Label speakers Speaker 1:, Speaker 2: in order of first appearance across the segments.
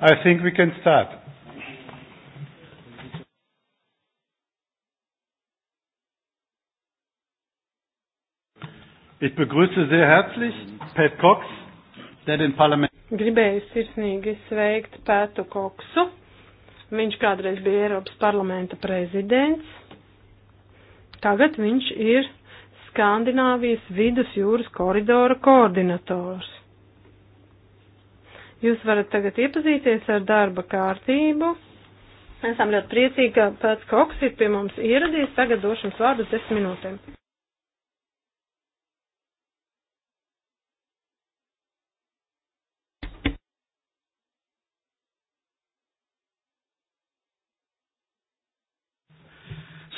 Speaker 1: I think
Speaker 2: we can start. Ich begrüße sehr herzlich Pat Cox, der den Parlament.
Speaker 3: Gribēju sirsnīgi sveikt Pētu Koksu. Viņš kādreiz bija Eiropas parlamenta prezidents. Tagad viņš ir Skandināvijas vidus jūras koridora koordinators. Jūs varat tagad iepazīties ar darba kārtību. Esam ļoti priecīgi, ka pēc koks ir pie mums ieradies. Tagad došu jums vārdu 10 minūtēm.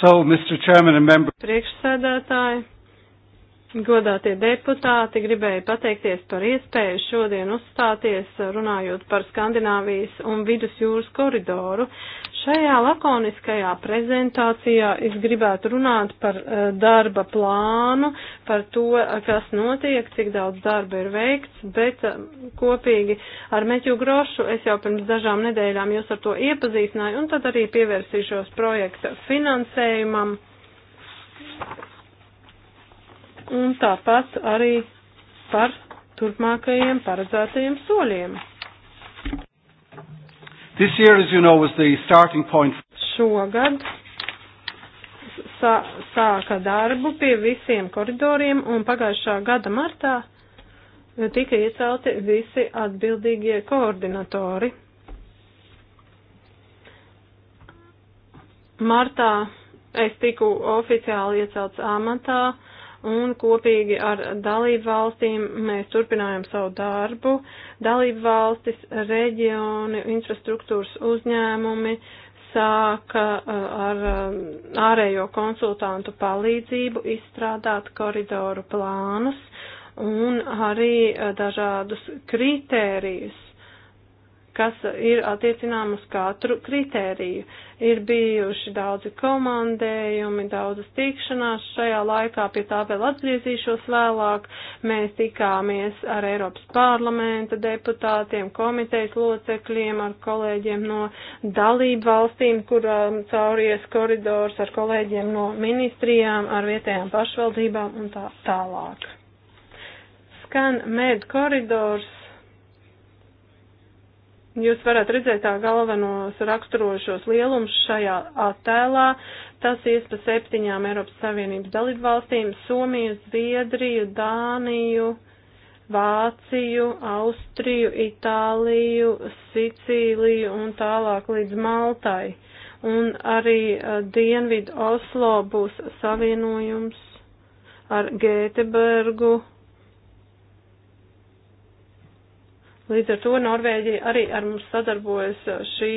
Speaker 2: So, Mr. Chairman and members.
Speaker 3: Priekšsēdētāji, Godātie deputāti, gribēju pateikties par iespēju šodien uzstāties runājot par Skandināvijas un Vidusjūras koridoru. Šajā lakoniskajā prezentācijā es gribētu runāt par eh, darba plānu, par to, kas notiek, cik daudz darba ir veikts, bet eh, kopīgi ar Meķu Grošu es jau pirms dažām nedēļām jūs ar to iepazīstināju un tad arī pievērsīšos projekta finansējumam un tāpat arī par turpmākajiem paredzētajiem soļiem.
Speaker 2: This year, as you know, was the starting point.
Speaker 3: Šogad sā, sāka darbu pie visiem koridoriem un pagājušā gada martā tika iecelti visi atbildīgie koordinatori. Martā es tiku oficiāli iecelts amatā un kopīgi ar dalību valstīm mēs turpinājam savu darbu. Dalību valstis, reģioni, infrastruktūras uzņēmumi sāka uh, ar um, ārējo konsultantu palīdzību izstrādāt koridoru plānus un arī uh, dažādus kritērijus kas ir attiecinām uz katru kritēriju. Uh, Ir bijuši daudzi komandējumi, daudzas tikšanās šajā laikā, pie tā vēl atgriezīšos vēlāk. Mēs tikāmies ar Eiropas parlamenta deputātiem, komitejas locekļiem, ar kolēģiem no dalību valstīm, kur um, cauries koridors, ar kolēģiem no ministrijām, ar vietējām pašvaldībām un tā tālāk skan med koridors Jūs varat redzēt tā galvenos raksturošos lielums šajā attēlā. Tas ies pa septiņām Eiropas Savienības dalību valstīm - Somiju, Zviedriju, Dāniju, Vāciju, Austriju, Itāliju, Sicīliju un tālāk līdz Maltai. Un arī uh, Dienvidu Oslo būs savienojums ar Gētebergu Līdz ar to Norvēģija arī ar mums sadarbojas šī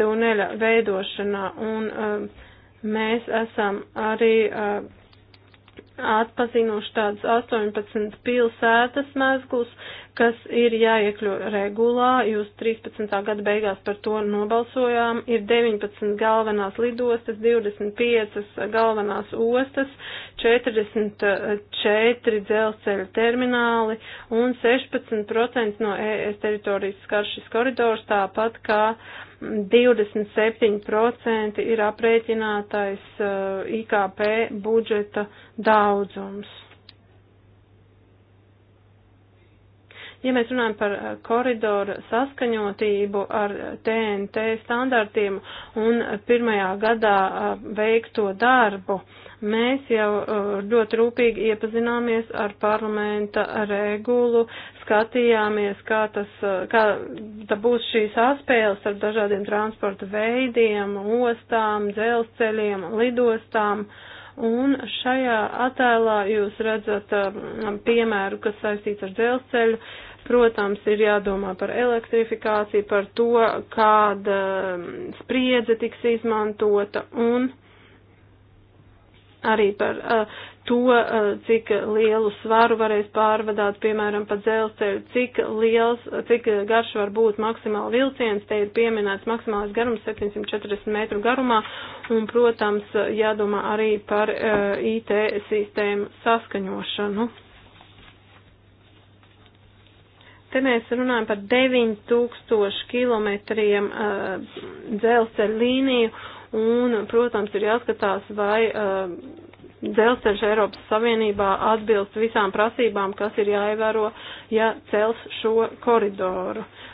Speaker 3: tuneļa veidošanā, un um, mēs esam arī um, atpazinuši tādas 18 pilsētas mezglus, kas ir jāiekļo regulā. Jūs 13. gada beigās par to nobalsojām. Ir 19 galvenās lidostas, 25 galvenās ostas, 44 dzelzceļa termināli un 16% no ES teritorijas skar šis koridors, tāpat kā uh, 27% ir aprēķinātais uh, IKP budžeta daudzums. Ja mēs runājam par eh, koridoru saskaņotību ar TNT eh, standartiem un pirmajā gadā eh, veikto darbu, mēs jau ļoti rūpīgi iepazināmies ar parlamenta regulu, skatījāmies, kā tas, kā tā būs šī saspēles ar dažādiem transporta veidiem, ostām, dzelzceļiem, lidostām. Un šajā attēlā jūs redzat piemēru, kas saistīts ar dzelzceļu, Protams, ir jādomā par elektrifikāciju, par to, kāda mm, spriedze tiks izmantota un arī par uh, to, uh, cik lielu svaru varēs pārvadāt, piemēram, pa dzelzceļu, cik liels, cik garš var būt maksimāli vilciens, te ir pieminēts maksimālais garums 740 metru garumā, un, protams, jādomā arī par uh, eh, IT sistēmu saskaņošanu. Te mēs runājam par 9000 kilometriem uh, dzelzceļa līniju un, protams, ir jāskatās, vai uh, dzelzceļš Eiropas Savienībā atbilst visām prasībām, kas ir jāievēro, ja cels šo koridoru. Uh,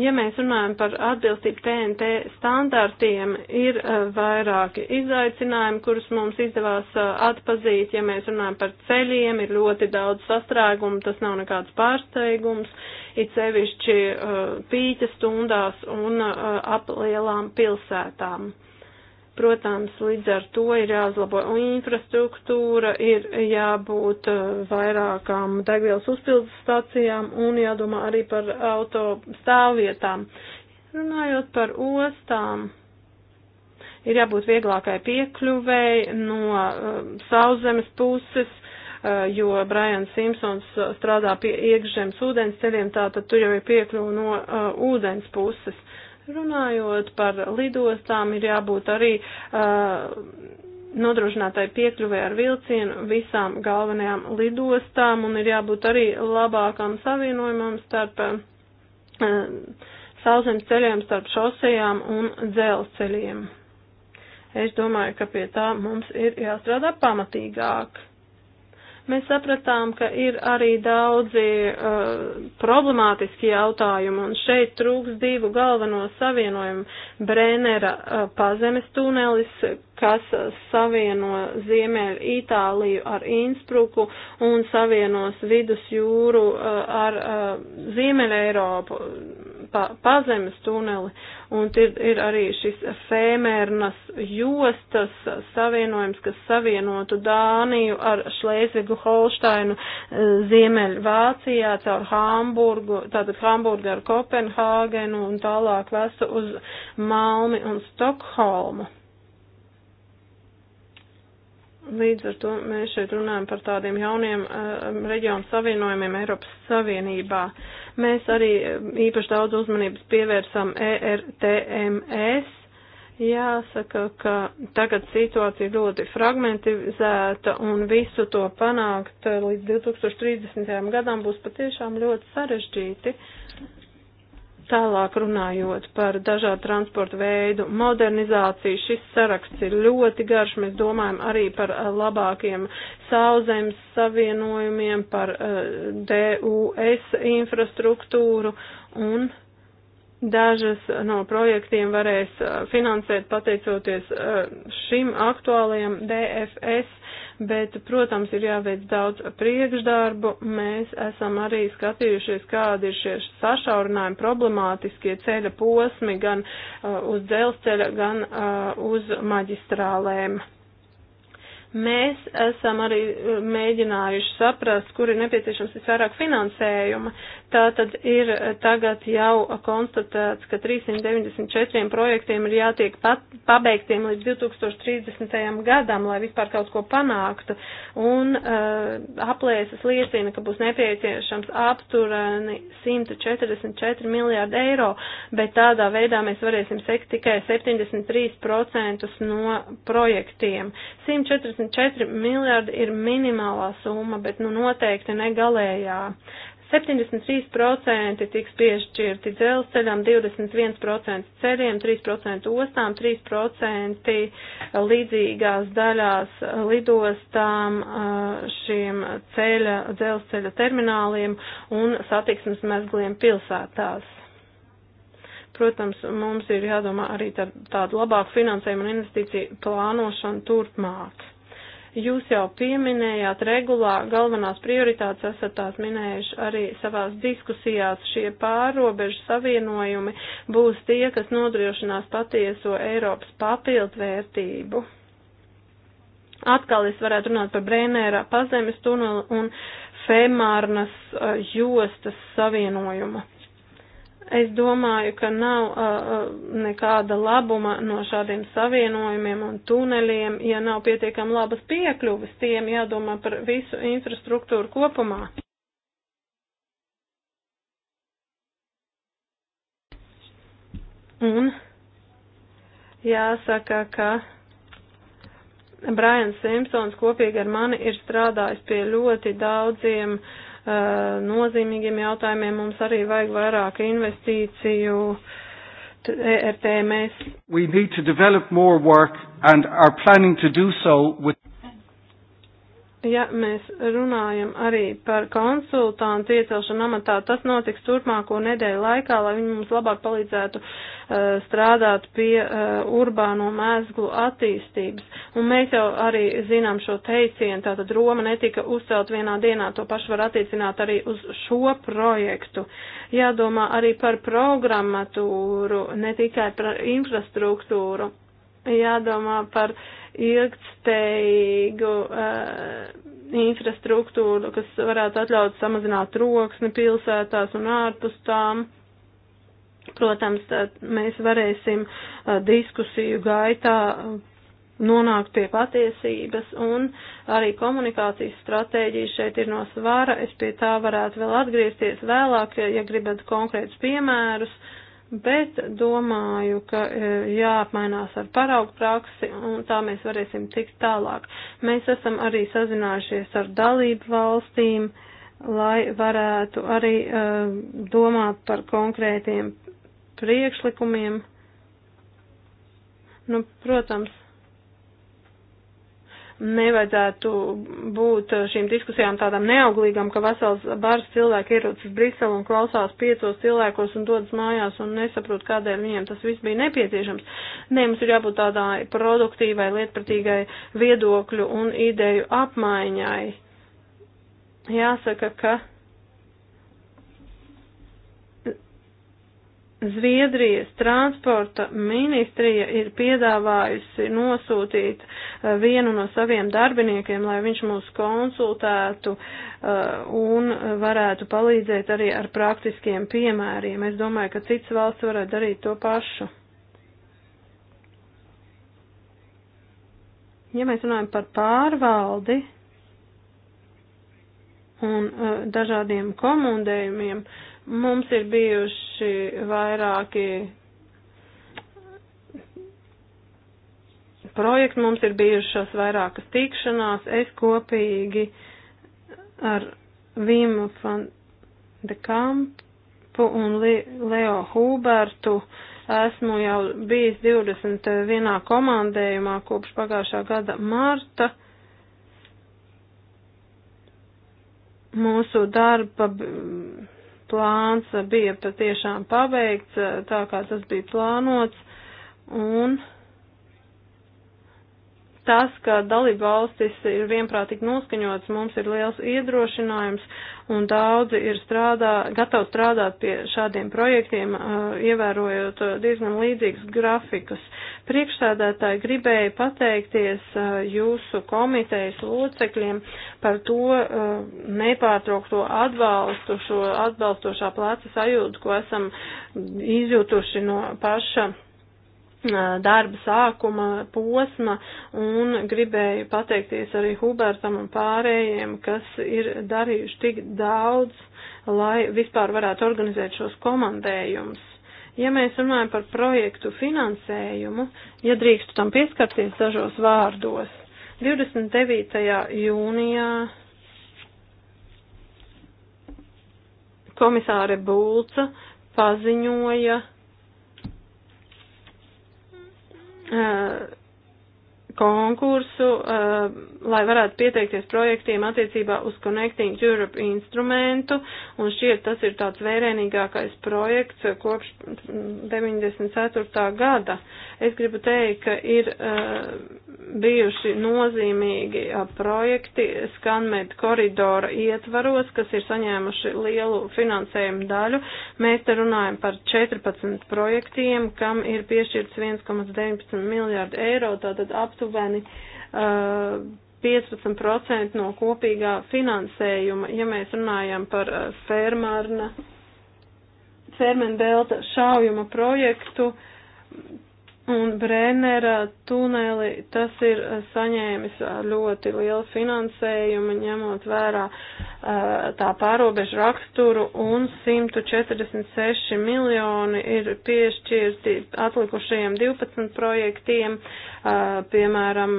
Speaker 3: Ja mēs runājam par atbilstību TNT standartiem, ir uh, vairāki izaicinājumi, kurus mums izdevās uh, atpazīt. Ja mēs runājam par ceļiem, ir ļoti daudz sastrēgumu, tas nav nekāds pārsteigums, it sevišķi uh, pīķa stundās un aplielām pilsētām. Protams, līdz ar to ir jāuzlabo infrastruktūra, ir jābūt eh, vairākām degvielas uzpildes stācijām un jādomā arī par auto stāvvietām. Runājot par ostām, ir jābūt vieglākai piekļuvēji no uh, sauszemes puses, uh, jo Brians Simpsons strādā pie iekšzemes ūdens ceļiem, tātad tur jau ir piekļuva no uh, ūdens puses. Runājot par lidostām, ir jābūt arī uh, nodrošinātai piekļuvē ar vilcienu visām galvenajām lidostām un ir jābūt arī labākam savienojumam starp uh, sauszemes ceļiem, starp šosejām un dzelzceļiem. Es domāju, ka pie tā mums ir jāstrādā pamatīgāk. Mēs sapratām, ka ir arī daudzi uh, problemātiski jautājumi, un šeit trūks divu galveno savienojumu. Brēnera uh, pazemes tunelis, kas savieno Ziemeļu Itāliju ar Innsbruku un savienos Vidus jūru uh, ar uh, Ziemeļu Eiropu pa, pazemes tuneli, un ir, ir arī šis fēmērnas jostas savienojums, kas savienotu Dāniju ar Šlēzvigu Holštainu e, Ziemeļvācijā caur Hamburgu, tātad Hamburgu ar Kopenhāgenu un tālāk vestu uz Malmi un Stokholmu. Līdz ar to mēs šeit runājam par tādiem jauniem uh, reģionu savienojumiem Eiropas Savienībā. Mēs arī eh, īpaši daudz uzmanības pievērsam ERTMS. Jāsaka, ka tagad situācija ļoti fragmentizēta un visu to panākt eh, līdz 2030. gadam būs patiešām ļoti sarežģīti. Uh, Tālāk runājot par dažādu transportu veidu modernizāciju, šis saraksts ir ļoti garš. Mēs domājam arī par eh, labākiem sauzemes savienojumiem, par eh, DUS infrastruktūru un dažas no projektiem varēs eh, finansēt pateicoties šim aktuālajam DFS bet, protams, ir jāveic daudz priekšdarbu. Mēs esam arī skatījušies, kādi ir šie sašaurinājumi problemātiskie ceļa posmi gan uh, uz dzelzceļa, gan uh, uz maģistrālēm. Mēs esam arī uh, mēģinājuši saprast, kur ir nepieciešams visvairāk finansējuma. Tā tad ir tagad jau konstatēts, ka 394 projektiem ir jātiek pat, pabeigtiem līdz 2030. gadam, lai vispār kaut ko panāktu. Un uh, aplēses liecina, ka būs nepieciešams apturēni 144 miljārdi eiro, bet tādā veidā mēs varēsim sekt tikai 73% no projektiem. 144 miljārdi ir minimālā summa, bet nu noteikti negalējā. 73% tiks piešķirti dzelzceļam, 21% ceļiem, 3% ostām, 3% līdzīgās daļās lidostām, šiem ceļa, dzelzceļa termināliem un satiksmes mezgliem pilsētās. Protams, mums ir jādomā arī par tādu labāku finansējumu un investīciju plānošanu turpmāk. Jūs jau pieminējāt regulā, galvenās prioritātes esat tās minējuši arī savās diskusijās. Šie pārobežu savienojumi būs tie, kas nodrošinās patieso Eiropas papildvērtību. Atkal es varētu runāt par Brēnēra pazemes tunelu un Femārnas eh, jostas savienojumu. Es domāju, ka nav uh, uh, nekāda labuma no šādiem savienojumiem un tuneļiem, ja nav pietiekam labas piekļuvis, tiem jādomā par visu infrastruktūru kopumā. Un jāsaka, ka Brians Simpsons kopīgi ar mani ir strādājis pie ļoti daudziem uh, Eh, nozīmīgiem jautājumiem mums arī vajag vairāk investīciju. E RTMS.
Speaker 2: We need to develop more work and are planning to do so with
Speaker 3: Ja mēs runājam arī par konsultantu iecelšanu amatā, tas notiks turpmāko nedēļu laikā, lai viņi mums labāk palīdzētu uh, strādāt pie uh, urbāno mēzglu attīstības. Un mēs jau arī zinām šo teicienu, tātad Roma netika uzcelt vienā dienā, to pašu var attiecināt arī uz šo projektu. Jādomā arī par programmatūru, ne tikai par infrastruktūru jādomā par ilgtspējīgu uh, infrastruktūru, kas varētu atļaut samazināt troksni pilsētās un ārpus tām. Protams, mēs varēsim uh, diskusiju gaitā eh, nonākt pie patiesības un arī komunikācijas stratēģija šeit ir no svara. Es pie tā varētu vēl atgriezties vēlāk, ja gribat konkrētus piemērus. Uh, bet domāju, ka e, jāapmainās ar paraugu praksi un tā mēs varēsim tikt tālāk. Mēs esam arī sazinājušies ar dalību valstīm, lai varētu arī uh, domāt par konkrētiem priekšlikumiem. Nu, protams, nevajadzētu būt šīm diskusijām tādām neauglīgām, ka vesels bars cilvēki ierodas uz Briselu un klausās piecos cilvēkos un dodas mājās un nesaprot, kādēļ viņiem tas viss bija nepieciešams. Nē, mums ir jābūt tādai produktīvai, lietpratīgai viedokļu un ideju apmaiņai. Jāsaka, ka Zviedrijas transporta ministrija ir piedāvājusi nosūtīt eh, vienu no saviem darbiniekiem, lai viņš mūs konsultētu eh, un varētu palīdzēt arī ar praktiskiem piemēriem. Es domāju, ka cits valsts varētu darīt to pašu. Ja mēs runājam par pārvaldi un eh, dažādiem komundējumiem, uh, Mums ir bijuši vairāki projekti, mums ir bijušas vairākas tikšanās, es kopīgi ar Vimu van de Kampu un Leo Hubertu esmu jau bijis 21. komandējumā kopš pagājušā gada marta. Mūsu darba plāns bija patiešām paveikts tā, kā tas bija plānots, un uh, tas, ka dalība valstis ir vienprātīgi noskaņots, mums ir liels iedrošinājums un daudzi ir strādā, gatavi strādāt pie šādiem projektiem, uh, ievērojot uh, diezgan līdzīgas grafikas. Priekšsēdētāji gribēja pateikties uh, jūsu komitejas locekļiem par to nepārtraukto atbalstu, šo atbalstošā plāca sajūtu, ko esam izjūtuši no paša darba sākuma posma un gribēju pateikties arī Hubertam un pārējiem, kas ir darījuši tik daudz, lai vispār varētu organizēt šos komandējumus. Ja mēs runājam par projektu finansējumu, ja drīkstu tam pieskarties dažos vārdos, 29. jūnijā komisāre Bulca paziņoja, Uh, konkursu uh, lai varētu pieteikties projektiem attiecībā uz Connecting Europe instrumentu, un šķiet tas ir tāds vērienīgākais projekts uh, kopš 94. Mm, gada. Es gribu teikt, ka ir uh, bijuši nozīmīgi uh, projekti ScanMed koridora ietvaros, kas ir saņēmuši lielu finansējumu daļu. Mēs te runājam par 14 projektiem, kam ir piešķirts 1,19 miljārdu eiro, tātad aptuveni uh, 15% no kopīgā finansējuma, ja mēs runājam par uh, fermārna, fermendelta šaujuma projektu, Un Brennera tuneli tas ir eh, saņēmis eh, ļoti lielu finansējumu, ņemot vērā eh, tā pārobežu raksturu, un 146 miljoni ir piešķirti atlikušajiem 12 projektiem, piemēram,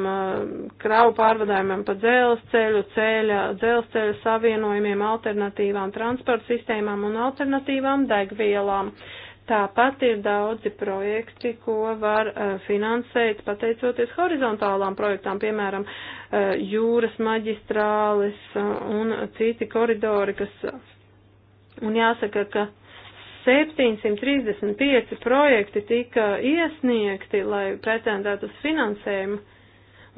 Speaker 3: kravu pārvadājumiem pa dzelzceļu, ceļa, dzelzceļa savienojumiem, alternatīvām transporta sistēmām un alternatīvām degvielām. Uh, Tāpat ir daudzi projekti, ko var eh, finansēt pateicoties horizontālām projektām, piemēram, eh, jūras maģistrāles eh, un citi koridori, kas, un jāsaka, ka 735 projekti tika iesniegti, lai pretendētu uz finansējumu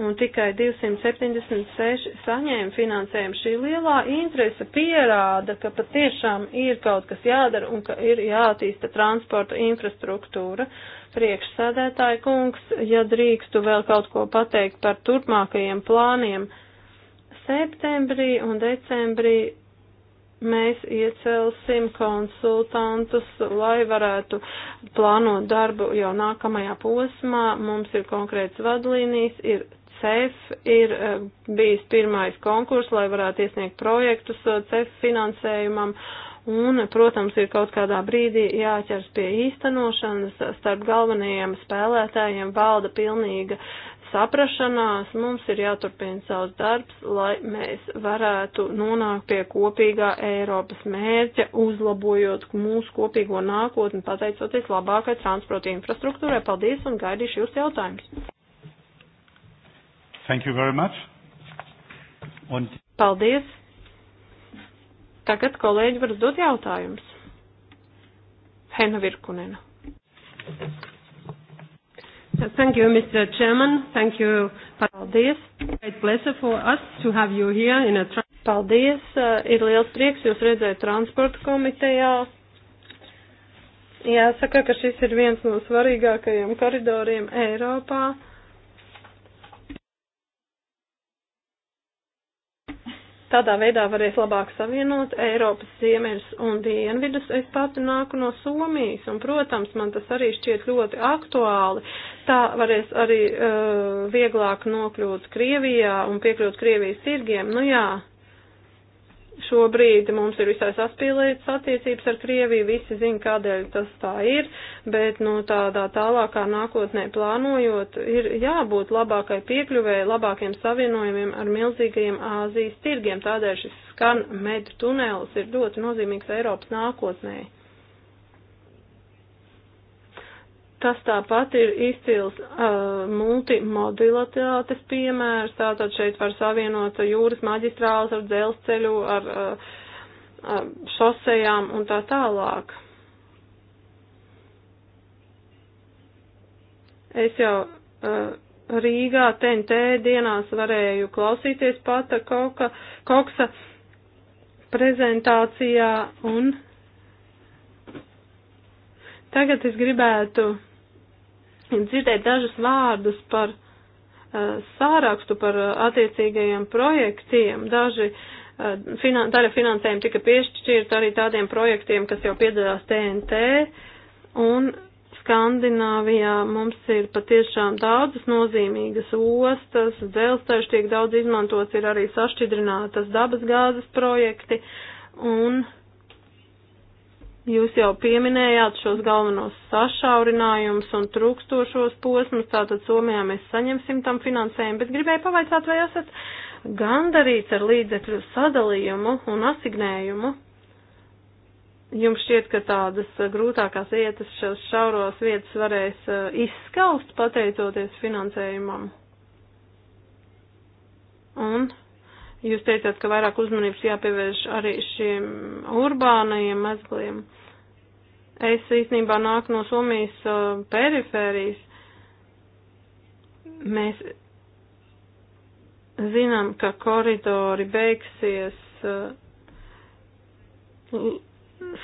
Speaker 3: un tikai 276 saņēma finansējumu. Šī lielā interese pierāda, ka patiešām ir kaut kas jādara un ka ir jātīsta transporta infrastruktūra. Priekšsēdētāji kungs, ja drīkstu vēl kaut ko pateikt par turpmākajiem plāniem, septembrī un decembrī mēs iecelsim konsultantus, lai varētu plānot darbu jau nākamajā posmā. Mums ir konkrēts vadlīnijas, ir CEF ir eh, bijis pirmais konkurs, lai varētu iesniegt projektus eh, CEF finansējumam. Un, protams, ir kaut kādā brīdī jāķers pie īstenošanas, starp galvenajiem spēlētājiem valda pilnīga saprašanās, mums ir jāturpina savs darbs, lai mēs varētu nonākt pie kopīgā Eiropas mērķa, uzlabojot mūsu kopīgo nākotni, pateicoties labākai transporta infrastruktūrai. Paldies un gaidīšu jūs jautājumus.
Speaker 2: Thank you very much. Un...
Speaker 3: Paldies. Tagad kolēģi var uzdot jautājumus. Hena Virkunena. Thank you, Mr. Chairman. Thank you. Paldies. Great pleasure for us to have you here in a. Paldies. Eh, ir liels prieks jūs redzēt transporta komitejā. Jāsaka, ka šis ir viens no svarīgākajiem koridoriem Eiropā. Tādā veidā varēs labāk savienot Eiropas ziemeļus un dienvidus. Es pati nāku no Somijas, un, protams, man tas arī šķiet ļoti aktuāli. Tā varēs arī uh, vieglāk nokļūt Krievijā un piekļūt Krievijas tirgiem. Nu jā, Šobrīd mums ir visai saspīlētas attiecības ar Krieviju, visi zina, kādēļ tas tā ir, bet nu, tādā tālākā nākotnē plānojot, ir jābūt labākai piekļuvēji, labākiem savienojumiem ar milzīgajiem Āzijas tirgiem. Tādēļ šis skan medu tunelis ir ļoti nozīmīgs Eiropas nākotnē. Tas tāpat ir izcils uh, multimodalitātes piemērs, tātad šeit var savienot jūras maģistrāles ar dzelzceļu, ar uh, uh, šosejām un tā tālāk. Es jau uh, Rīgā TNT dienās varēju klausīties pata Koka, Koksa prezentācijā un tagad es gribētu dzirdēt dažus vārdus par uh, sārakstu, par uh, attiecīgajiem projektiem. Daži eh, finan daļa finansējuma tika piešķirta arī tādiem projektiem, kas jau piedalās TNT. Un Skandināvijā mums ir patiešām daudzas nozīmīgas ostas, dzelzceļš tiek daudz izmantots, ir arī sašķidrinātas dabas gāzes projekti, un Jūs jau pieminējāt šos galvenos sašaurinājumus un trūkstošos posmus, tātad Somijā mēs saņemsim tam finansējumu, bet gribēju pavaicāt, vai esat gandarīts ar līdzekļu sadalījumu un asignējumu? Jums šķiet, ka tādas grūtākās vietas, šos šauros vietas varēs uh, izskaust pateicoties finansējumam? Un Jūs teicāt, ka vairāk uzmanības jāpievērš arī šiem urbānajiem mezgliem. Es īstenībā nāku no Somijas uh, perifērijas. Mēs zinām, ka koridori beigsies uh,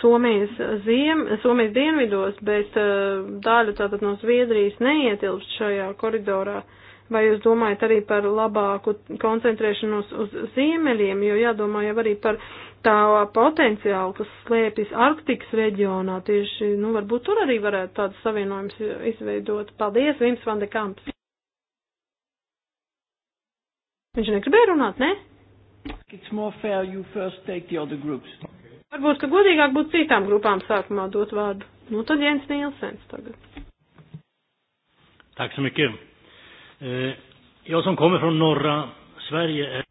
Speaker 3: Somijas, ziem, Somijas dienvidos, bet uh, daļa tātad no Zviedrijas neietilpst šajā koridorā. Uh, Vai jūs domājat arī par labāku koncentrēšanos uz ziemeļiem, jo jādomā jau arī par tā potenciālu, kas slēpjas Arktikas reģionā. Tieši, nu, varbūt tur arī varētu tāds savienojums izveidot. Paldies, Vims van de Kamps. Viņš negribēja runāt, ne? It's more fair you first take the other groups. Varbūt, ka godīgāk būtu citām grupām sākumā dot vārdu. Nu, tad Jens Nielsens tagad.
Speaker 1: Tack så mycket. Eh, jag som kommer från norra Sverige är...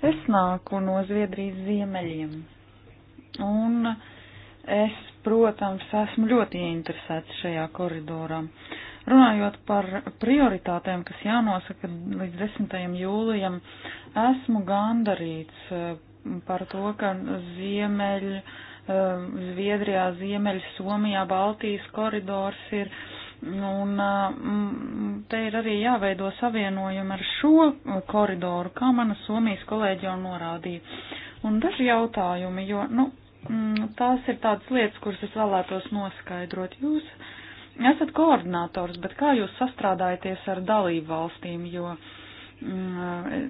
Speaker 4: Es nāku no Zviedrijas ziemeļiem. Un es, protams, esmu ļoti ieinteresēts šajā koridorā. Runājot par prioritātēm, kas jānosaka līdz 10. jūlijam, esmu gandarīts eh, par to, ka ziemeļ, eh, Zviedrijā, Ziemeļ, Somijā, Baltijas koridors ir uh, Un te ir arī jāveido savienojumi ar šo koridoru, kā mana Somijas kolēģi jau norādīja. Un daži jautājumi, jo, nu, tās ir tādas lietas, kuras es vēlētos noskaidrot. Jūs esat koordinators, bet kā jūs sastrādājaties ar dalību valstīm, jo mm,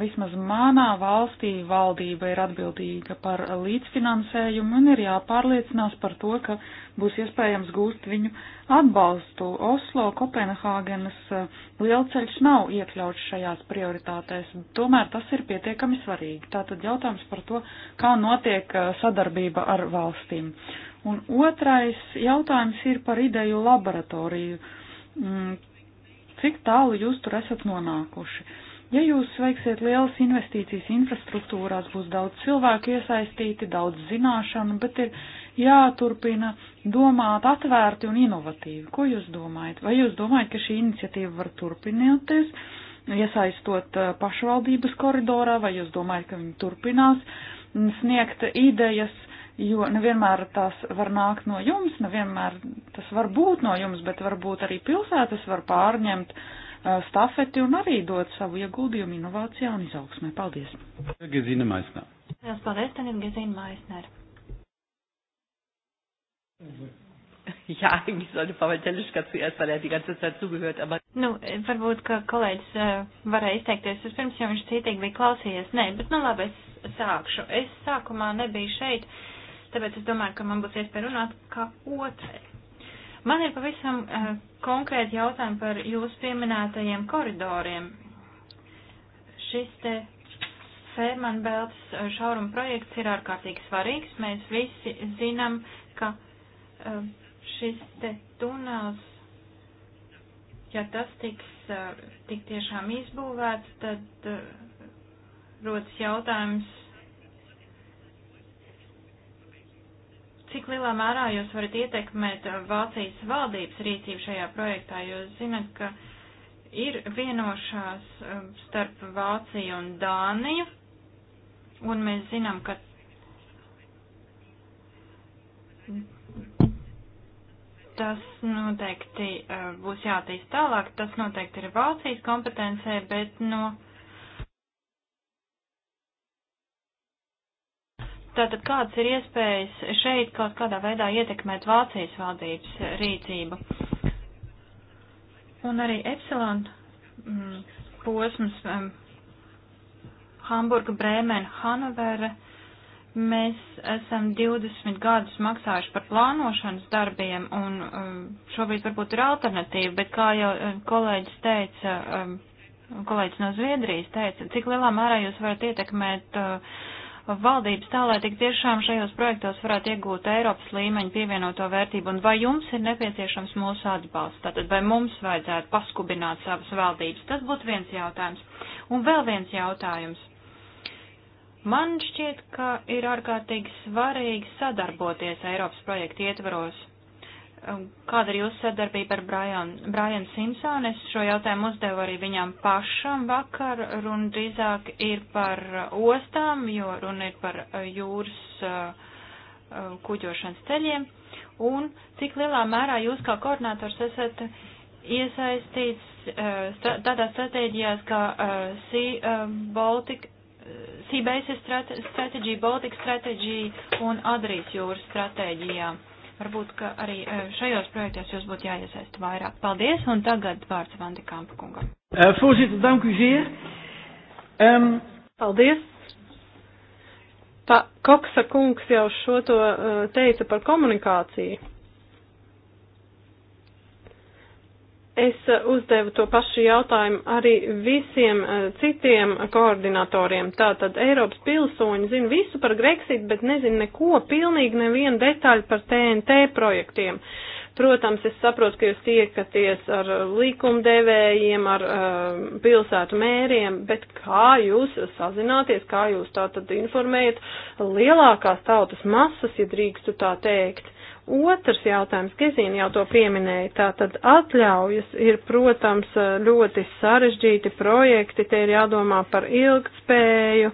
Speaker 4: vismaz manā valstī valdība ir atbildīga par līdzfinansējumu un ir jāpārliecinās par to, ka būs iespējams gūst viņu atbalstu. Oslo, Kopenhāgenes eh, lielceļš nav iekļauts šajās prioritātēs, tomēr tas ir pietiekami svarīgi. Tātad jautājums par to, kā notiek eh, sadarbība ar valstīm. Un otrais jautājums ir par ideju laboratoriju. Mm, cik tālu jūs tur esat nonākuši? Uh, Ja jūs veiksiet lielas investīcijas infrastruktūrās, būs daudz cilvēku iesaistīti, daudz zināšanu, bet ir jāturpina domāt atvērti un inovatīvi. Ko jūs domājat? Vai jūs domājat, ka šī iniciatīva var turpināties, iesaistot uh, pašvaldības koridorā, vai jūs domājat, ka viņi turpinās mm, sniegt idejas? jo nevienmēr tās var nākt no jums, nevienmēr tas var būt no jums, bet varbūt arī pilsētas var pārņemt Uh, stafeti un arī dot savu ieguldījumu inovācijā un izaugsmē. Paldies!
Speaker 2: Gezina Maisner.
Speaker 5: Jā, paldies, tagad Gezina Maisner.
Speaker 4: Jā, eigentlich sollte Frau
Speaker 5: Teliška zuerst, weil er die ganze Zeit zugehört, aber... Nu, varbūt, ka kolēģis uh, varēja izteikties vispirms, jo viņš cītīgi bija klausījies. Nē, bet nu labi, es sākšu. Es sākumā nebiju šeit, tāpēc es domāju, ka man būs iespēja runāt kā otrais. Man ir pavisam uh, konkrēti jautājumi par jūsu pieminētajiem koridoriem. Šis te Fērmanbelts eh, šauruma projekts ir ārkārtīgi svarīgs. Mēs visi zinām, ka uh, šis te tunels, ja tas tiks uh, tik tiešām izbūvēts, tad rodas jautājums, Cik lielā mērā jūs varat ietekmēt Vācijas valdības rīcību šajā projektā? Jūs zinat, ka ir vienošās um, starp Vāciju un Dāniju, un mēs zinām, ka tas noteikti uh, būs jātīst tālāk, tas noteikti ir Vācijas kompetencē, bet no. Nu, Tātad kādas ir iespējas šeit kaut kādā veidā ietekmēt Vācijas valdības rīcību? Un arī Epsilon mm, posms mm, Hamburga, Brēmena, Hanovera. Mēs esam 20 gadus maksājuši par plānošanas darbiem un mm, šobrīd varbūt ir alternatīva, bet kā jau mm, kolēģis teica, mm, kolēģis no Zviedrijas teica, cik lielā mērā jūs varat ietekmēt uh, valdības tā, lai tik tiešām šajos projektos varētu iegūt Eiropas līmeņa pievienoto vērtību, un vai jums ir nepieciešams mūsu atbalsts? Tātad, vai mums vajadzētu paskubināt savas valdības? Tas būtu viens jautājums. Un vēl viens jautājums. Man šķiet, ka ir ārkārtīgi svarīgi sadarboties Eiropas projektu ietvaros. Um, kāda ir jūsu sadarbība ar Brian, Brian Simpsonu? Es šo jautājumu uzdevu arī viņam pašam vakar. Runa drīzāk ir par ostām, jo runa ir par uh, jūras uh, uh, kuģošanas ceļiem. Un cik lielā mērā jūs kā koordinators esat iesaistīts tādā stratēģijās kā Sea Baltic, Sea Bases stratēģija, Baltic stratēģija un Adrijas jūras stratēģijām? Varbūt, ka arī e, šajos projektos jūs būtu jāiesaist vairāk. Paldies, un tagad vārds Vandi Kampa kungam.
Speaker 4: Eh, voorzitter, dank u zeer.
Speaker 3: Um, Paldies. Pa, Koksa kungs jau šo to e, teica par komunikāciju. Es eh, uzdevu to pašu jautājumu arī visiem eh, citiem koordinatoriem. Tātad Eiropas pilsoņi zina visu par Grexit, bet nezina neko, pilnīgi nevienu detaļu par TNT projektiem. Protams, es saprotu, ka jūs tiekaties ar eh, likumdevējiem, ar uh, pilsētu mēriem, bet kā jūs sazināties, kā jūs tātad informējat lielākās tautas masas, ja drīkstu tā teikt? Uh, Otrs jautājums, Gezīna jau to pieminēja, tātad atļaujas ir, protams, ļoti sarežģīti projekti, te ir jādomā par ilgtspēju,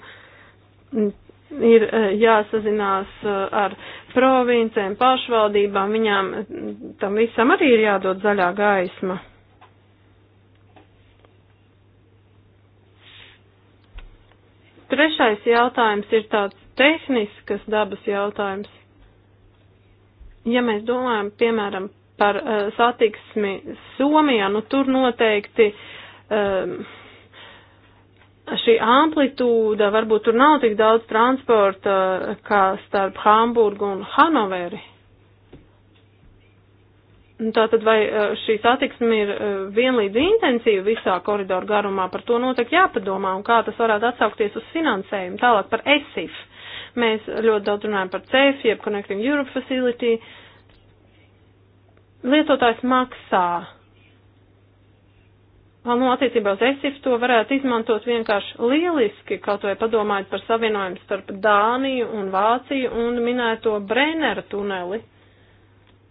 Speaker 3: ir eh, jāsazinās eh, ar provincēm, pašvaldībām, viņām eh, tam visam arī ir jādod zaļā gaisma. Trešais jautājums ir tāds tehniskas dabas jautājums. Ja mēs domājam, piemēram, par uh, satiksmi Somijā, nu tur noteikti um, šī amplitūda, varbūt tur nav tik daudz transporta uh, kā starp Hamburgu un Hanoveri. Nu, Tātad vai uh, šī satiksme ir uh, vienlīdz intensīva visā koridoru garumā, par to noteikti jāpadomā un kā tas varētu atsaukties uz finansējumu. Tālāk par ESIF. Uh, Mēs ļoti daudz runājam par CEF, jeb Connecting Europe Facility. Lietotājs maksā. Nu, attiecībā uz ESIF to varētu izmantot vienkārši lieliski, kaut vai padomājot par savienojumu starp Dāniju un Vāciju un minēto Brennera tuneli.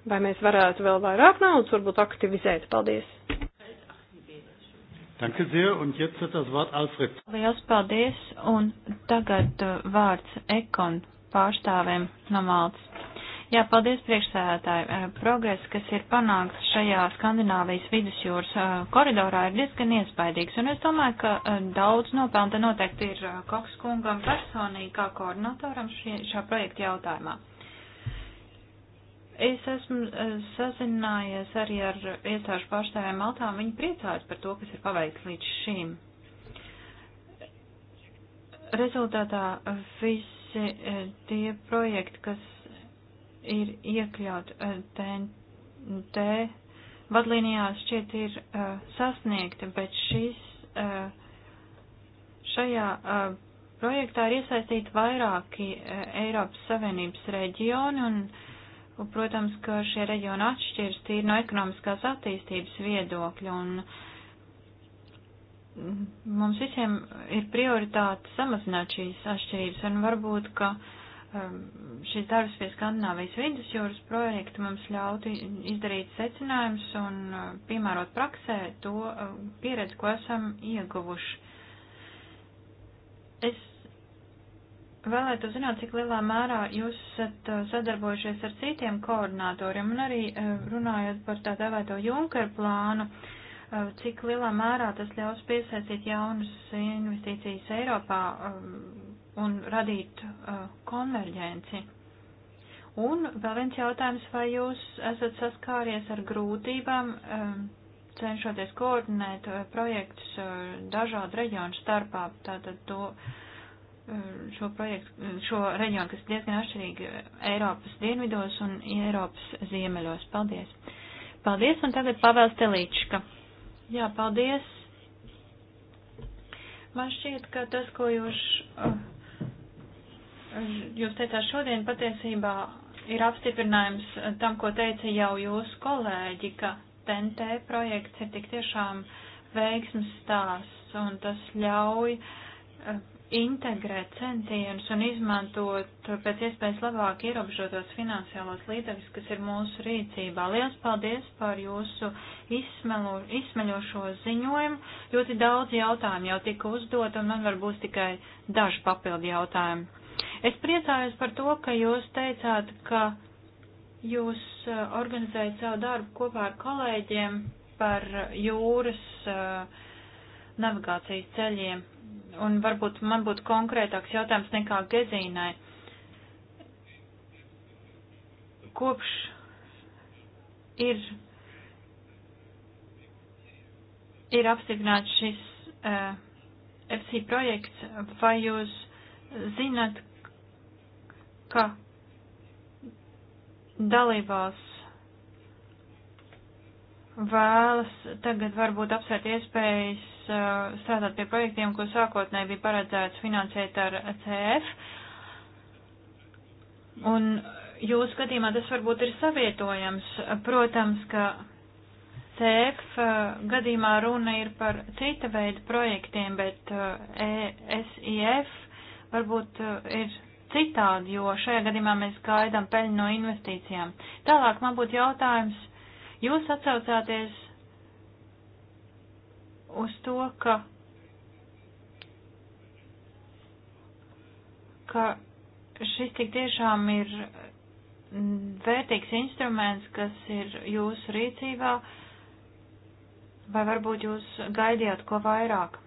Speaker 3: Vai mēs varētu vēl vairāk naudas varbūt aktivizēt? Paldies!
Speaker 2: Danke sehr und jetzt hat das Wort Alfred.
Speaker 5: Liels paldies un tagad uh, vārds Ekon pārstāvēm no Maltas. Jā, paldies priekšsēdētāji. Uh, progress, kas ir panākts šajā Skandināvijas vidusjūras uh, koridorā, ir diezgan iespaidīgs, un es domāju, ka uh, daudz nopelna noteikti ir Koks kungam personīgi kā koordinatoram šie, šā projekta jautājumā. Es esmu eh, sazinājies arī ar iestāžu pārstāvjiem Maltā, viņi priecājas par to, kas ir paveikts līdz šīm. Rezultātā visi eh, tie projekti, kas ir iekļaut eh, TNT vadlīnijās, šķiet ir sasniegti, bet šis, šajā projektā ir iesaistīti vairāki Eiropas Savienības reģioni un Un, protams, ka šie reģioni atšķiras tīri no ekonomiskās attīstības viedokļa un mums visiem ir prioritāte samazināt šīs atšķirības un varbūt, ka um, šis darbs pie Skandināvijas vidusjūras projekta mums ļauti izdarīt secinājumus un uh, piemērot praksē to uh, pieredzi, ko esam ieguvuši. Es Vēlētu zināt, cik lielā mērā jūs esat uh, sadarbojušies ar citiem koordinatoriem un arī uh, runājot par tā dēvēto Junker plānu, uh, cik lielā mērā tas ļaus piesaistīt jaunas investīcijas Eiropā um, un radīt konverģenci. Un vēl viens jautājums, vai jūs esat saskāries ar grūtībām, um, cenšoties koordinēt projektus dažādu reģionu starpā, tātad to. Tā, šo projektu, šo reģionu, kas ir diezgan atšķirīgi Eiropas dienvidos un Eiropas ziemeļos. Paldies! Paldies, un tagad Pavels Telīčka. Jā, paldies! Man šķiet, ka tas, ko jūs, eh, jūs teicāt šodien, patiesībā ir apstiprinājums tam, ko teica jau jūsu kolēģi, ka TNT projekts ir tik tiešām veiksmes stāsts, un tas ļauj eh, integrēt centienus un izmantot pēc iespējas labāk ierobežotos finansiālos līdzekļus, kas ir mūsu rīcībā. Liels paldies par jūsu izsmelo, izsmeļošo ziņojumu. Ļoti daudz jautājumu jau tika uzdot, un man var būs tikai daži papildi jautājumi. Es priecājos par to, ka jūs teicāt, ka jūs eh, organizējat savu darbu kopā ar kolēģiem par jūras eh, navigācijas ceļiem un varbūt man būtu konkrētāks jautājums nekā Gezīnai. Kopš ir, ir apstiprināts šis uh, eh, FC projekts, vai jūs zinat, ka dalībās vēlas tagad varbūt apsvērt iespējas Uh, strādāt pie projektiem, ko sākotnēji bija paredzēts finansēt ar e CF. Un jūsu skatījumā tas varbūt ir savietojams. Protams, ka e CF uh, gadījumā runa ir par cita veida projektiem, bet uh, ESIF varbūt ir citādi, jo šajā gadījumā mēs gaidām peļņu no investīcijām. Tālāk man būtu jautājums. Jūs atsaucāties uz to, ka, ka šis tik tiešām ir vērtīgs instruments, kas ir jūsu rīcībā, vai varbūt jūs gaidījāt ko vairāk?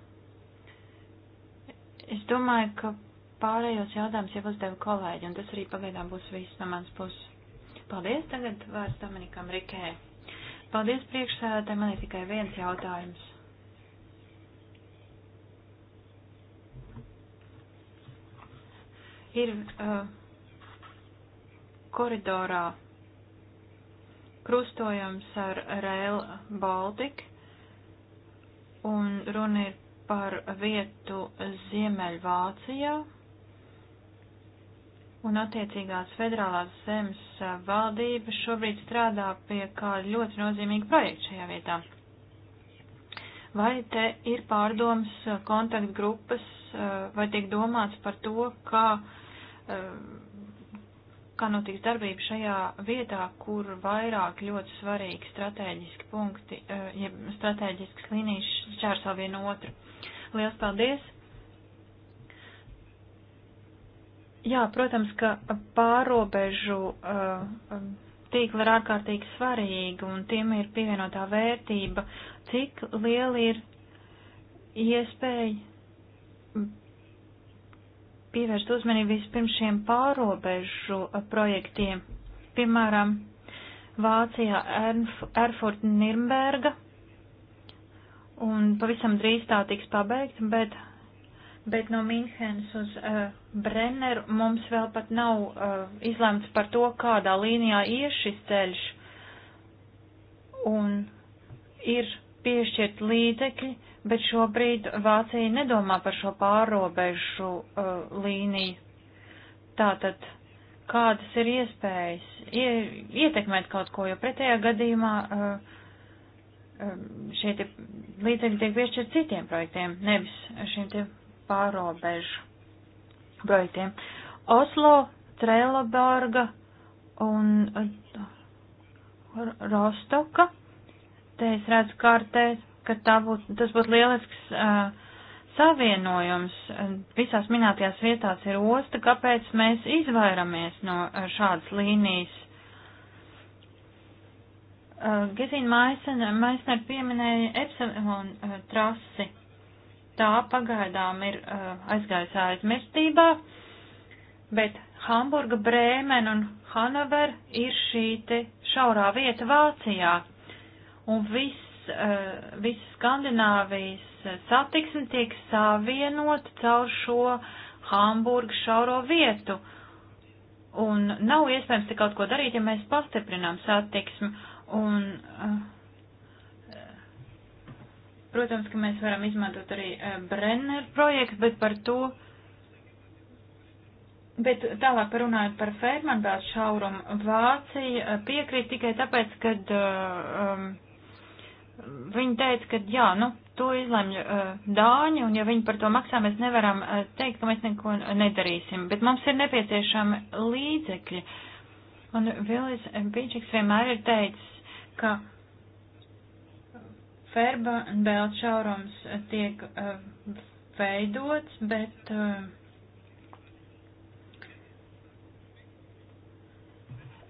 Speaker 5: Es domāju, ka pārējos jautājumus jau uzdeva kolēģi, un tas arī pagaidām būs viss no mans puses. Paldies, tagad vārds Dominikam Rikē. Paldies priekšsēdētāji, man ir tikai viens jautājums. ir uh, koridorā krustojums ar Rail Baltic, un runa ir par vietu Ziemeļvācijā, un attiecīgās federālās zemes uh, valdība šobrīd strādā pie kā ļoti nozīmīga projekta šajā vietā. Vai te ir pārdoms uh, kontaktgrupas, uh, vai tiek domāts par to, kā uh, Ehm, kā notiks darbība šajā vietā, kur vairāk ļoti svarīgi strateģiski punkti, eh, jeb ja strateģiskas līnijas šķērso vienu otru. Lielas paldies!
Speaker 4: Jā, protams, ka
Speaker 5: pārobežu uh, tīkli ir ārkārtīgi svarīgi un tiem ir pievienotā vērtība, cik liela ir iespēja pievērst uzmanību vispirms šiem pārobežu projektiem. Piemēram, Vācijā Erfurt Nirnberga, un pavisam drīz tā tiks pabeigta, bet, bet no Minhenes uz uh, Brenneru mums vēl pat nav uh, izlemts par to, kādā līnijā ir šis ceļš, un ir piešķirt līdzekļi bet šobrīd Vācija nedomā par šo pārobežu uh, līniju. Tātad, kādas ir iespējas ie, ietekmēt kaut ko, jo pretējā gadījumā uh, um, šie te līdzekļi tiek piešķirt citiem projektiem, nevis šiem te pārobežu projektiem. Oslo, Trelleborga un uh, Rostoka, te es redzu kartēs, ka būt, tas būtu lielisks uh, savienojums. Uh, visās minētajās vietās ir osta, kāpēc mēs izvairamies no uh, šādas līnijas. Uh, Gezīna Maisner, Maisner pieminēja Epsilon uh, trasi. Tā pagaidām ir uh, aizgājusi aizmirstībā, bet Hamburga, Brēmen un Hanover ir šī šaurā vieta Vācijā. Un viss Eh, visas Skandināvijas satiksme tiek savienot caur šo Hamburgas šauro vietu. Un nav iespējams te kaut ko darīt, ja mēs pastiprinām satiksmi. Un, eh, protams, ka mēs varam izmantot arī eh, Brenner projektu, bet par to. Bet tālāk runājot par Fermanbēlu šaurumu, Vācija piekrīt tikai tāpēc, ka um, Viņi teica, ka jā, nu, to izlemj uh, dāņi, un ja viņi par to maksā, mēs nevaram uh, teikt, ka mēs neko nedarīsim, bet mums ir nepieciešami līdzekļi. Un Vilis Bīčiks vienmēr ir teicis, ka Ferba un Bēlčaurums tiek uh, veidots, bet. Uh,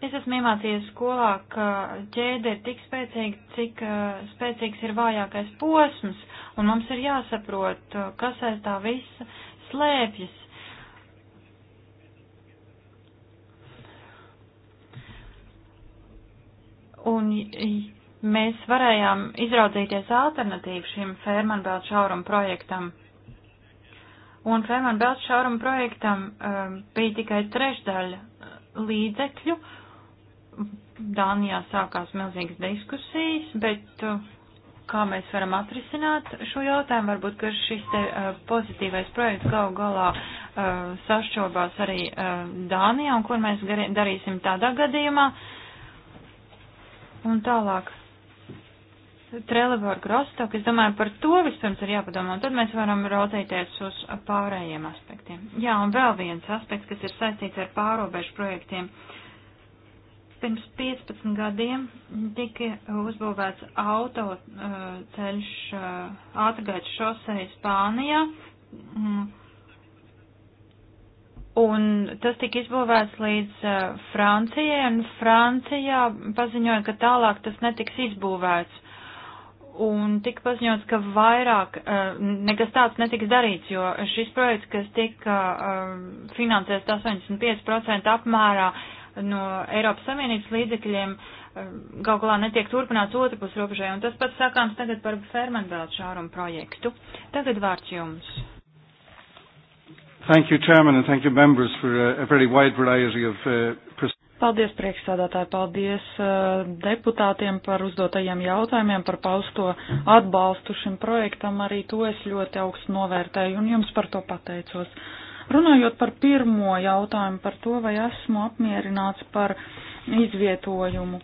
Speaker 5: Es esmu iemācījies skolā, ka ķēde ir tik spēcīga, cik uh, spēcīgs ir vājākais posms, un mums ir jāsaprot, kas aiz tā visa slēpjas. Un mēs varējām izraudzīties alternatīvu šim Fermanbelt šaurumu projektam. Un Fermanbelt šaurumu projektam um, bija tikai trešdaļa līdzekļu, uh, Dānijā sākās milzīgas diskusijas, bet uh, kā mēs varam atrisināt šo jautājumu, varbūt, ka šis te uh, pozitīvais projekts gal galā uh, sašķobās arī Dānijā, un kur mēs darīsim tādā gadījumā. Un tālāk. Trelevor Grostok, es domāju, par to vispirms ir jāpadomā, un tad mēs varam rotēties uz pārējiem aspektiem. Jā, un vēl viens aspekts, kas ir saistīts ar pārobežu projektiem. Uh, Pirms 15 gadiem tika uzbūvēts autoceļš eh, ātrgaitas eh, šosei Spānijā, mm. un tas tika izbūvēts līdz eh, Francijai, un Francijā paziņoja, ka tālāk tas netiks izbūvēts un tika paziņots, ka vairāk nekas tāds netiks darīts, jo šis projekts, kas tika finansēts 85% apmērā, no Eiropas Savienības līdzekļiem eh, gal galā netiek turpināts otrpus robežai, un tas pats sakāms tagad par Fermanbēlta šārumu projektu. Tagad vārds jums.
Speaker 2: Thank you, Chairman, and thank you, members, for a, uh, a very wide variety of uh,
Speaker 4: Paldies priekšsādātāji, paldies uh, deputātiem par uzdotajiem jautājumiem, par pausto atbalstu šim projektam. Arī to es ļoti augstu novērtēju un jums par to pateicos. Uh, Runājot par pirmo jautājumu par to, vai esmu apmierināts par izvietojumu.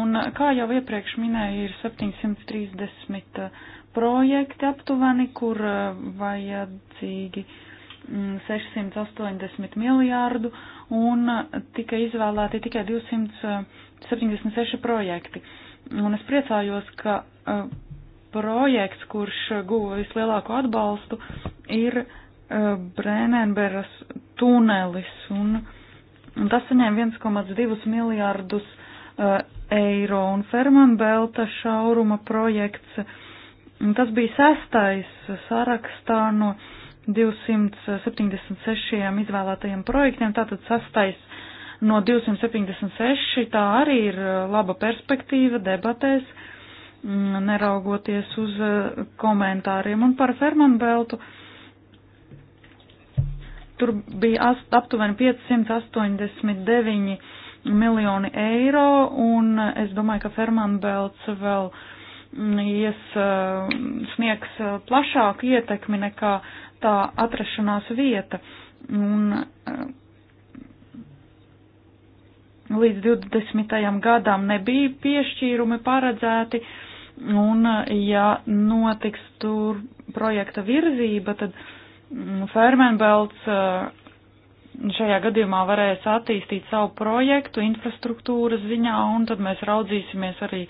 Speaker 4: Un, kā jau iepriekš minēju, ir 730 uh, projekti aptuveni, kur uh, vajadzīgi 680 mm, miljārdu un uh, tika izvēlēti tikai 276 projekti. Un es priecājos, ka projekts, kurš guva vislielāko atbalstu, ir Brēnenberas tunelis, un, un tas saņēma 1,2 miljārdus uh, eiro, un Fermanbelta šauruma projekts, un tas bija sestais sarakstā no 276 izvēlētajiem projektiem, tātad sestais no 276, tā arī ir uh, laba perspektīva debatēs, mm, neraugoties uz uh, komentāriem, un par Fermanbeltu. Uh, tur bija aptuveni 589 miljoni eiro, un es domāju, ka Fermanbelts vēl mm, ies mm, sniegs eh, plašāku ietekmi nekā tā atrašanās vieta. Un, eh, līdz 20. gadam nebija piešķīrumi paredzēti, un eh, ja notiks tur projekta virzība, tad uh, Mm, Fermenbelts eh, šajā gadījumā varēs attīstīt savu projektu infrastruktūras ziņā, un tad mēs raudzīsimies arī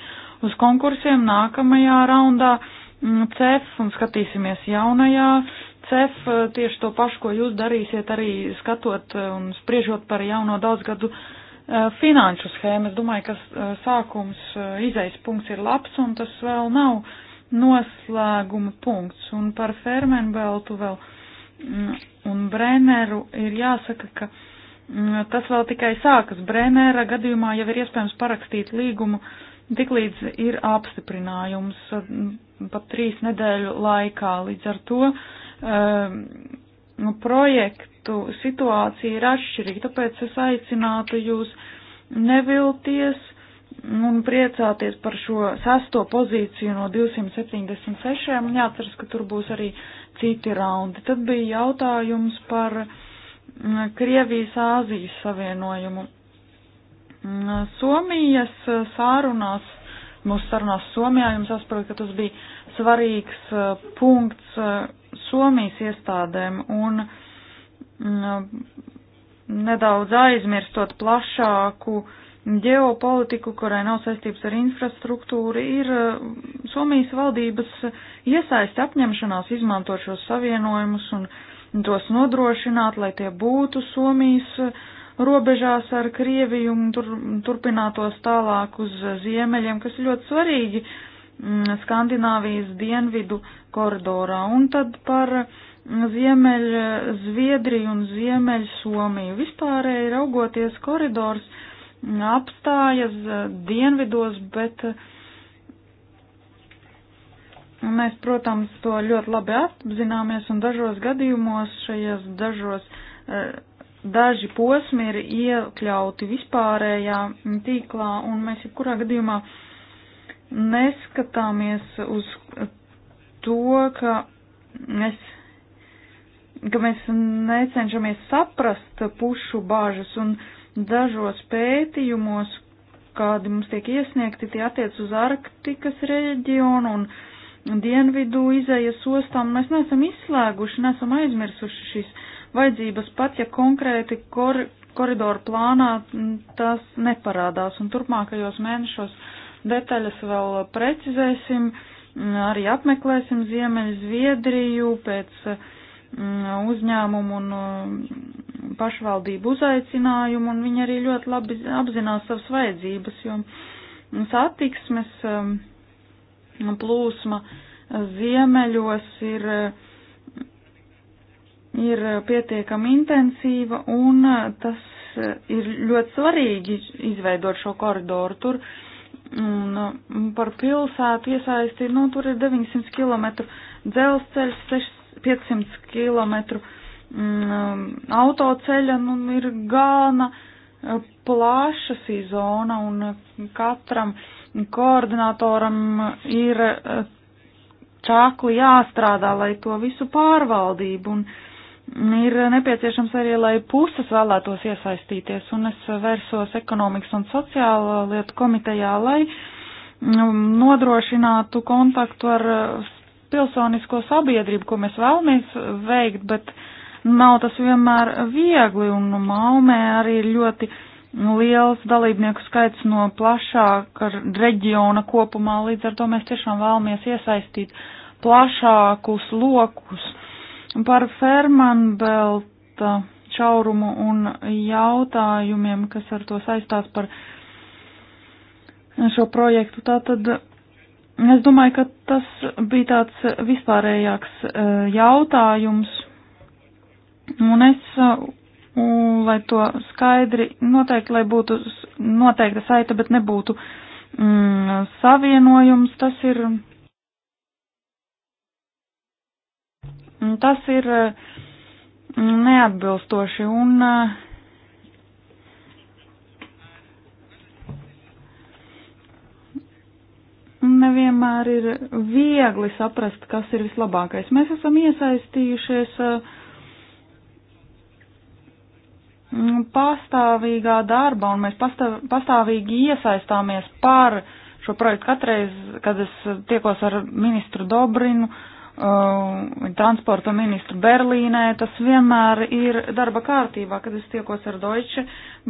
Speaker 4: uz konkursiem nākamajā raundā mm, CEF un skatīsimies jaunajā CEF eh, tieši to pašu, ko jūs darīsiet arī skatot eh, un spriežot par jauno daudzgadu finanšu schēmu. Es domāju, ka sākums, izejas punkts ir labs un tas vēl nav noslēguma punkts. Un par fermenbeltu vēl. Uh, Mm, un Brenneru ir jāsaka, ka mm, tas vēl tikai sākas. Brennera gadījumā jau ir iespējams parakstīt līgumu, tiklīdz ir apstiprinājums mm, pat trīs nedēļu laikā. Līdz ar to um, projektu situācija ir atšķirīga, tāpēc es aicinātu jūs nevilties un priecāties par šo sesto pozīciju no 276, un jāatceras, ka tur būs arī citi raundi. Tad bija jautājums par mm, Krievijas-Āzijas savienojumu. Mm, Somijas eh, sārunās, mūsu sarunās Somijā, jums jāsaprot, ka tas bija svarīgs eh, punkts eh, Somijas iestādēm un mm, nedaudz aizmirstot plašāku uh, ģeopolitiku, kurai nav saistības ar infrastruktūru, ir eh, Somijas valdības iesaista apņemšanās izmantot šos savienojumus un tos nodrošināt, lai tie būtu Somijas eh, robežās ar Krieviju un tur, turpinātos tālāk uz eh, ziemeļiem, kas ir ļoti svarīgi mm, Skandināvijas dienvidu koridorā. Un tad par mm, Ziemeļ Zviedriju un Ziemeļ Somiju. Vispārēji raugoties koridors apstājas eh, dienvidos, bet eh, mēs, protams, to ļoti labi apzināmies un dažos gadījumos šajos dažos eh, daži posmi ir iekļauti vispārējā tīklā un mēs jebkurā gadījumā neskatāmies uz to, ka mēs, ka mēs necenšamies saprast pušu bāžas un uh, Dažos pētījumos, kādi mums tiek iesniegti, tie attiec uz Arktikas reģionu un dienvidu izējas ostām. Mēs neesam izslēguši, neesam aizmirsuši šīs vajadzības, pat ja konkrēti kor koridoru plānā tas neparādās. Un turpmākajos mēnešos detaļas vēl precizēsim, arī apmeklēsim Ziemeļu Zviedriju pēc uh, Mm, uzņēmumu un mm, pašvaldību uzaicinājumu, un viņi arī ļoti labi apzinās savas vajadzības, jo satiksmes mm, plūsma ziemeļos ir, ir pietiekami intensīva, un tas ir ļoti svarīgi izveidot šo koridoru tur. Un par pilsētu iesaisti, nu, tur ir 900 km dzelzceļš, 500 km mm, autoceļa nu, ir gana e, plaša šī zona un e, katram koordinatoram ir e, čākli jāstrādā, lai to visu pārvaldību un mm, ir nepieciešams arī, lai puses vēlētos iesaistīties un es versos ekonomikas un sociālo lietu komitejā, lai mm, nodrošinātu kontaktu ar pilsonisko sabiedrību, ko mēs vēlamies veikt, bet nav tas vienmēr viegli, un Maumē arī ir ļoti liels dalībnieku skaits no plašāka reģiona kopumā, līdz ar to mēs tiešām vēlamies iesaistīt plašākus lokus. Par Fermanbelta šaurumu un jautājumiem, kas ar to saistās par šo projektu, tātad Es domāju, ka tas bija tāds vispārējāks e, jautājums, un es, e, un, lai to skaidri noteikti, lai būtu noteikta saita, bet nebūtu mm, savienojums, tas ir, tas ir mm, neatbilstoši, un uh, nevienmēr ir viegli saprast, kas ir vislabākais. Mēs esam iesaistījušies mm, pastāvīgā darbā, un mēs pastāv, pastāvīgi iesaistāmies par šo projektu. Katreiz, kad es tiekos ar ministru Dobrinu, uh, Um, transporta ministru Berlīnē, tas vienmēr ir darba kārtībā, kad es tiekos ar Deutsche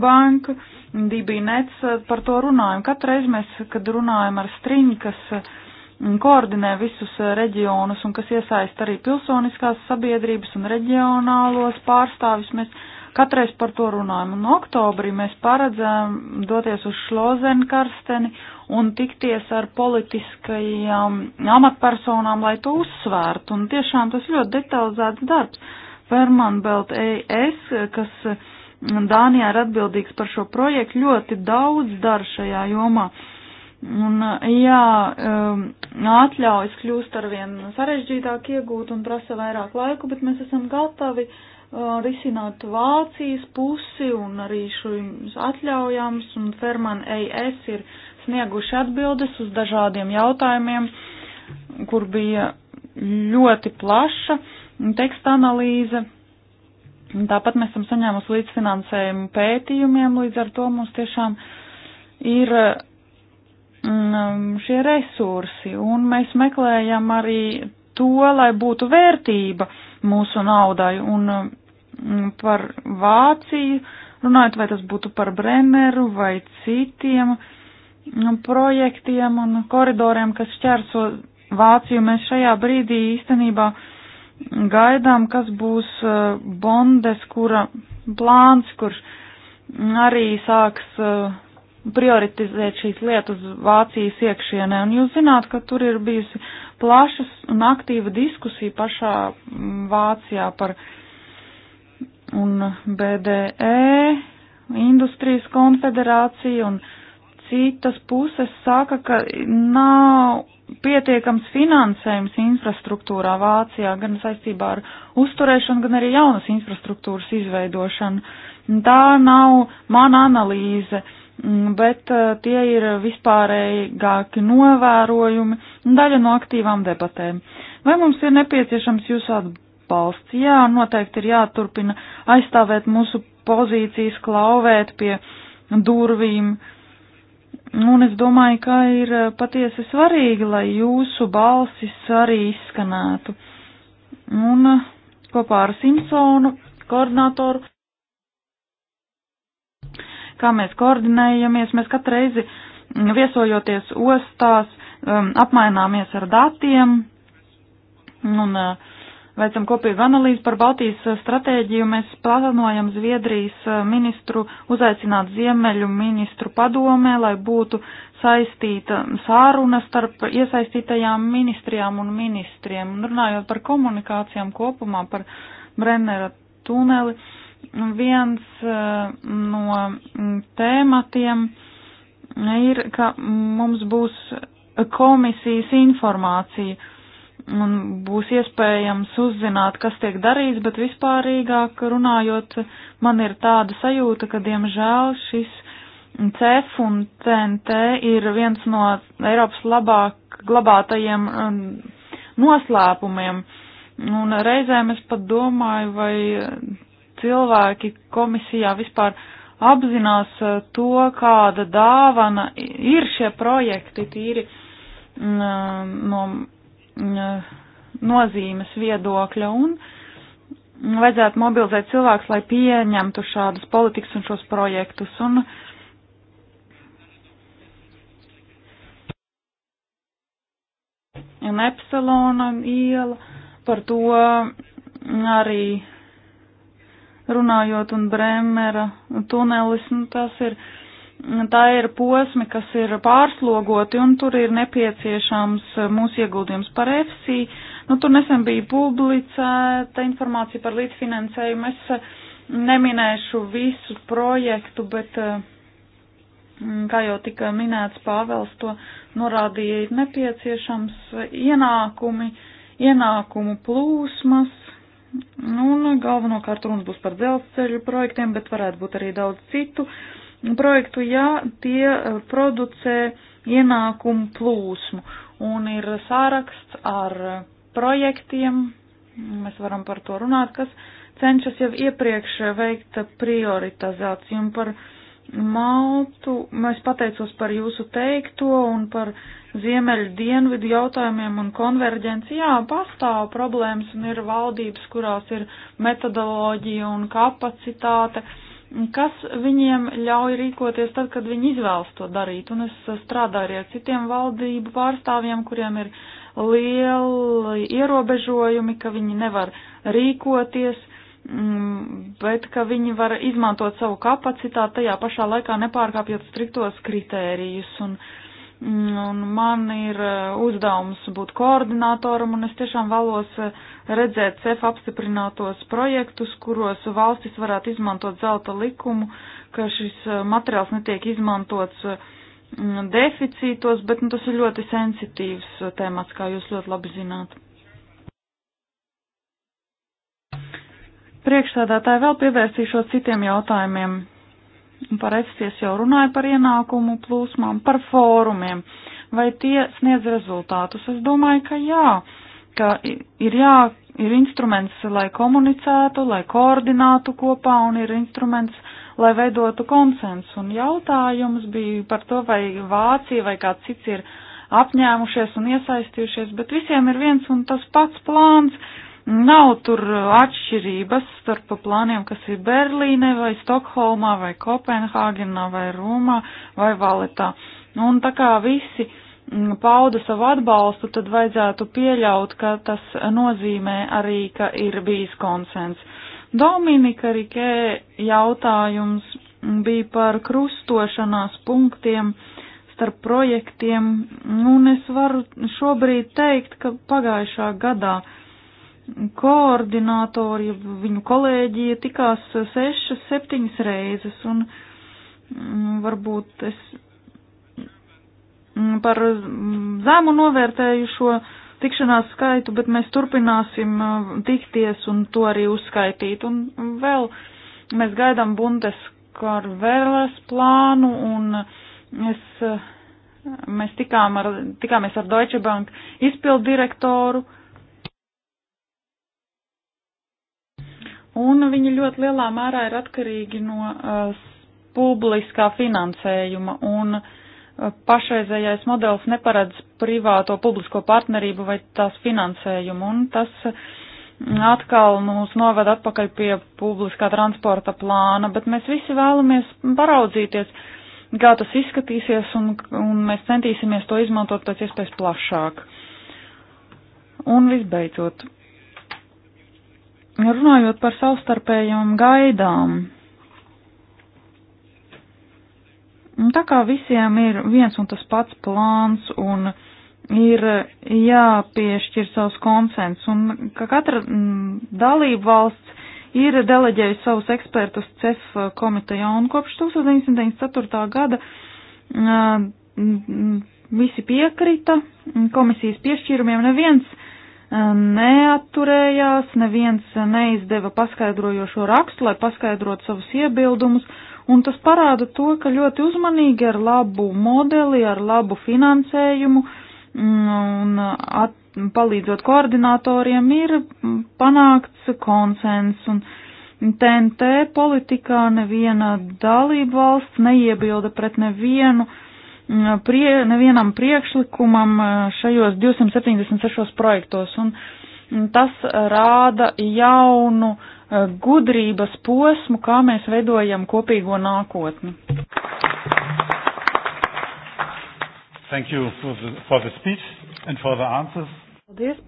Speaker 4: Bank, DB Nets, par to runājam. Katru reizi mēs, kad runājam ar Striņu, kas mm, koordinē visus eh, reģionus un kas iesaist arī pilsoniskās sabiedrības un reģionālos pārstāvis, mēs Katreiz par to runājam, un oktobrī mēs paredzējām doties uz Šlozenkarsteni un tikties ar politiskajām amatpersonām, lai to uzsvērtu, un tiešām tas ļoti detalizēts darbs. Fermanbelt ES, kas Dānijā ir atbildīgs par šo projektu, ļoti daudz dara šajā jomā. Un, jā, um, atļaujas kļūst ar vien sarežģītāk iegūt un prasa vairāk laiku, bet mēs esam gatavi uh, Uh, risināt Vācijas pusi un arī šīs atļaujams, un Ferman AS ir snieguši atbildes uz dažādiem jautājumiem, kur bija ļoti plaša teksta analīze. Tāpat mēs esam saņēmusi līdzfinansējumu pētījumiem, līdz ar to mums tiešām ir mm, um, šie resursi, un mēs meklējam arī to, lai būtu vērtība mūsu naudai, un um, Mm, par Vāciju, runājot, vai tas būtu par Bremeru vai citiem mm, projektiem un koridoriem, kas šķērso Vāciju. Mēs šajā brīdī īstenībā gaidām, kas būs eh, Bondes, kura plāns, kurš arī sāks eh, prioritizēt šīs lietas Vācijas iekšienē. Un jūs zināt, ka tur ir bijusi plašas un aktīva diskusija pašā mm, Vācijā par uh, un BDE, Industrijas konfederācija un citas puses saka, ka nav pietiekams finansējums infrastruktūrā Vācijā, gan saistībā ar uzturēšanu, gan arī jaunas infrastruktūras izveidošanu. Tā nav mana analīze, mm, bet eh, tie ir vispārējāki novērojumi, daļa no aktīvām debatēm. Vai mums ir nepieciešams jūs atbalstīt? atbalsts. Jā, noteikti ir jāturpina aizstāvēt mūsu pozīcijas, klauvēt pie durvīm. Un es domāju, ka ir eh, patiesi svarīgi, lai jūsu balsis arī izskanētu. Un eh, kopā ar Simpsonu koordinatoru, kā mēs koordinējamies, mēs katru reizi viesojoties ostās, um, apmaināmies ar datiem un uh, Veicam kopīgu analīzi par Baltijas eh, stratēģiju. Mēs plānojam Zviedrijas eh, ministru uzaicināt Ziemeļu ministru padomē, lai būtu saistīta sāruna starp iesaistītajām ministrijām un ministriem. Un runājot par komunikācijām kopumā, par Brennera tuneli, viens eh, no mm, tēmatiem ir, ka mums būs komisijas informācija un būs iespējams uzzināt, kas tiek darīts, bet vispārīgāk runājot, man ir tāda sajūta, ka diemžēl šis CEF un CNT ir viens no Eiropas labāk glabātajiem um, noslēpumiem. Un reizēm es pat domāju, vai cilvēki komisijā vispār apzinās uh, to, kāda dāvana ir šie projekti tīri um, no Mm, nozīmes viedokļa un vajadzētu mobilizēt cilvēkus, lai pieņemtu šādas politikas un šos projektus. Un, un Epsilona iela par to arī runājot un Bremera tunelis, nu tas ir tā ir posmi, kas ir pārslogoti, un tur ir nepieciešams eh, mūsu ieguldījums par EFSI. Nu, tur nesen bija publicēta informācija par līdzfinansējumu. Es eh, neminēšu visu projektu, bet, eh, mm, kā jau tika minēts, Pāvels to norādīja, ir nepieciešams ienākumi, ienākumu plūsmas, Nu, nu, galvenokārt runas būs par dzelzceļu projektiem, bet varētu būt arī daudz citu projektu, ja tie eh, producē ienākumu plūsmu un ir sāraksts ar projektiem, mēs varam par to runāt, kas cenšas jau iepriekš veikt prioritizāciju un par Maltu. Mēs pateicos par jūsu teikto un par ziemeļu dienvidu jautājumiem un konverģenci. Jā, pastāv problēmas un ir valdības, kurās ir metodoloģija un kapacitāte. Uh, kas viņiem ļauj rīkoties tad, kad viņi izvēlas to darīt. Un es strādāju arī ar citiem valdību pārstāvjiem, kuriem ir lieli ierobežojumi, ka viņi nevar rīkoties, mm, bet ka viņi var izmantot savu kapacitāti tajā pašā laikā nepārkāpjot striktos kritērijus. Un, mm, un man ir eh, uzdevums būt koordinatoram, un es tiešām vēlos uh, redzēt CEF apstiprinātos projektus, kuros valstis varētu izmantot zelta likumu, ka šis uh, materiāls netiek izmantots uh, mm, deficītos, bet nu, tas ir ļoti sensitīvs uh, temats, kā jūs ļoti labi zināt. Priekšsēdētāji vēl pievērsīšos citiem jautājumiem. Par FCS jau runāju par ienākumu plūsmām, par fórumiem. Vai tie sniedz rezultātus? Es domāju, ka jā. Uh, ka ir jā, ir instruments, lai komunicētu, lai koordinātu kopā, un ir instruments, lai veidotu konsensu. Un jautājums bija par to, vai Vācija vai kāds cits ir apņēmušies un iesaistījušies, bet visiem ir viens un tas pats plāns. Nav tur atšķirības starp plāniem, kas ir Berlīne vai Stokholmā vai Kopenhāgenā vai Rūmā vai Valetā. Un tā kā visi uh, pauda savu atbalstu, tad vajadzētu pieļaut, ka tas nozīmē arī, ka ir bijis konsens. Dominika Rikē jautājums bija par krustošanās punktiem starp projektiem, un es varu šobrīd teikt, ka pagājušā gadā koordinātori, viņu kolēģija tikās sešas, septiņas reizes, un mm, varbūt es Mm, par mm, zemu novērtējušo tikšanās skaitu, bet mēs turpināsim mm, tikties un to arī uzskaitīt. Un vēl mēs gaidām Bundeskarveles plānu un es, mēs tikām ar, tikāmies ar Deutsche Bank izpildu direktoru. Un viņi ļoti lielā mērā ir atkarīgi no uh, publiskā finansējuma. Un uh, pašreizējais modelis neparedz privāto publisko partnerību vai tās finansējumu, un tas atkal mūs noved atpakaļ pie publiskā transporta plāna, bet mēs visi vēlamies paraudzīties, kā tas izskatīsies, un, un mēs centīsimies to izmantot pēc iespējas plašāk. Un visbeidzot, runājot par savstarpējām gaidām Nu, tā kā visiem ir viens un tas pats plāns un ir jāpiešķir savs konsens un ka katra mm, dalība valsts ir deleģējusi savus ekspertus CEF komitejā un kopš 1994. gada mm, mm, visi piekrita komisijas piešķīrumiem, neviens neaturējās, neviens neizdeva paskaidrojošo rakstu, lai paskaidrotu savus iebildumus un tas parāda to, ka ļoti uzmanīgi ar labu modeli, ar labu finansējumu mm, un at, palīdzot koordinatoriem ir panākts konsens. Un, TNT politikā neviena dalība valsts neiebilda pret nevienu, mm, prie, nevienam priekšlikumam mm, šajos 276 projektos. Un tas rāda jaunu Eh, gudrības posmu, kā mēs veidojam kopīgo nākotni.
Speaker 2: Thank you for the, for the speech and for the answers.
Speaker 3: Paldies.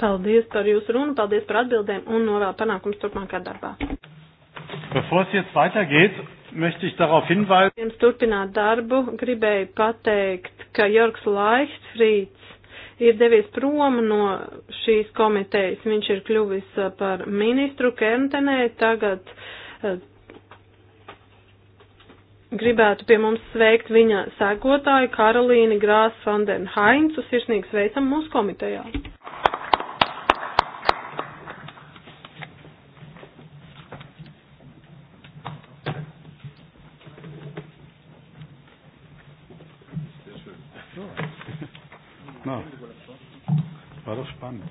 Speaker 3: Paldies par jūsu runu, paldies par atbildēm un novēl panākums turpmākajā darbā.
Speaker 2: Bevor es jetzt weitergeht, möchte ich darauf
Speaker 3: hinweisen. Pirms turpināt darbu, gribēju pateikt, ka Jorgs Laichtfrīds ir devies prom no šīs komitejas. Viņš ir kļuvis uh, par ministru Kentenē, tagad uh, gribētu pie mums sveikt viņa sēkotāju Karolīni Grāsu Fanden Haincu, sirsnīgi sveicam mūsu komitejā.
Speaker 1: Na, war doch spannend.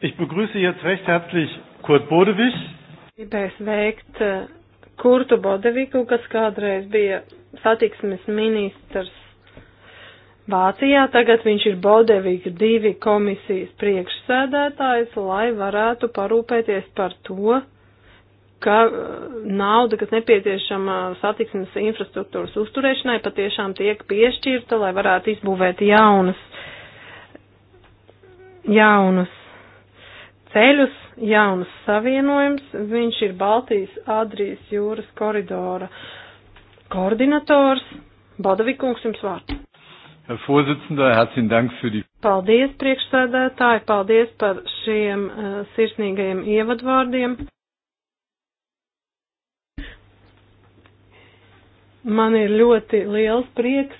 Speaker 2: Ich begrüße jetzt recht herzlich Kurt Bodewig.
Speaker 3: Gribēju sveikt eh, Kurtu Bodeviku, kas kādreiz bija satiksmes ministrs Vācijā tagad viņš ir Bodevīga divi komisijas priekšsēdētājs, lai varētu parūpēties par to, ka uh, nauda, kas nepieciešama satiksmes infrastruktūras uzturēšanai, patiešām tiek piešķirta, lai varētu izbūvēt jaunas, jaunas ceļus, jaunas savienojums. Viņš ir Baltijas Adrijas jūras koridora koordinators. Bodavikungs jums vārds. Paldies, priekšsēdētāji, paldies par šiem uh, sirsnīgajiem ievadvārdiem. Man ir ļoti liels prieks,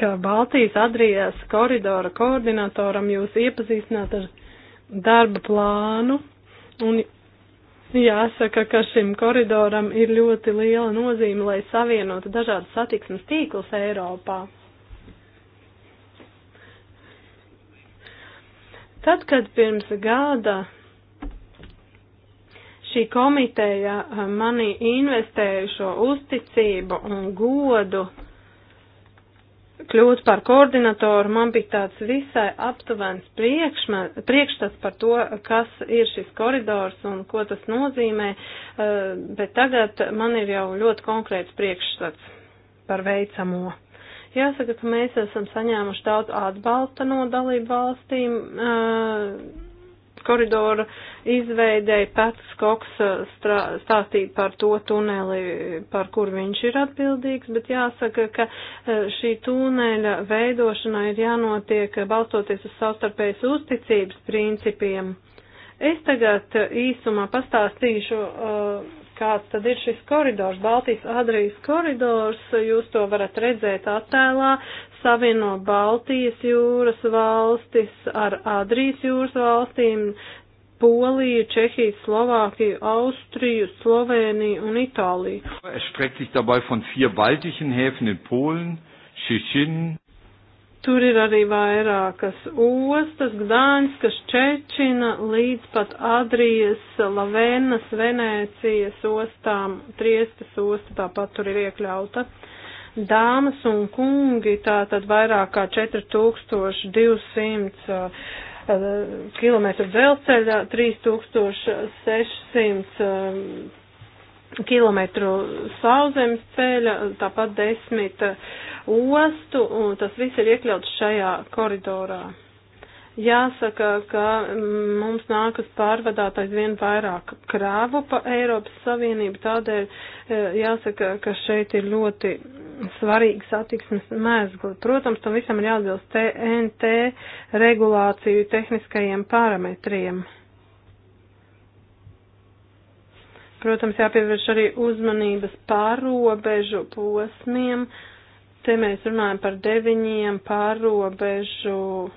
Speaker 3: ka Baltijas Adrijas koridora koordinatoram jūs iepazīstināt ar darba plānu un Jāsaka, ka šim koridoram ir ļoti liela nozīme, lai savienotu dažādas satiksmes tīklus Eiropā. Tad, kad pirms gada šī komiteja eh, mani investējušo uzticību un godu, uh, kļūt par koordinatoru, man bija tāds visai aptuvens priekšstats par to, kas ir šis koridors un ko tas nozīmē, eh, bet tagad man ir jau ļoti konkrēts priekšstats par veicamo. Jāsaka, ka mēs esam saņēmuši daudz atbalsta no dalību valstīm. Uh, koridora izveidēja pats Koks uh, stāstīja par to tuneli, par kur viņš ir atbildīgs, bet jāsaka, ka uh, šī tuneļa veidošana ir jānotiek uh, balstoties uz savstarpējas uzticības principiem. Es tagad īsumā pastāstīšu, kāds tad ir šis koridors, Baltijas Adrijas koridors, jūs to varat redzēt attēlā, savieno Baltijas jūras valstis ar Adrijas jūras valstīm, Poliju, Čehiju, Slovākiju, Austriju, Sloveniju un Itāliju. Es
Speaker 2: streckt sich dabei von vier baltischen Häfen in Polen, Šišin.
Speaker 3: Tur ir arī vairākas ostas, Gdaņskas, Čečina, līdz pat Adrijas, Lavenas, Venēcijas ostām, Triestas osta tāpat tur ir iekļauta. Dāmas un kungi, tā tad vairāk kā 4200 km dzelzceļa, 3600 kilometru uh, sauzemes ceļa, tāpat desmit uh, ostu, un tas viss ir iekļauts šajā koridorā. Jāsaka, ka mm, mums nākas pārvadāt aizvien vairāk krāvu pa Eiropas Savienību, tādēļ uh, jāsaka, ka šeit ir ļoti svarīgi satiksmes mēzgli. Protams, tam visam ir jāatbilst TNT regulāciju tehniskajiem parametriem. Protams, jāpievērš arī uzmanības pārobežu posmiem. Te mēs runājam par deviņiem pārobežu eh,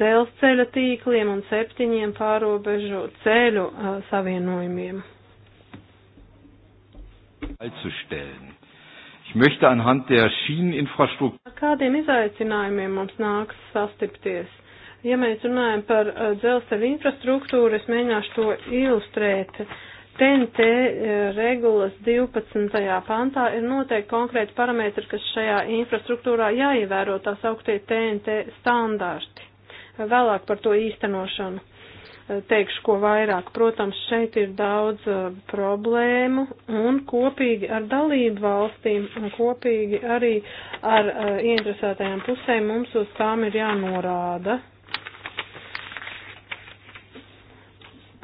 Speaker 3: dzelzceļa tīkliem un septiņiem pārobežu ceļu eh, savienojumiem.
Speaker 2: Alzustellen. Ich möchte anhand der Schieneninfrastruktur.
Speaker 3: Kādiem izaicinājumiem mums nāks sastipties? Ja mēs runājam par uh, dzelzceļa infrastruktūru, es mēģināšu to ilustrēt. TNT uh, eh, regulas 12. pantā ir noteikti konkrēti parametri, kas šajā infrastruktūrā jāievēro tās augtie TNT standarti. Vēlāk par to īstenošanu teikšu, ko vairāk. Protams, šeit ir daudz uh, problēmu un kopīgi ar dalību valstīm, kopīgi arī ar ieinteresētajām uh, pusēm mums uz tām ir jānorāda.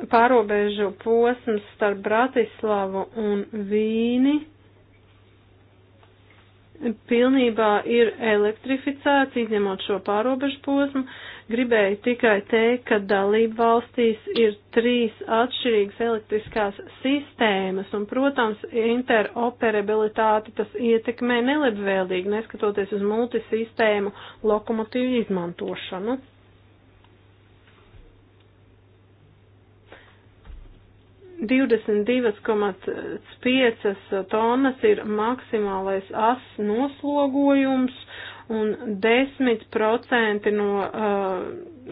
Speaker 3: Pārobežu posms starp Bratislavu un Vīni pilnībā ir elektrificēts, izņemot šo pārobežu posmu, Gribēju tikai teikt, ka dalību valstīs ir trīs atšķirīgas elektriskās sistēmas, un, protams, interoperabilitāti tas ietekmē nelabvēlīgi, neskatoties uz multisistēmu lokomotīvu izmantošanu. Divdesmit divas komat piecas tonas ir maksimālais as noslogojums, un 10% no uh,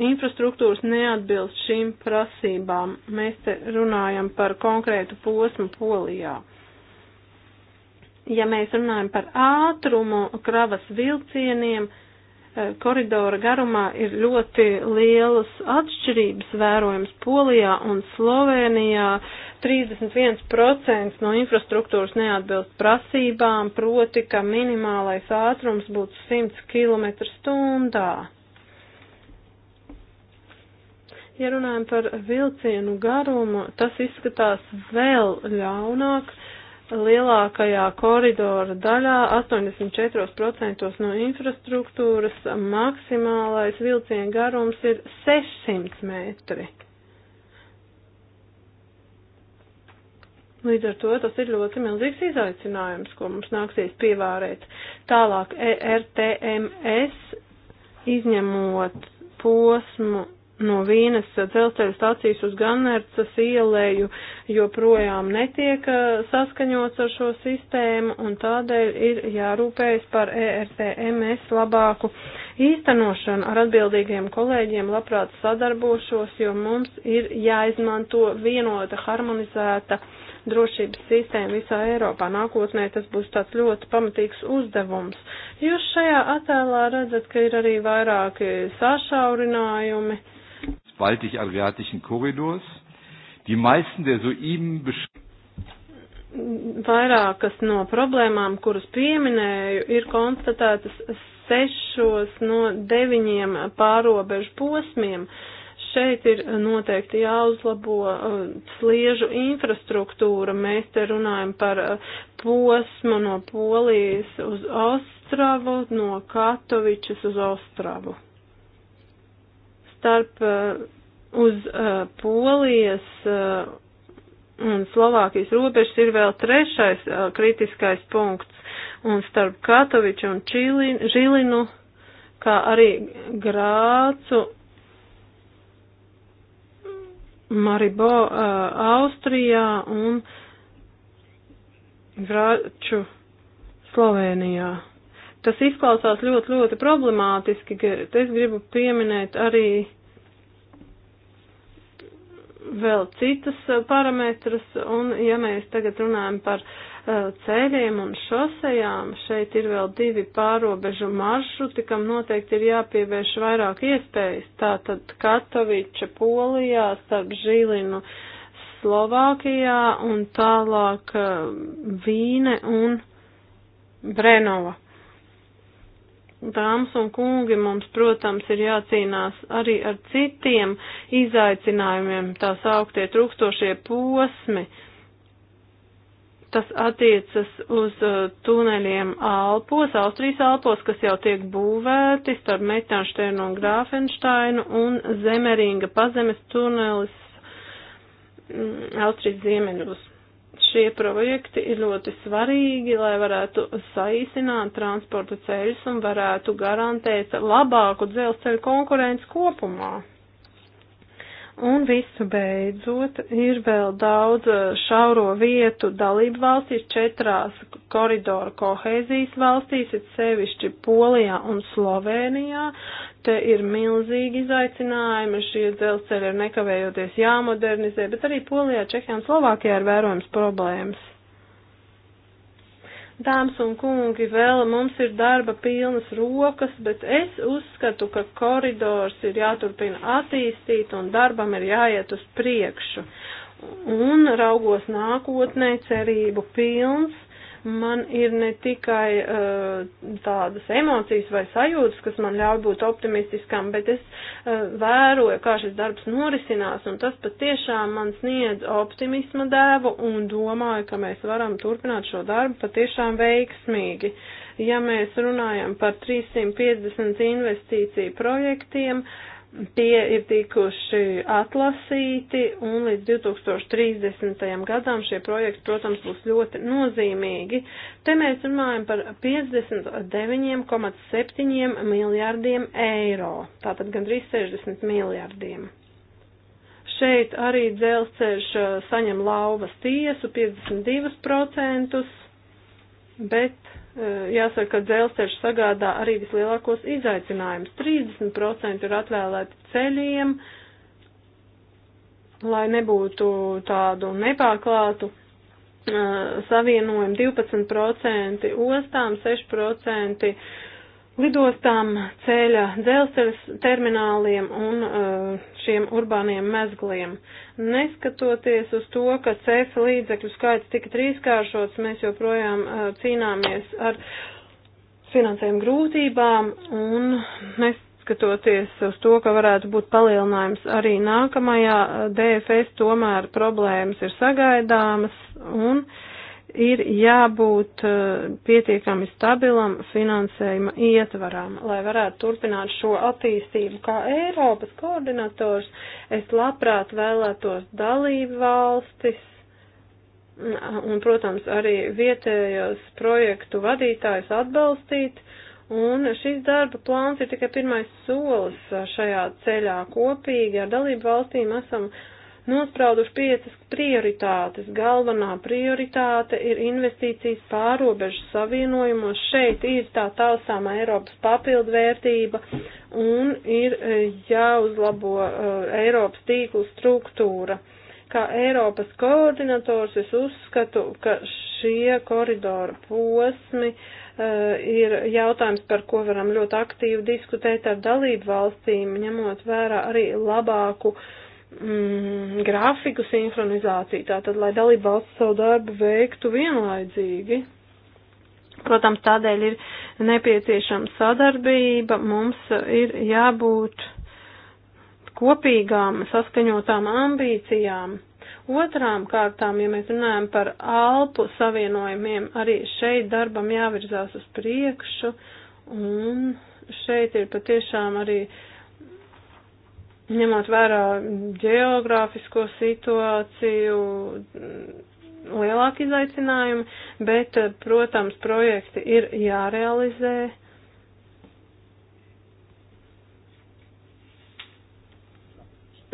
Speaker 3: infrastruktūras neatbilst šīm prasībām. Mēs te runājam par konkrētu posmu Polijā. Ja mēs runājam par ātrumu kravas vilcieniem, uh, Eh, koridora garumā ir ļoti lielas atšķirības vērojams Polijā un Slovenijā. 31% no infrastruktūras neatbilst prasībām, proti, ka minimālais ātrums būtu 100 km stundā. Ja runājam par vilcienu garumu, tas izskatās vēl ļaunāk lielākajā koridora daļā 84% no infrastruktūras maksimālais vilciena garums ir 600 metri. Līdz ar to tas ir ļoti milzīgs izaicinājums, ko mums nāksies pievārēt. Tālāk ERTMS izņemot posmu no Vīnes dzelzceļa stācijas uz Gannercas ielēju joprojām netiek saskaņots ar šo sistēmu un tādēļ ir jārūpējas par ERTMS labāku īstenošanu. Ar atbildīgiem kolēģiem labprāt sadarbošos, jo mums ir jāizmanto vienota, harmonizēta drošības sistēma visā Eiropā. Nākotnē tas būs tāds ļoti pamatīgs uzdevums. Jūs šajā attēlā redzat, ka ir arī vairāki sašaurinājumi
Speaker 2: waldig-adriatischen Korridors. Die meisten der soeben
Speaker 3: Vairākas no problēmām, kuras pieminēju, ir konstatētas sešos no deviņiem pārobežu posmiem. Šeit ir noteikti jāuzlabo uh, sliežu infrastruktūra. Mēs te runājam par uh, posmu no Polijas uz Ostravu, no Katovičas uz Ostravu starp eh, uz eh, Polijas eh, un Slovākijas robežas ir vēl trešais kritiskais punkts, un starp Katoviču un Čilinu, Žilinu, kā arī Grācu Maribo uh, Austrijā un Grāču Slovenijā. Tas izklausās ļoti, ļoti problemātiski, bet es gribu pieminēt arī vēl citas eh, parametrus, un ja mēs tagad runājam par uh, ceļiem un šosejām, šeit ir vēl divi pārobežu maršruti, kam noteikti ir jāpievērš vairāk iespējas. Tātad Katoviča Polijā starp Žīlinu Slovākijā un tālāk uh, Vīne un Brenova dāmas un kungi, mums, protams, ir jācīnās arī ar citiem izaicinājumiem, tā sauktie trūkstošie posmi. Tas attiecas uz uh, tuneļiem Alpos, Austrijas Alpos, kas jau tiek būvēti starp Metānšteinu un Grāfenšteinu un Zemeringa pazemes tunelis mm, Austrijas ziemeļos. Šie projekti ir ļoti svarīgi, lai varētu saīsināt transporta ceļus un varētu garantēt labāku dzelzceļu konkurenci kopumā. Un visu beidzot, ir vēl daudz šauro vietu dalību valstīs, četrās koridoru kohēzijas valstīs, ir sevišķi Polijā un Slovenijā, Te ir milzīgi izaicinājumi, šie dzelzceļi ir nekavējoties jāmodernizē, bet arī Polijā, Čehijā un Slovākijā ir vērojams problēmas. Dāmas un kungi, vēl mums ir darba pilnas rokas, bet es uzskatu, ka koridors ir jāturpina attīstīt un darbam ir jāiet uz priekšu. Un raugos nākotnē cerību pilns, man ir ne tikai uh, tādas emocijas vai sajūtas, kas man ļauj būt optimistiskam, bet es uh, vēroju, kā šis darbs norisinās, un tas patiešām man sniedz optimisma dēvu un domāju, ka mēs varam turpināt šo darbu patiešām veiksmīgi. Ja mēs runājam par 350 investīciju projektiem, uh, tie ir tikuši atlasīti, un līdz 2030. gadam šie projekti, protams, būs ļoti nozīmīgi. Te mēs runājam par 59,7 miljārdiem eiro, tātad gandrīz 60 miljārdiem. Šeit arī dzelzceļš saņem lauvas tiesu 52%, bet Eh, jāsaka, ka dzelzceļš sagādā arī vislielākos izaicinājumus. 30% ir atvēlēti ceļiem, lai nebūtu tādu nepārklātu eh, savienojumu, 12% ostām, 6% lidostām, ceļa, dzelzceļa termināliem un uh, šiem urbāniem mezgliem. Neskatoties uz to, ka CEF līdzekļu skaits tika trīskāršots, mēs joprojām uh, cīnāmies ar finansējuma grūtībām un neskatoties uz to, ka varētu būt palielinājums arī nākamajā uh, DFS, tomēr problēmas ir sagaidāmas un uh, ir jābūt eh, pietiekami stabilam finansējuma ietvaram, lai varētu turpināt šo attīstību. Kā Eiropas koordinators es labprāt vēlētos dalību valstis mm, un, protams, arī vietējos projektu vadītājus atbalstīt. Un šis darba plāns ir tikai pirmais solis šajā ceļā. Kopīgi ar dalību valstīm esam uh, nosprauduši piecas prioritātes. Galvenā prioritāte ir investīcijas pārobežu savienojumos. Šeit ir tā tausāmā Eiropas papildvērtība un ir e, jāuzlabo e, Eiropas tīklu struktūra. Kā Eiropas koordinators es uzskatu, ka šie koridoru posmi uh, ir jautājums, par ko varam ļoti aktīvi diskutēt ar dalību valstīm, ņemot vērā arī labāku uh, mm, grafiku sinhronizāciju, tātad, lai dalība valsts savu darbu veiktu vienlaidzīgi. Protams, tādēļ ir nepieciešama sadarbība, mums ir jābūt kopīgām, saskaņotām ambīcijām. Otrām kārtām, ja mēs runājam par alpu savienojumiem, arī šeit darbam jāvirzās uz priekšu, un šeit ir patiešām arī uh, ņemot vērā geogrāfisko situāciju, lielāki izaicinājumi, bet, protams, projekti ir jārealizē.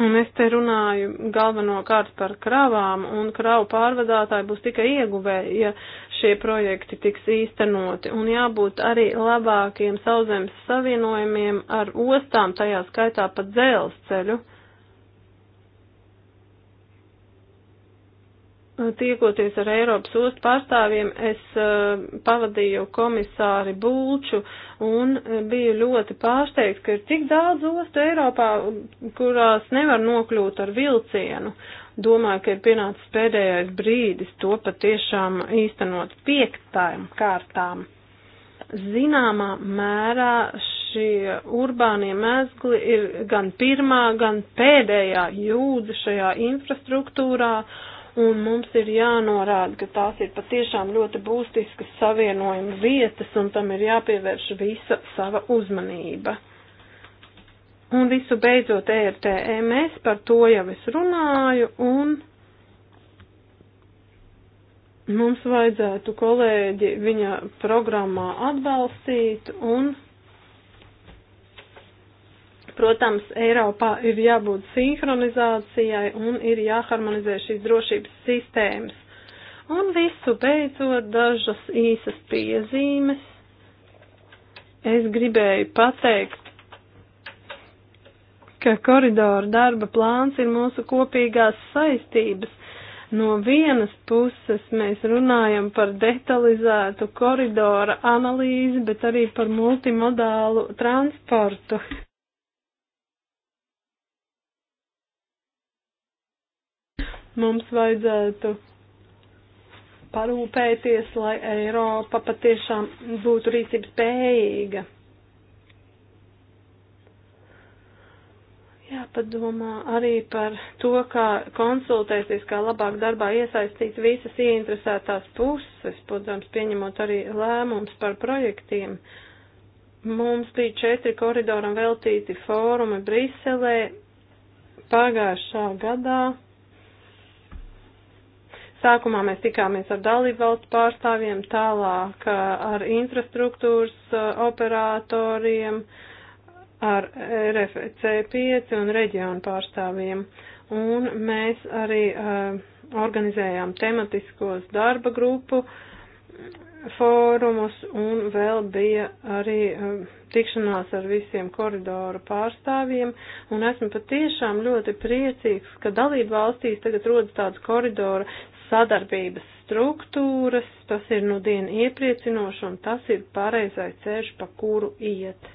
Speaker 3: Un es te runāju galvenokārt par kravām, un kravu pārvadātāji būs tikai ieguvēji, ja šie projekti tiks īstenoti, un jābūt arī labākiem sauszemes savienojumiem ar ostām, tajā skaitā pa dzelzceļu. Tiekoties ar Eiropas ostu pārstāvjiem, es uh, pavadīju komisāri Bulču un biju ļoti pārsteigts, ka ir tik daudz ostu Eiropā, kurās nevar nokļūt ar vilcienu. Uh, Domāju, ka ir pienācis pēdējais brīdis to patiešām īstenot piektām kārtām. Zināmā mērā šie urbānie mēzgli ir gan pirmā, gan pēdējā jūdze šajā infrastruktūrā, un mums ir jānorāda, ka tās ir patiešām ļoti būtiskas savienojuma vietas, un tam ir jāpievērš visa sava uzmanība. Un visu beidzot ERTMS, e par to jau es runāju, un mums vajadzētu kolēģi viņa programmā atbalstīt, un, protams, Eiropā ir jābūt sinhronizācijai un ir jāharmonizē šīs drošības sistēmas. Un visu beidzot dažas īsas piezīmes. Es gribēju pateikt, ka koridoru darba plāns ir mūsu kopīgās saistības. No vienas puses mēs runājam par detalizētu koridora analīzi, bet arī par multimodālu transportu. Mums vajadzētu parūpēties, lai Eiropa patiešām būtu rīcības spējīga. Jāpadomā arī par to, kā konsultēties, kā labāk darbā iesaistīt visas ieinteresētās puses, protams, pieņemot arī lēmums par projektiem. Mums bija četri koridoram veltīti fórumi Briselē pagājušā gadā. Sākumā mēs tikāmies ar dalībvalstu pārstāvjiem, tālāk eh, ar infrastruktūras eh, operatoriem. Uh, ar RFC 5 un reģionu pārstāvjiem. Un mēs arī uh, organizējām tematiskos darba grupu fórumus un vēl bija arī uh, tikšanās ar visiem koridoru pārstāvjiem, un esmu patiešām ļoti priecīgs, ka dalību valstīs tagad rodas tāda koridora sadarbības struktūras, tas ir nu dienu iepriecinoši, un tas ir pareizais ceļš, pa kuru iet.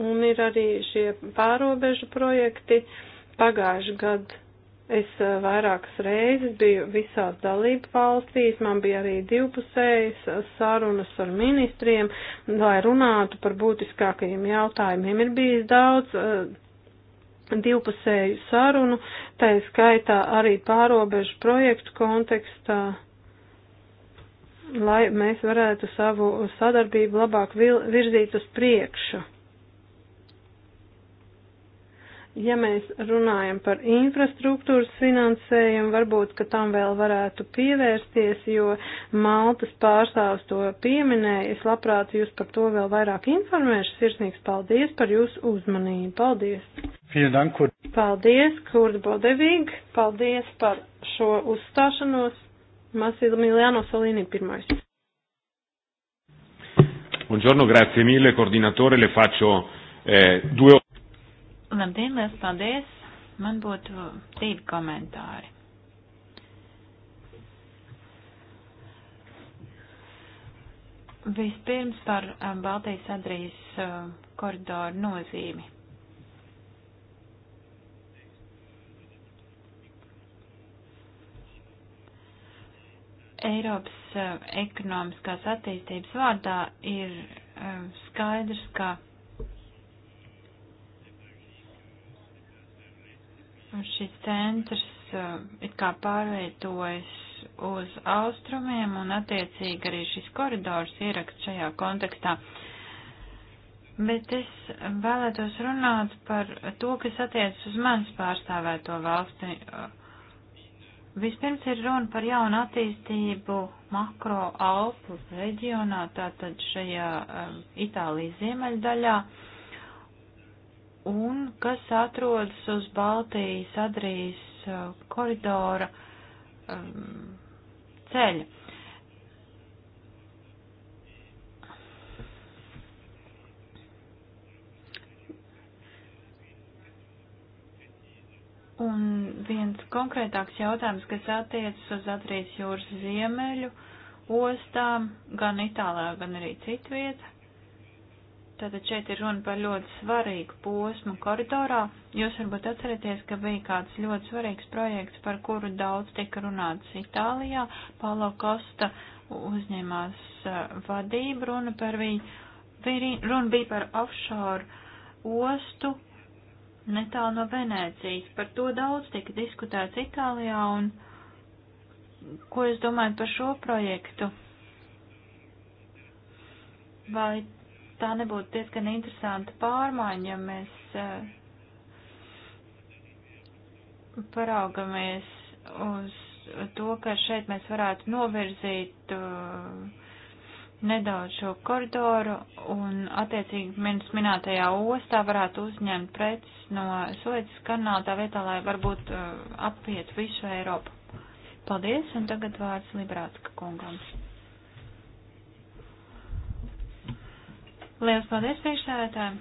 Speaker 3: Un ir arī šie pārobežu projekti. Pagājuši gadu es vairākas reizes biju visās dalību valstīs, man bija arī divpusējas sarunas ar ministriem, lai runātu par būtiskākajiem jautājumiem. Ir bijis daudz uh, divpusēju sarunu, tā skaitā arī pārobežu projektu kontekstā lai mēs varētu savu sadarbību labāk virzīt uz priekšu. Ja mēs runājam par infrastruktūras finansējumu, varbūt, ka tam vēl varētu pievērsties, jo Maltas pārstāvs to pieminēja. Es labprāt jūs par to vēl vairāk informēšu. Sirsnīgs paldies par jūsu uzmanību. Paldies! Dank, kur... Paldies, Kurda Bodevīg! Paldies par šo uzstāšanos! Massimiliano Salini pirmais. Buongiorno, grazie mille, coordinatore, le faccio eh, due
Speaker 5: Labdien, liels paldies! Man būtu divi komentāri. Vispirms par eh, Baltijas Adrijas eh, koridoru nozīmi. Eiropas eh, ekonomiskās attīstības vārdā ir skaidrs, ka Šis centrs eh, it kā pārveidojas uz austrumiem un attiecīgi arī šis koridors ierakst šajā kontekstā. Bet es vēlētos runāt par to, kas attiecas uz manis pārstāvēto valsti. Vispirms ir runa par jaunu attīstību makro Alpu reģionā, tātad šajā eh, Itālijas ziemeļdaļā. daļā un kas atrodas uz Baltijas Adrijas uh, koridora um, ceļa. Un viens konkrētāks jautājums, kas attiecas uz Adrijas jūras ziemeļu ostām, gan Itālijā, gan arī citvieta, Tātad šeit ir runa par ļoti svarīgu posmu koridorā. Jūs varbūt atcerieties, ka bija kāds ļoti svarīgs projekts, par kuru daudz tika runāts Itālijā. Paulo Kosta uzņēmās uh, vadību, runa par viņu, runa bija par offshore ostu netālu no Venēcijas. Par to daudz tika diskutēts Itālijā un ko es domāju par šo projektu. Vai tā nebūtu diezgan interesanta pārmaiņa, ja mēs eh, paraugamies uz to, ka šeit mēs varētu novirzīt eh, nedaudz šo koridoru un attiecīgi minus minētajā ostā varētu uzņemt preces no Soecis kanāla tā vietā, lai varbūt eh, apiet visu Eiropu. Paldies, un tagad vārds Librātska kungam. Lielas paldies priekšstādātājiem!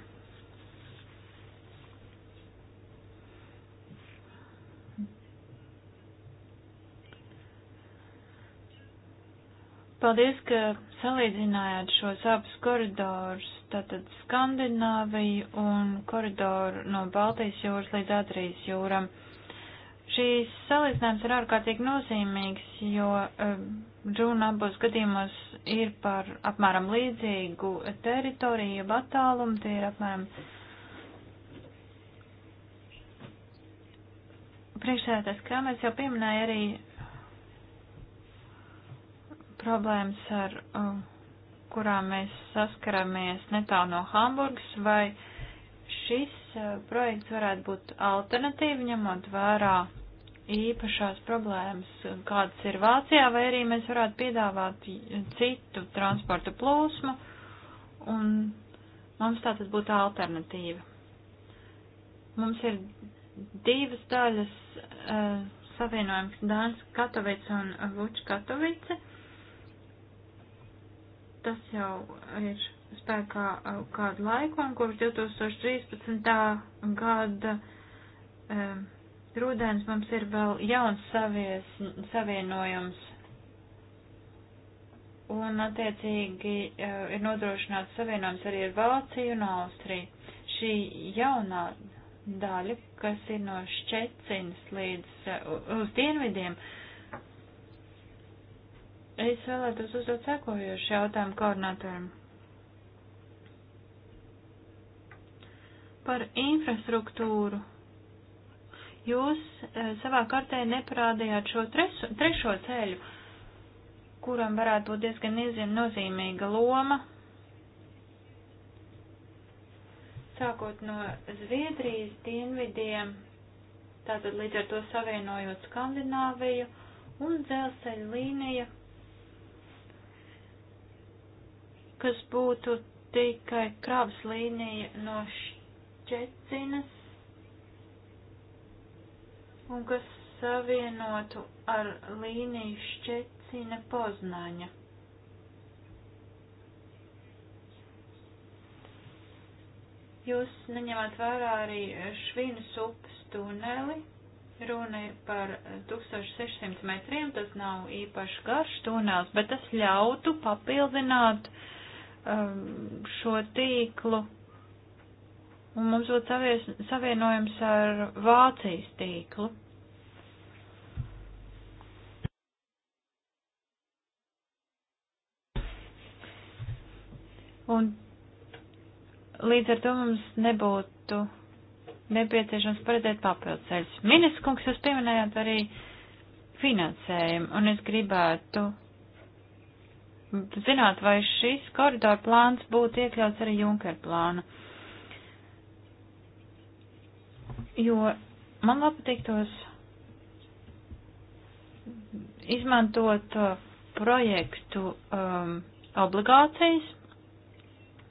Speaker 5: Paldies, ka salīdzinājāt šos abus koridorus, tātad Skandināviju un koridoru no Baltijas jūras līdz Adrijas jūram. Šīs salīdzinājums ir ārkārtīgi nozīmīgs, jo eh, runa abos gadījumos ir par apmēram līdzīgu teritoriju, jeb attālumu, tie ir apmēram. Priekšsēdētājs Krāmēns jau pieminēja arī problēmas, ar uh, kurām mēs saskaramies netālu no Hamburgas, vai šis uh, projekts varētu būt alternatīva, ņemot vērā īpašās problēmas, kādas ir Vācijā, vai arī mēs varētu piedāvāt citu transporta plūsmu, un mums tā tas būtu alternatīva. Mums ir divas daļas uh, savienojums Dāns Katovic un Vuč Katovice. Tas jau ir spēkā uh, kādu laiku, un kopš 2013. gada. Um, uh, Rūdens mums ir vēl jauns savies, savienojums. Un, attiecīgi, eh, ir nodrošināts savienojums arī ar Vāciju un Austriju. Šī jaunā daļa, kas ir no Ščecinas līdz eh, uz dienvidiem, es vēlētos uzdot sekojošu jautājumu koordinatoram. Par infrastruktūru jūs e, savā kartē neparādījāt šo treso, trešo ceļu, kuram varētu būt diezgan iezina nozīmīga loma, sākot no Zviedrijas dienvidiem, tātad līdz ar to savienojot Skandināviju un dzelzceļa līnija, kas būtu tikai krabas līnija no Šķecinas un kas savienotu ar līniju Šķecina Poznaņa. Jūs neņemat vērā arī Švīnas upes tuneli. Runa ir par 1600 metriem, tas nav īpaši garš tunels, bet tas ļautu papildināt um, šo tīklu un mums būtu savies, savienojums ar Vācijas tīklu. Un līdz ar to mums nebūtu nepieciešams paredzēt papildus ceļus. Ministrs kungs, jūs pieminējāt arī finansējumu, un es gribētu zināt, vai šis koridoru plāns būtu iekļauts arī Junker plāna jo man patiktos izmantot uh, projektu um, obligācijas,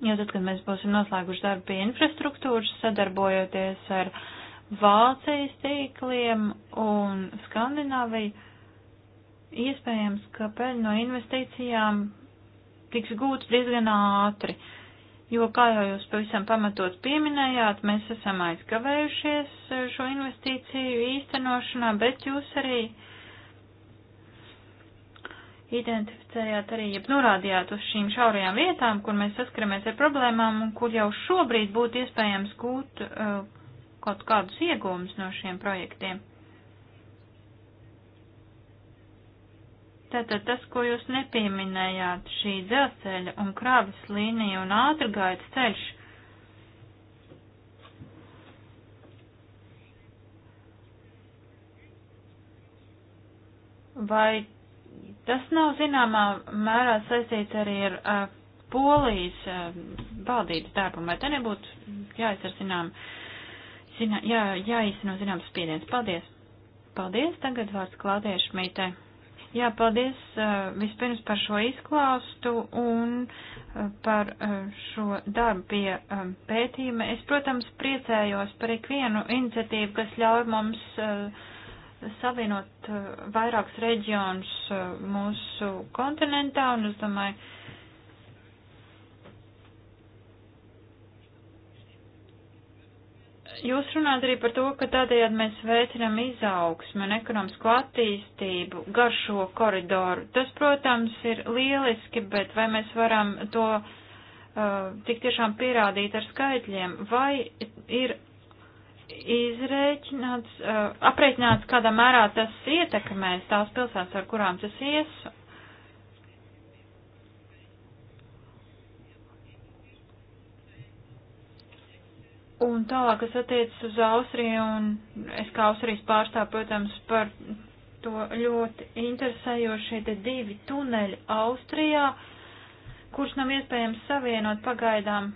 Speaker 5: jo tad, kad mēs būsim noslēguši darbu pie infrastruktūras, sadarbojoties ar Vācijas tīkliem un Skandināviju, iespējams, ka peļņa no investīcijām tiks gūts diezgan ātri. Uh, jo, kā jau jūs pavisam pamatot pieminējāt, mēs esam aizkavējušies e, šo investīciju īstenošanā, bet jūs arī identificējāt arī, ja norādījāt uz šīm šaurajām vietām, kur mēs saskaramies ar problēmām un kur jau šobrīd būtu iespējams gūt uh, kaut kādus iegūmus no šiem projektiem. Tātad tas, ko jūs nepieminējāt, šī dzelzceļa un krāvis līnija un ātrgaitas ceļš. Vai tas nav zināmā mērā saistīts arī ar uh, polijas uh, valdības darbu, vai te nebūtu jāizdara zinām, zinā, jā, jāizsino zināms spiediens? Paldies! Paldies! Tagad vārds klātiešu mītē. Jā, paldies eh, vispirms par šo izklāstu un eh, par eh, šo darbu pie pētījuma. Es, protams, priecējos par ikvienu iniciatīvu, kas ļauj mums savienot vairākus reģionus mūsu kontinentā, un es domāju, jūs runājat arī par to, ka tādējādi mēs veicinām izaugsmu un ekonomisko attīstību gar šo koridoru. Tas, protams, ir lieliski, bet vai mēs varam to uh, tik tiešām pierādīt ar skaitļiem, vai ir izrēķināts, uh, apreikināts, kādā mērā tas ietekmēs tās pilsētas, ar kurām tas ies, Un tālāk, kas attiecas uz Austriju, un es kā Austrijas pārstāv, protams, par to ļoti interesējošie te divi tuneļi Austrijā, kurš nav iespējams savienot pagaidām.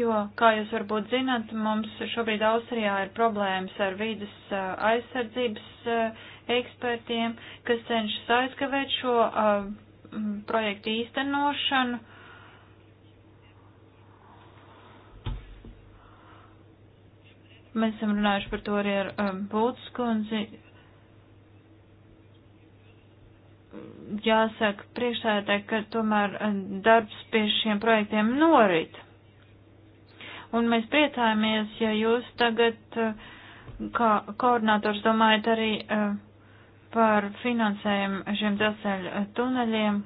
Speaker 5: Jo, kā jūs varbūt zināt, mums šobrīd Austrijā ir problēmas ar vīdas uh, aizsardzības uh, ekspertiem, kas cenšas aizkavēt šo uh, projektu īstenošanu Mēs esam runājuši par to arī ar um, Būtiskundzi. Jāsaka priekšsēdē, ka tomēr um, darbs pie šiem projektiem norit. Un mēs priecājamies, ja jūs tagad uh, kā koordinators domājat arī uh, par finansējumu šiem dzelzceļa uh, tuneļiem.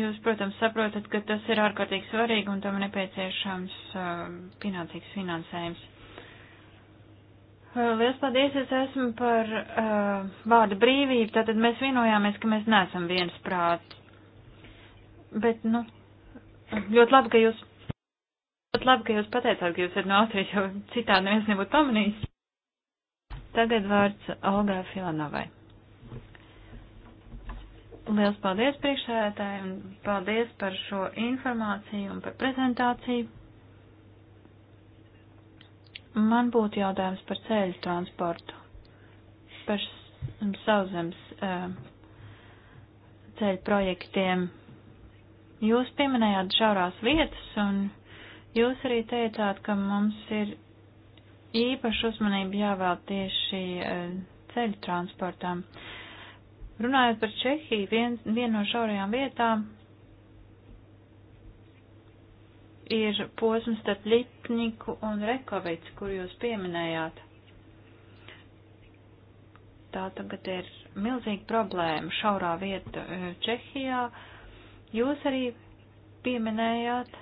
Speaker 5: Jūs, protams, saprotat, ka tas ir ārkārtīgi svarīgi un tam nepieciešams uh, pienācīgs finansējums. Eh, liels paldies, es esmu par uh, vārdu brīvību, tātad mēs vienojāmies, ka mēs neesam viens prāts. Bet, nu, ļoti labi, ka jūs, ļoti labi, ka jūs pateicāt, ka jūs esat no Austrijas, jo citādi neviens nebūtu pamanījis. Tagad vārds Olgai Filanovai. Liels paldies priekšsēdētāji un paldies par šo informāciju un par prezentāciju. Man būtu jautājums par ceļu transportu, par sauzemes ceļu projektiem. Jūs pieminējāt žaurās vietas, un jūs arī teicāt, ka mums ir īpaši uzmanība jāvēl tieši ceļu transportām. Runājot par Čehiju, viena vien no šaurajām vietām ir posms starp Lipniku un Rekovicu, kur jūs pieminējāt. Tā tagad ir milzīga problēma, šaurā vieta eh, Čehijā. Jūs arī pieminējāt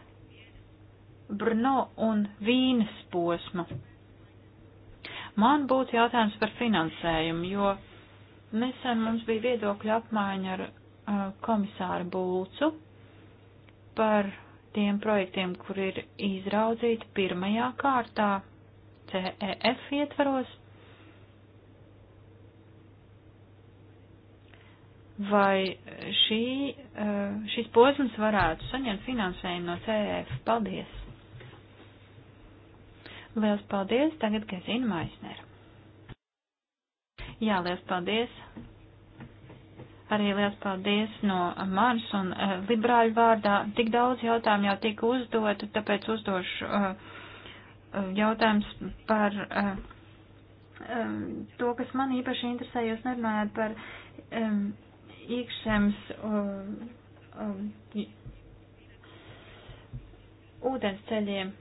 Speaker 5: Brno un Vīnes posmu. Man būtu jautājums par finansējumu, jo nesen mums bija viedokļa apmaiņa ar eh, komisāru Bulcu par tiem projektiem, kur ir izraudzīti pirmajā kārtā CEF ietvaros, vai šī, eh, šis posms varētu saņemt finansējumu no CEF. Paldies! Liels paldies! Tagad Gezina Maisner. Jā, liels paldies! Arī liels paldies no manas un uh, liberāļu vārdā. Tik daudz jautājumu jau tika uzdotu, tāpēc uzdošu uh, jautājums par uh, um, to, kas man īpaši interesē, jūs nerunājāt par um, iekšzemes um, ūdens ceļiem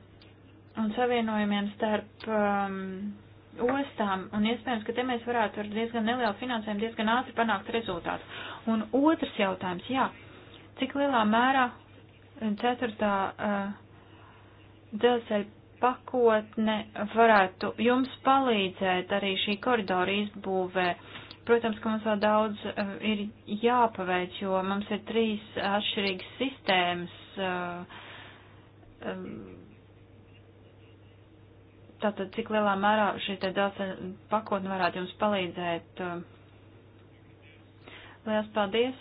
Speaker 5: un savienojumiem starp um, ostām, un iespējams, ka te mēs varētu ar diezgan nelielu finansējumu diezgan ātri panākt rezultātu. Un otrs jautājums, jā, cik lielā mērā ceturtā uh, dzelzceļa pakotne varētu jums palīdzēt arī šī koridora izbūvē? Protams, ka mums vēl daudz uh, ir jāpaveic, jo mums ir trīs atšķirīgas sistēmas. Uh, um, Tātad, cik lielā mērā šī te dzelzceļa pakotne varētu jums palīdzēt? Uh, Lielas paldies!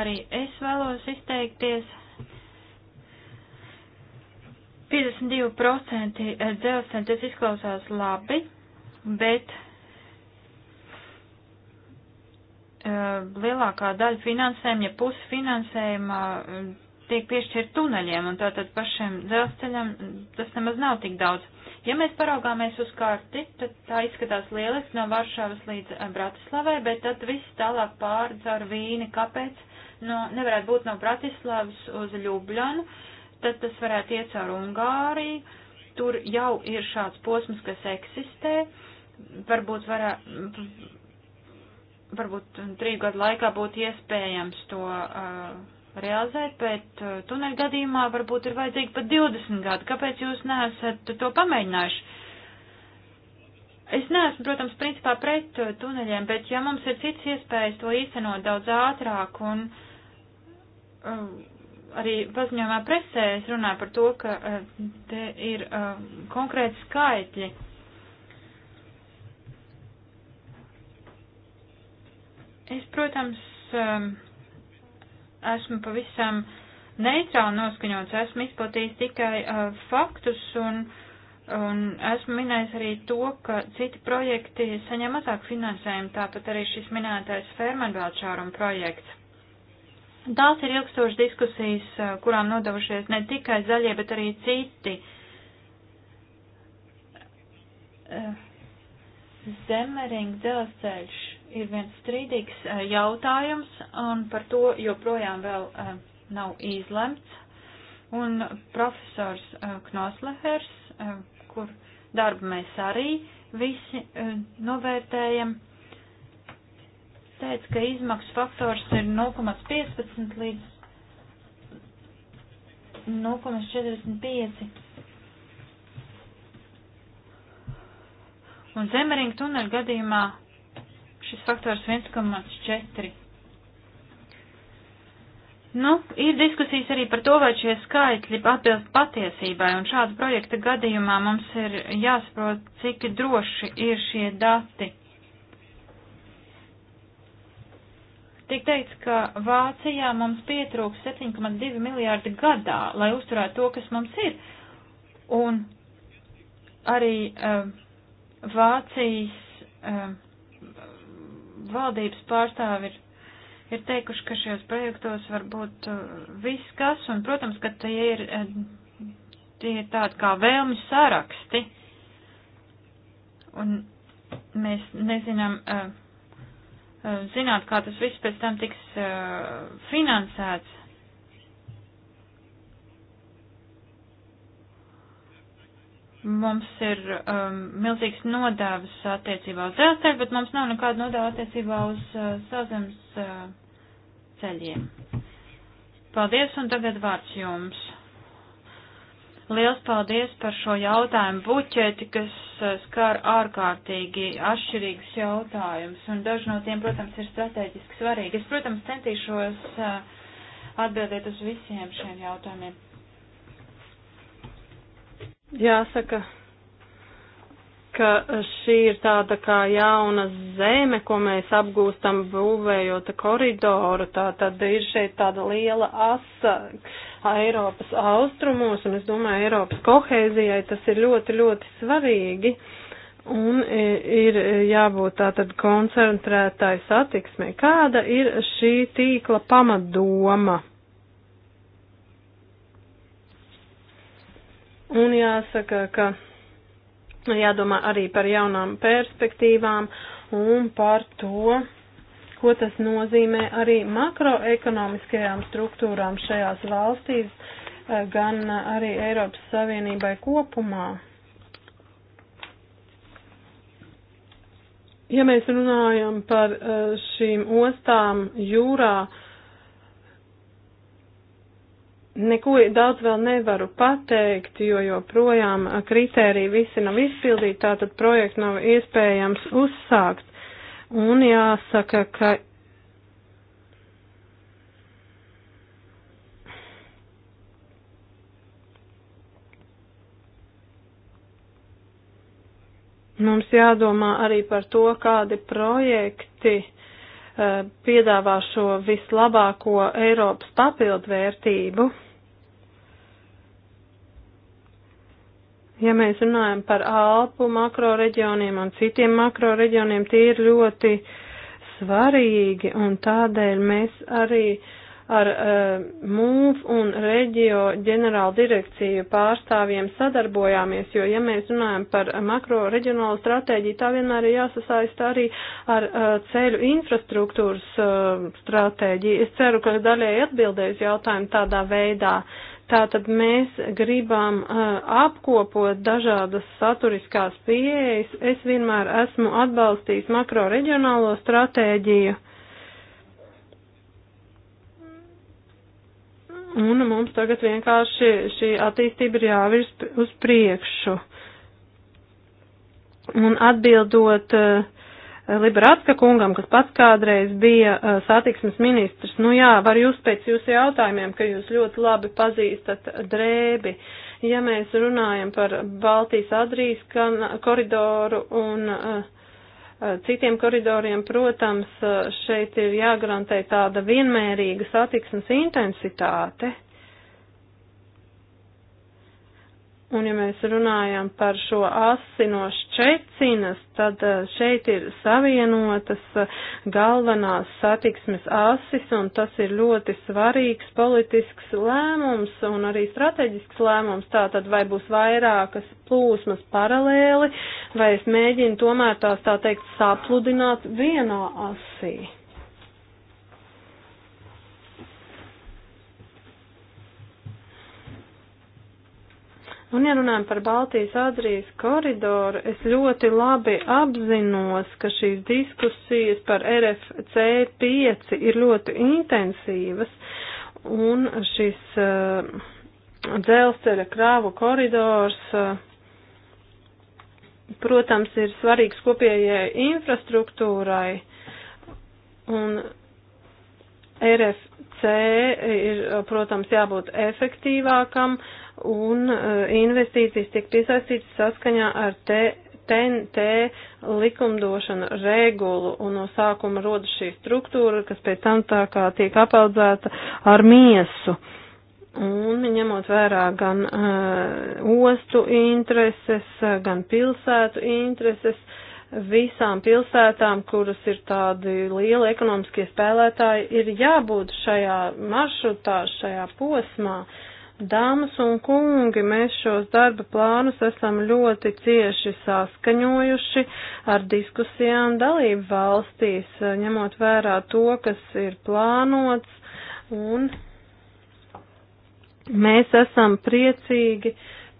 Speaker 5: Arī es vēlos izteikties. 52% dzelzceļa tas izklausās labi, bet uh, lielākā daļa finansējuma, ja pusi finansējuma uh, tiek piešķirt tuneļiem, un tātad pašiem dzelzceļam tas nemaz nav tik daudz. Ja mēs paraugāmies uz karti, tad tā izskatās lieliski no Varšavas līdz eh, Bratislavai, bet tad viss tālāk pārdz ar Vīni. Kāpēc? No, nevarētu būt no Bratislavas uz Ljubļanu, tad tas varētu iet caur Ungāriju. Tur jau ir šāds posms, kas eksistē. Varbūt varētu. Varbūt mm, trīs gadu laikā būtu iespējams to uh, realizēt, bet uh, tuneļu gadījumā varbūt ir vajadzīgi pat 20 gadi. Kāpēc jūs neesat to pamēģinājuši? Es neesmu, protams, principā pret uh, tuneļiem, bet ja mums ir cits iespējas to īstenot daudz ātrāk un um, arī paziņojumā presē es runāju par to, ka uh, te ir uh, konkrēti skaitļi. Es, protams, um, esmu pavisam neitrāli noskaņots, esmu izplatījis tikai uh, faktus un, un esmu minējis arī to, ka citi projekti saņem mazāk finansējumu, tāpat arī šis minētais fermanbēlčāruma projekts. Tās ir ilgstošas diskusijas, uh, kurām nodavušies ne tikai zaļie, bet arī citi. Uh, Zemering dzelzceļš ir viens strīdīgs eh, jautājums, un par to joprojām vēl eh, nav izlemts. Un profesors eh, Knoslehers, kur darbu mēs arī visi novērtējam, teica, ka izmaksu faktors ir 0,15 līdz 0,45. Un Zemeringa tunela gadījumā šis faktors 1,4. Nu, ir diskusijas arī par to, vai šie skaitļi atbilst patiesībai, un šāda projekta gadījumā mums ir jāsaprot, cik droši ir šie dati. Tik teikt, ka Vācijā mums pietrūks 7,2 miljārdi gadā, lai uzturētu to, kas mums ir, un arī um, Vācijas um, valdības pārstāvi ir, ir teikuši, ka šajos projektos var būt uh, viss kas, un, protams, ka tie ir, uh, tie ir tādi kā vēlmi saraksti, un mēs nezinām, uh, zināt, kā tas viss pēc tam tiks finansēts. Mums ir um, milzīgs nodāvis attiecībā uz dzelzceļu, bet mums nav nekāda nodāva attiecībā uz uh, sazemes uh, ceļiem. Paldies, un tagad vārds jums. Liels paldies par šo jautājumu buķeti, kas uh, skar ārkārtīgi atšķirīgus jautājumus, un daži no tiem, protams, ir strateģiski svarīgi. Es, protams, centīšos uh, atbildēt uz visiem šiem jautājumiem.
Speaker 3: Jāsaka, ka šī ir tāda kā jauna zeme, ko mēs apgūstam būvējot koridoru. Tā tad ir šeit tāda liela asa Eiropas austrumos, un es domāju, Eiropas kohēzijai tas ir ļoti, ļoti svarīgi. Un ir jābūt tātad koncentrētāji satiksmē. Kāda ir šī tīkla pamatdoma? Un jāsaka, ka jādomā arī par jaunām perspektīvām un par to, ko tas nozīmē arī makroekonomiskajām struktūrām šajās valstīs, eh, gan arī Eiropas Savienībai kopumā. Ja mēs runājam par eh, šīm ostām jūrā, Neko daudz vēl nevaru pateikt, jo joprojām kritēriji visi nav izpildīti, tātad projektu nav iespējams uzsākt. Un jāsaka, ka mums jādomā arī par to, kādi projekti piedāvā šo vislabāko Eiropas papildvērtību. Ja mēs runājam par Alpu makroreģioniem un citiem makroreģioniem, tie ir ļoti svarīgi un tādēļ mēs arī ar uh, e, MUF un reģio ģenerāla direkciju pārstāvjiem sadarbojāmies, jo, ja mēs runājam par makro reģionālu stratēģiju, tā vienmēr ir jāsasaista arī ar uh, ceļu infrastruktūras uh, stratēģiju. Es ceru, ka daļai atbildēs jautājumu tādā veidā. Uh, Tātad mēs gribam uh, apkopot dažādas saturiskās pieejas. Es vienmēr esmu atbalstījis makro reģionālo stratēģiju. Un mums tagad vienkārši šī attīstība ir jāvirs uz priekšu. Un atbildot uh, Liberatska kungam, kas pats kādreiz bija satiksmes ministrs. Nu jā, var jūs pēc jūsu jautājumiem, ka jūs ļoti labi pazīstat drēbi. Ja mēs runājam par Baltijas Adrijas koridoru un citiem koridoriem, protams, šeit ir jāgarantē tāda vienmērīga satiksmes intensitāte. Un ja mēs runājam par šo asi no Ščecinas, tad eh, šeit ir savienotas eh, galvenās satiksmes asis, un tas ir ļoti svarīgs politisks lēmums un arī strateģisks lēmums. Tātad vai būs vairākas plūsmas paralēli, vai es mēģinu tomēr tās tā teikt sapludināt vienā asī. Un, ja runājam par Baltijas Adrijas koridoru, es ļoti labi apzinos, ka šīs diskusijas par RFC 5 ir ļoti intensīvas, un šis uh, dzelzceļa krāvu koridors, uh, protams, ir svarīgs kopējai infrastruktūrai, un RFC ir, protams, jābūt efektīvākam, uh, un e, investīcijas tiek piesaistītas saskaņā ar te, TNT likumdošana regulu un no sākuma rodas šī struktūra, kas pēc tam tā kā tiek apaudzēta ar miesu. Un ņemot vērā gan uh, ostu intereses, gan pilsētu intereses, visām pilsētām, kuras ir tādi lieli ekonomiskie spēlētāji, ir jābūt šajā maršrutā, šajā posmā. Uh, Dāmas un kungi, mēs šos darba plānus esam ļoti cieši saskaņojuši ar diskusijām dalību valstīs, ņemot vērā to, kas ir plānots, un mēs esam priecīgi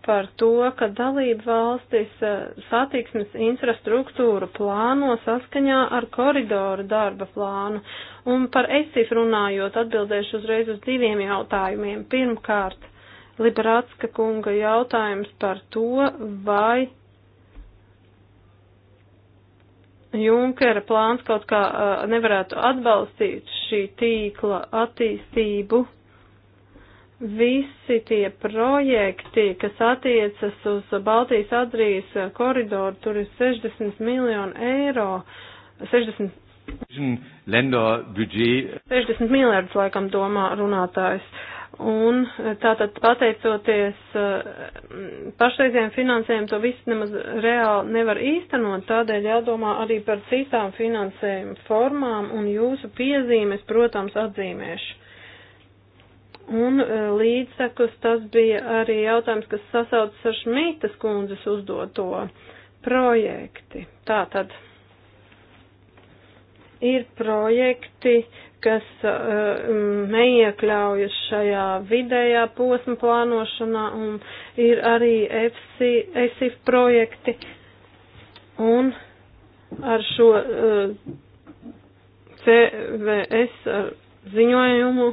Speaker 3: par to, ka dalību valstis eh, satiksmes infrastruktūru plāno saskaņā ar koridoru darba plānu, Un par ESIF runājot, atbildēšu uzreiz uz diviem jautājumiem. Pirmkārt, Liberācka kunga jautājums par to, vai Junkera plāns kaut kā uh, nevarētu atbalstīt šī tīkla attīstību. Visi tie projekti, kas attiecas uz Baltijas Adrijas koridoru, tur ir 60 miljonu eiro, 60
Speaker 2: 60
Speaker 3: miljārdus laikam domā runātājs. Un eh, tātad pateicoties eh, pašreizējiem finansējumu, to visu nemaz reāli nevar īstenot, tādēļ jādomā arī par citām finansējuma formām un jūsu piezīmes, protams, atzīmēšu. Un eh, līdzsakus tas bija arī jautājums, kas sasaucas ar Šmītas kundzes uzdoto projekti. Tātad ir projekti, kas uh, mm, neiekļaujas šajā vidējā posma plānošanā, un ir arī FC, ESIF projekti, un ar šo uh, CVS ar ziņojumu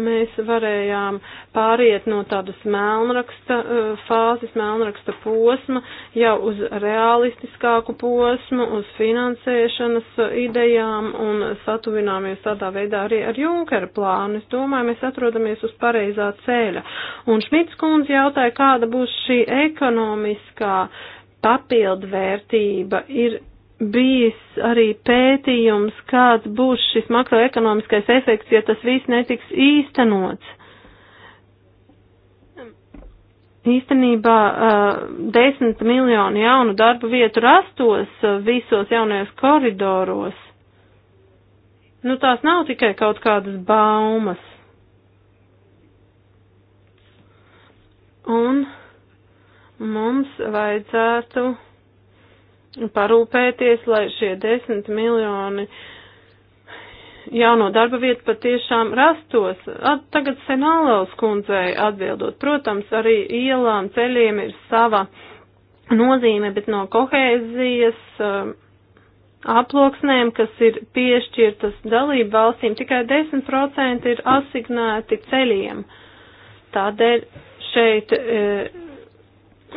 Speaker 3: mēs varējām pāriet no tādas melnraksta uh, fāzes, melnraksta posma, jau uz realistiskāku posmu, uz finansēšanas uh, idejām un satuvināmies tādā veidā arī ar Junkera plānu. Es domāju, mēs atrodamies uz pareizā ceļa. Un Šmits kundze jautāja, kāda būs šī ekonomiskā papildvērtība. Ir bijis arī pētījums, kāds būs šis makroekonomiskais efekts, ja tas viss netiks īstenots. Īstenībā desmit miljonu jaunu darba vietu rastos visos jaunajos koridoros. Nu, tās nav tikai kaut kādas baumas. Un mums vajadzētu parūpēties, lai šie desmit miljoni jauno darba vietu patiešām rastos. At, tagad Senālaus kundzei atbildot, protams, arī ielām ceļiem ir sava nozīme, bet no kohēzijas. Uh, aploksnēm, kas ir piešķirtas dalību valstīm, tikai 10% ir asignēti ceļiem. Tādēļ šeit e,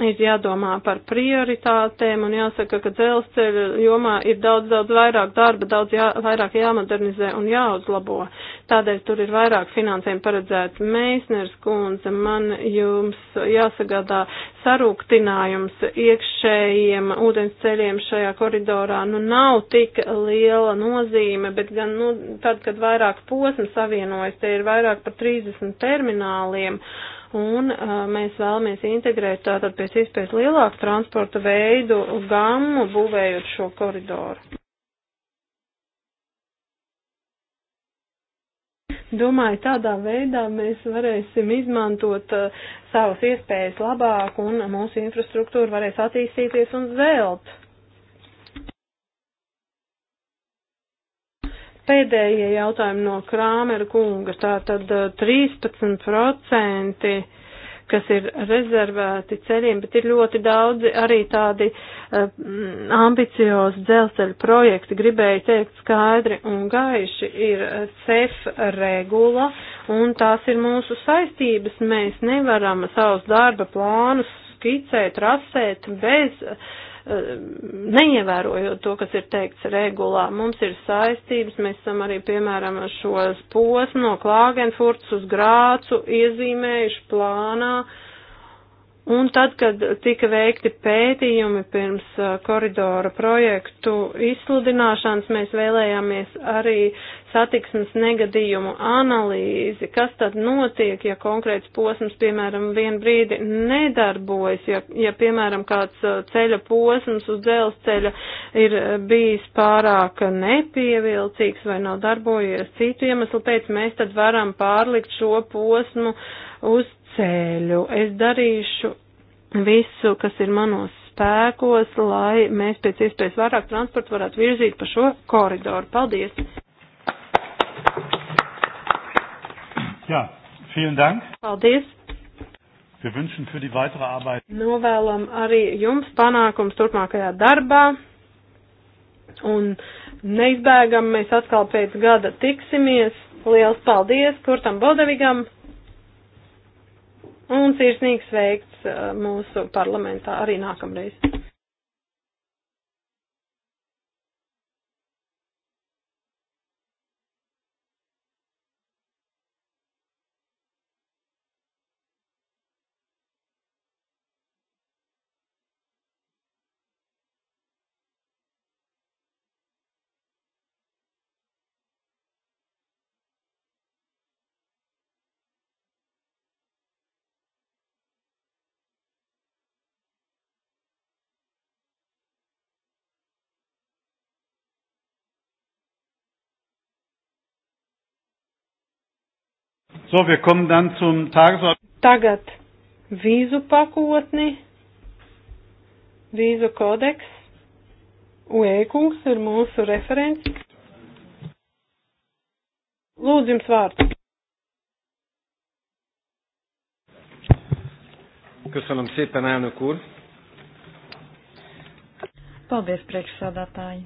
Speaker 3: ir jādomā par prioritātēm un jāsaka, ka dzelzceļa jomā ir daudz, daudz vairāk darba, daudz jā, vairāk jāmodernizē un jāuzlabo. Tādēļ tur ir vairāk finansēm paredzēts. Meisners kundze, man jums jāsagādā sarūktinājums iekšējiem ūdens ceļiem šajā koridorā. Nu, nav tik liela nozīme, bet gan, nu, tad, kad vairāk posmi savienojas, te ir vairāk par 30 termināliem un uh, mēs vēlamies integrēt tātad pēc iespējas lielāku transporta veidu gammu, būvējot šo koridoru. Domāju, tādā veidā mēs varēsim izmantot uh, savas iespējas labāk un mūsu infrastruktūra varēs attīstīties un zelt. Pēdējie jautājumi no Krāmera kunga, tātad 13% eh, kas ir rezervēti ceļiem, bet ir ļoti daudzi arī tādi uh, ambiciozi dzelzceļa projekti. Gribēju teikt skaidri un gaiši ir CEF regula un tās ir mūsu saistības. Mēs nevaram savus darba plānus skicēt, rasēt bez. Uh, Ehm, neievērojot to, kas ir teikts regulā. Mums ir saistības, mēs esam arī, piemēram, šos posmu no Klāgenfurts uz Grācu iezīmējuši plānā. Un tad, kad tika veikti pētījumi pirms eh, koridora projektu izsludināšanas, mēs vēlējāmies arī satiksmes negadījumu analīzi, kas tad notiek, ja konkrēts posms, piemēram, vienu brīdi nedarbojas, ja, ja piemēram, kāds uh, ceļa posms uz dzelzceļa ir uh, bijis pārāk nepievilcīgs vai nav darbojies citu iemeslu pēc, mēs tad varam pārlikt šo posmu uz ceļu. Es darīšu visu, kas ir manos spēkos, lai mēs pēc iespējas vairāk transportu varētu virzīt pa šo koridoru. Paldies!
Speaker 2: Jā, vielen dank. Paldies. Wir wünschen für die weitere Arbeit.
Speaker 3: Novēlam arī jums panākums turpmākajā darbā. Un neizbēgam mēs atkal pēc gada tiksimies. Liels paldies Kurtam Bodevigam un sirsnīgs veikts eh, mūsu parlamentā arī nākamreiz.
Speaker 2: So, wir kommen dann zum Tagesordnungspunkt.
Speaker 3: Tagad vīzu pakotni, vīzu kodeks. Uēkungs ir mūsu referents. Lūdzu, jums vārds.
Speaker 2: Köszönöm szépen, elnök úr!
Speaker 3: Paldies,
Speaker 4: priekšsādātāji!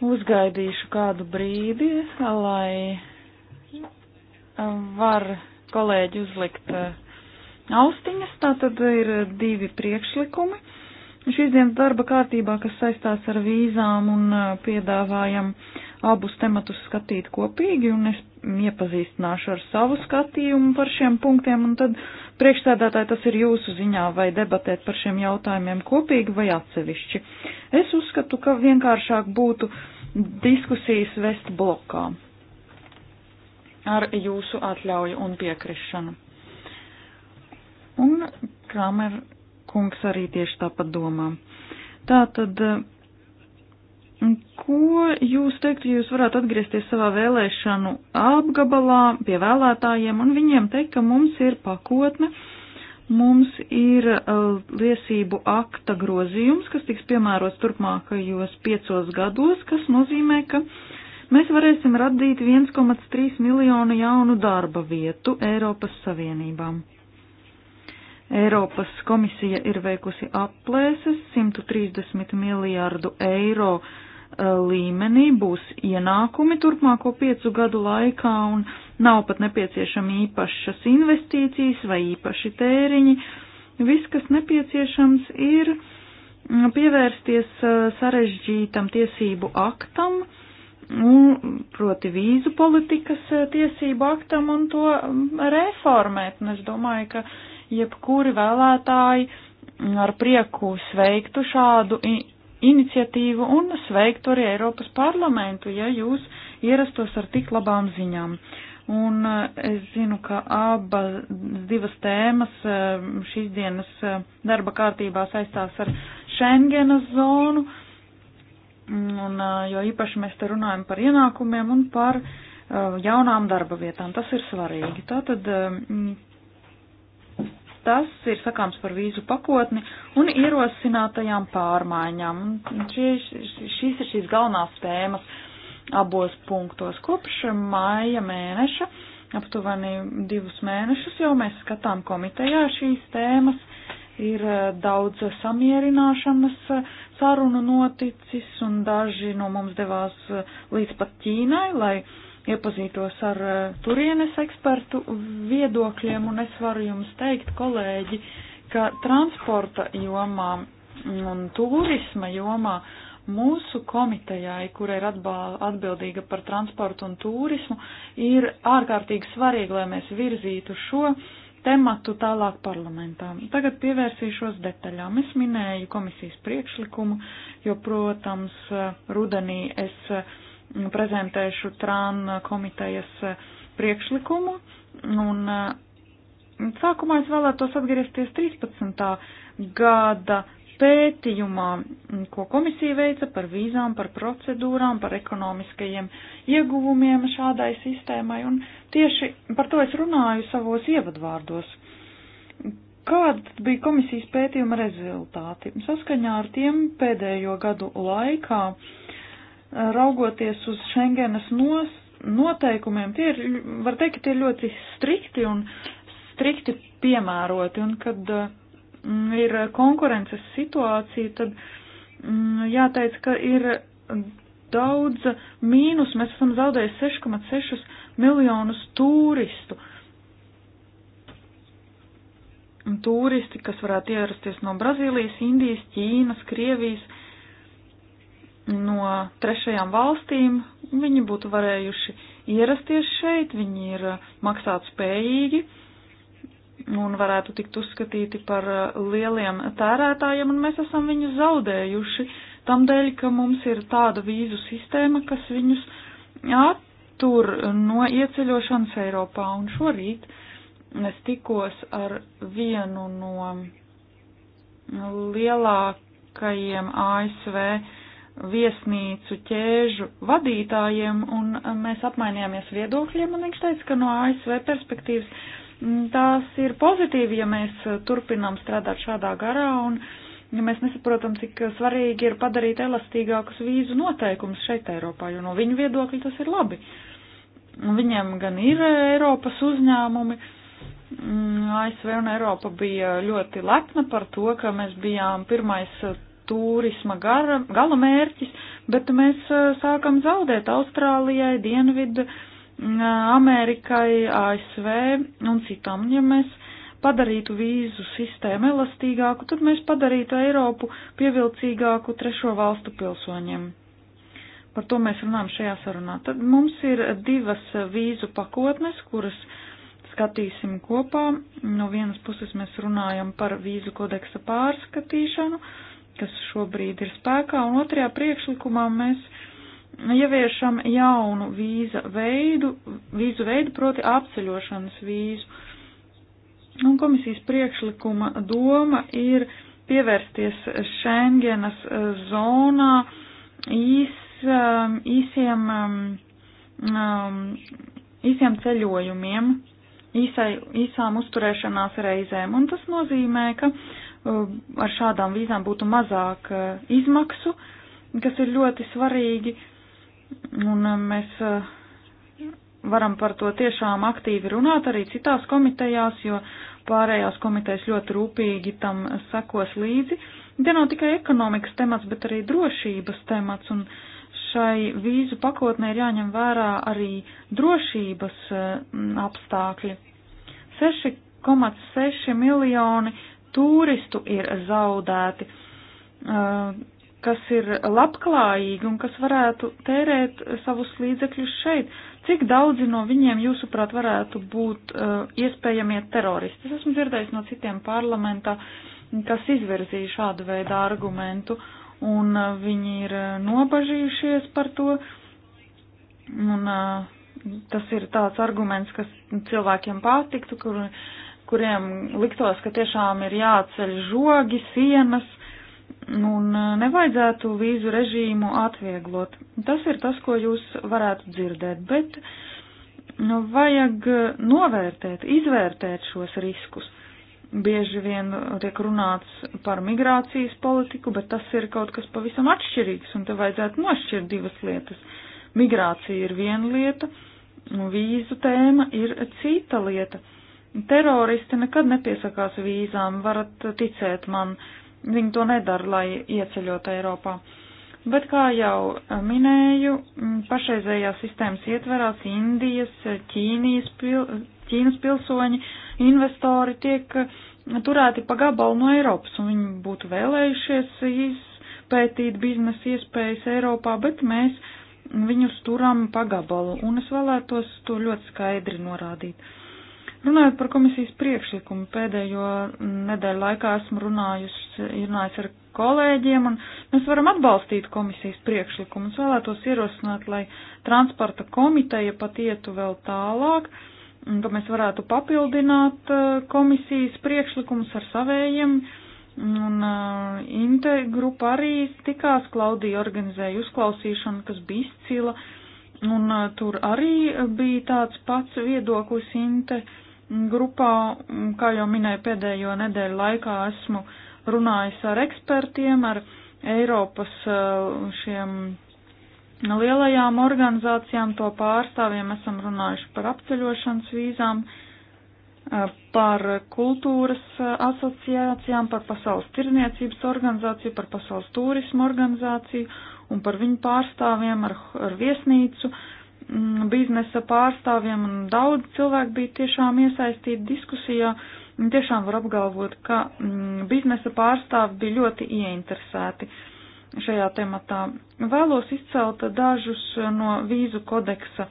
Speaker 4: Uzgaidīšu kādu brīdi, lai var kolēģi uzlikt eh, austiņas, tā tad ir divi priekšlikumi. Šīs dienas darba kārtībā, kas saistās ar vīzām un eh, piedāvājam abus tematus skatīt kopīgi, un es iepazīstināšu ar savu skatījumu par šiem punktiem, un tad priekšsēdētāji tas ir jūsu ziņā, vai debatēt par šiem jautājumiem kopīgi vai atsevišķi. Es uzskatu, ka vienkāršāk būtu diskusijas vest blokām ar jūsu atļauju un piekrišanu. Un Kramer kungs arī tieši tāpat domā. Tātad, ko jūs teiktu, ja jūs varētu atgriezties savā vēlēšanu apgabalā pie vēlētājiem un viņiem teikt, ka mums ir pakotne, mums ir uh, liesību akta grozījums, kas tiks piemērots turpmākajos piecos gados, kas nozīmē, ka uh, mēs varēsim radīt 1,3 miljonu jaunu darba vietu Eiropas Savienībām. Eiropas komisija ir veikusi aplēses 130 miljārdu eiro e, līmenī būs ienākumi turpmāko piecu gadu laikā un nav pat nepieciešami īpašas investīcijas vai īpaši tēriņi. Viss, kas nepieciešams, ir pievērsties e, sarežģītam tiesību aktam, uh, Nu, proti vīzu politikas eh, tiesību aktam un to mm, reformēt. Un es domāju, ka jebkuri vēlētāji ar prieku sveiktu šādu iniciatīvu un sveiktu arī Eiropas parlamentu, ja jūs ierastos ar tik labām ziņām. Un eh, es zinu, ka abas divas tēmas eh, šīs dienas darba kārtībā saistās ar Schengenas zonu. Uh, Mm, un, jo īpaši mēs te runājam par ienākumiem un par jaunām darba vietām. Tas ir svarīgi. Tātad mm, tas ir sakāms par vīzu pakotni un ierosinātajām pārmaiņām. Šīs, šīs ir šīs galvenās tēmas abos punktos. Kopš māja mēneša, aptuveni divus mēnešus jau mēs skatām komitejā šīs tēmas ir eh, daudz samierināšanas eh, sarunu noticis, un daži no mums devās eh, līdz pat Ķīnai, lai iepazītos ar turienes ekspertu viedokļiem, un es varu jums teikt, kolēģi, ka transporta jomā un turisma jomā mūsu komitejai, kura ir atbildīga par transportu un turismu, ir ārkārtīgi svarīgi, lai mēs virzītu šo uh, tematu tālāk parlamentā. Tagad pievērsīšos detaļām. Es minēju komisijas priekšlikumu, jo, protams, rudenī es mm, prezentēšu TRAN komitejas mm, priekšlikumu un mm, Sākumā es vēlētos atgriezties 13. gada pētījumā, ko komisija veica par vīzām, par procedūrām, par ekonomiskajiem ieguvumiem šādai sistēmai, un tieši par to es runāju savos ievadvārdos. Kāda bija komisijas pētījuma rezultāti? Saskaņā ar tiem pēdējo gadu laikā, e, raugoties uz Schengenas nos, noteikumiem, tie ir, var teikt, tie ir ļoti strikti un strikti piemēroti, un kad uh, Mm, ir konkurences situācija, tad mm, jāteic, ka ir daudz mīnus. Mēs esam zaudējuši 6,6 miljonus turistu. Turisti, kas varētu ierasties no Brazīlijas, Indijas, Ķīnas, Krievijas, no trešajām valstīm, viņi būtu varējuši ierasties šeit, viņi ir maksāt spējīgi, un varētu tikt uzskatīti par uh, lieliem tērētājiem, un mēs esam viņus zaudējuši tam dēļ, ka mums ir tāda vīzu sistēma, kas viņus attur no ieceļošanas Eiropā. Un šorīt es tikos ar vienu no lielākajiem ASV viesnīcu ķēžu vadītājiem, un mēs apmainījāmies viedokļiem, un viņš teica, ka no ASV perspektīvas tās ir pozitīvi, ja mēs turpinām strādāt šādā garā un ja mēs nesaprotam, cik svarīgi ir padarīt elastīgākus vīzu noteikumus šeit Eiropā, jo no viņu viedokļa tas ir labi. Un viņiem gan ir Eiropas uzņēmumi. Mm, ASV un Eiropa bija ļoti lepna par to, ka mēs bijām pirmais turisma gara, gala mērķis, bet mēs sākam zaudēt Austrālijai, Dienvidu Amerikai, ASV un citām. Ja mēs padarītu vīzu sistēmu elastīgāku, tad mēs padarītu Eiropu pievilcīgāku trešo valstu pilsoņiem. Par to mēs runājam šajā sarunā. Tad mums ir divas vīzu pakotnes, kuras skatīsim kopā. No vienas puses mēs runājam par vīzu kodeksa pārskatīšanu, kas šobrīd ir spēkā, un otrajā priekšlikumā mēs ieviešam jaunu vīza veidu, vīzu veidu, proti apceļošanas vīzu. Un komisijas priekšlikuma doma ir pievērsties Schengenas eh, zonā īs, ehm, īsiem, ehm, ehm, īsiem ceļojumiem, īsai, īsām uzturēšanās reizēm. Un tas nozīmē, ka eh, ar šādām vīzām būtu mazāk eh, izmaksu, kas ir ļoti svarīgi. Uh, Un eh, mēs eh, varam par to tiešām aktīvi runāt arī citās komitejās, jo pārējās komitejas ļoti rūpīgi tam sekos līdzi. Te nav tikai ekonomikas temats, bet arī drošības temats, un šai vīzu pakotnē ir jāņem vērā arī drošības eh, apstākļi. 6,6 miljoni turistu ir zaudēti kas ir labklājīgi un kas varētu tērēt savus līdzekļus šeit. Cik daudzi no viņiem, jūsuprāt, varētu būt uh, iespējamie teroristi? Es esmu dzirdējis no citiem parlamentā, kas izvirzīja šādu veidu argumentu, un uh, viņi ir uh, nobažījušies par to. Un, uh, tas ir tāds arguments, kas cilvēkiem patiktu, kur, kuriem liktos, ka tiešām ir jāceļ žogi, sienas un uh, nevajadzētu vīzu režīmu atvieglot. Tas ir tas, ko jūs varētu dzirdēt, bet nu, vajag uh, novērtēt, izvērtēt šos riskus. Bieži vien tiek runāts par migrācijas politiku, bet tas ir kaut kas pavisam atšķirīgs, un te vajadzētu nošķirt divas lietas. Migrācija ir viena lieta, vīzu tēma ir cita lieta. Teroristi nekad nepiesakās vīzām, varat ticēt man. Uh, Viņi to nedara, lai ieceļot Eiropā. Bet, kā jau minēju, pašreizējā sistēmas ietverās Indijas, Ķīnijas, pil, Ķīnas pilsoņi, investori tiek turēti pa gabalu no Eiropas, un viņi būtu vēlējušies izpētīt biznesa iespējas Eiropā, bet mēs viņus turam pa gabalu, un es vēlētos to ļoti skaidri norādīt. Runājot par komisijas priekšlikumu, pēdējo nedēļu laikā esmu runājusi, runājis ar kolēģiem, un mēs varam atbalstīt komisijas priekšlikumu. Es vēlētos ierosināt, lai transporta komiteja pat ietu vēl tālāk, ka mēs varētu papildināt uh, komisijas priekšlikumus ar savējiem, un uh, Inte grupa arī tikās, Klaudija organizēja uzklausīšanu, kas bija izcila, un uh, tur arī bija tāds pats viedoklis Inte grupā, mm, kā jau minēju pēdējo nedēļu laikā, esmu runājis ar ekspertiem, ar Eiropas eh, šiem lielajām organizācijām, to pārstāvjiem esam runājuši par apceļošanas vīzām, eh, par kultūras eh, asociācijām, par pasaules tirniecības organizāciju, par pasaules turismu organizāciju un par viņu pārstāvjiem ar, ar viesnīcu Mm, biznesa pārstāvjiem un daudz cilvēku bija tiešām iesaistīti diskusijā. Tiešām var apgalvot, ka mm, biznesa pārstāvi bija ļoti ieinteresēti šajā tematā. Vēlos izcelt dažus no vīzu kodeksa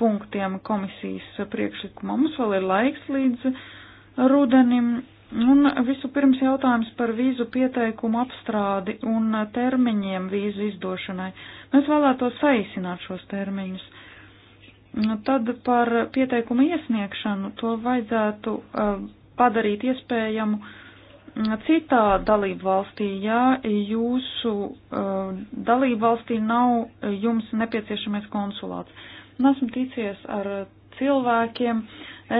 Speaker 4: punktiem komisijas priekšlikumā. Mums vēl ir laiks līdz rudenim. Un vispirms jautājums par vīzu pieteikumu apstrādi un termiņiem vīzu izdošanai. Mēs vēlētos saīsināt šos termiņus. Uh, Nu, tad par pieteikumu iesniegšanu to vajadzētu padarīt iespējamu citā dalību valstī, ja jūsu dalību valstī nav jums nepieciešamais konsulāts. Nesmu ticies ar cilvēkiem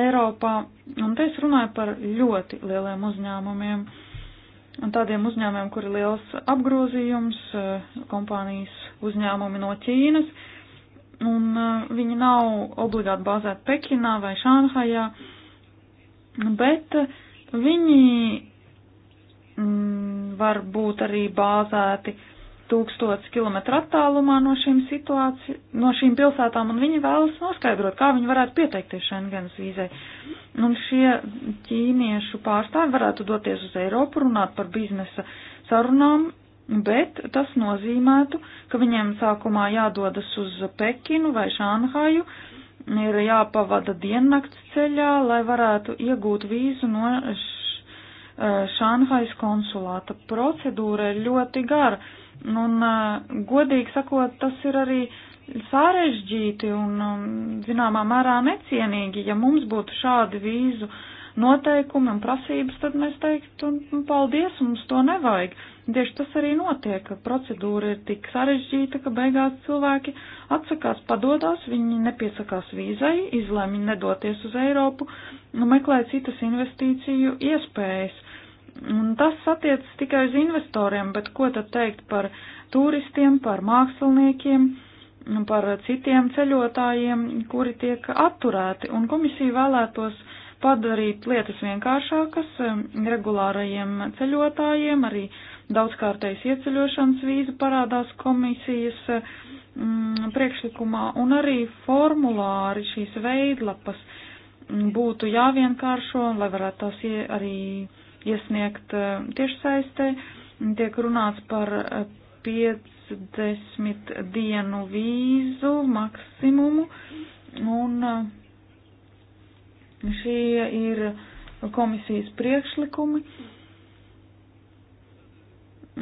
Speaker 4: Eiropā, un te es runāju par ļoti lieliem uzņēmumiem, tādiem uzņēmumiem, kur ir liels apgrozījums, kompānijas uzņēmumi no Ķīnas un uh, viņi nav obligāti bāzēti Pekinā vai Šānhajā, bet uh, viņi mm, var būt arī bāzēti tūkstots kilometru attālumā no šīm situācijām, no šīm pilsētām, un viņi vēlas noskaidrot, kā viņi varētu pieteikties Schengens vīzē. Un šie ķīniešu pārstāvi varētu doties uz Eiropu, runāt par biznesa sarunām bet tas nozīmētu, ka viņiem sākumā jādodas uz Pekinu vai Šānhaju, ir jāpavada diennakts ceļā, lai varētu iegūt vīzu no Šānhajas konsulāta. Procedūra ir ļoti gara, un godīgi sakot, tas ir arī sarežģīti un zināmā mērā necienīgi, ja mums būtu šādi vīzu uh, noteikumi un prasības, tad mēs teiktu, nu, paldies, mums to nevajag. Tieši tas arī notiek, ka procedūra ir tik sarežģīta, ka beigās cilvēki atsakās padodas, viņi nepiesakās vīzai, izlēma nedoties uz Eiropu, nu, meklē citas investīciju iespējas. Un tas attiecas tikai uz investoriem, bet ko tad teikt par turistiem, par māksliniekiem? par citiem ceļotājiem, kuri tiek atturēti, un komisija vēlētos uh, padarīt lietas vienkāršākas um, regulārajiem ceļotājiem, arī daudzkārtējas ieceļošanas vīza parādās komisijas mm, priekšlikumā, un arī formulāri šīs veidlapas um, būtu jāvienkāršo, lai varētu tās ie, arī iesniegt tiešsaistē. Tiek runāts par 50 uh, dienu vīzu maksimumu, un uh, Šie ir komisijas priekšlikumi,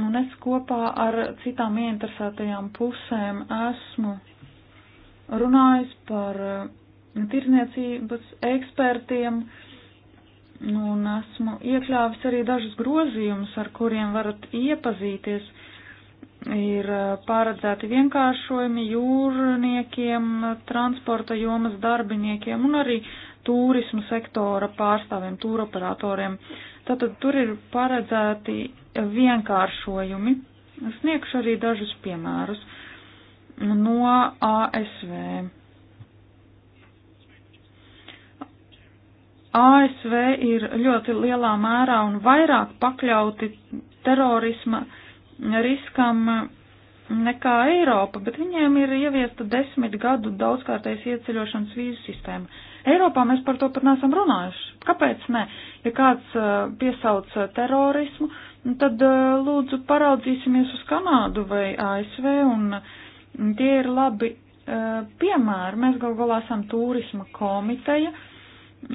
Speaker 4: un es kopā ar citām ieinteresētajām pusēm esmu runājis par uh, tirniecības ekspertiem, un esmu iekļāvis arī dažus grozījumus, ar kuriem varat iepazīties ir uh, paredzēti vienkāršojumi jūrniekiem, transporta jomas darbiniekiem un arī turismu sektora pārstāvjiem, tūroperatoriem. Tātad tur ir paredzēti vienkāršojumi. Sniegšu arī dažus piemērus no ASV. ASV ir ļoti lielā mērā un vairāk pakļauti terorisma riskam nekā Eiropa, bet viņiem ir ieviesta desmit gadu daudzkārtais ieceļošanas vīzu sistēma. Eiropā mēs par to pat nesam runājuši. Kāpēc nē? Ja kāds uh, piesauc uh, terorismu, nu tad uh, lūdzu paraudzīsimies uz Kanādu vai ASV, un tie ir labi piemēri. Mēs gal galā esam turisma komiteja,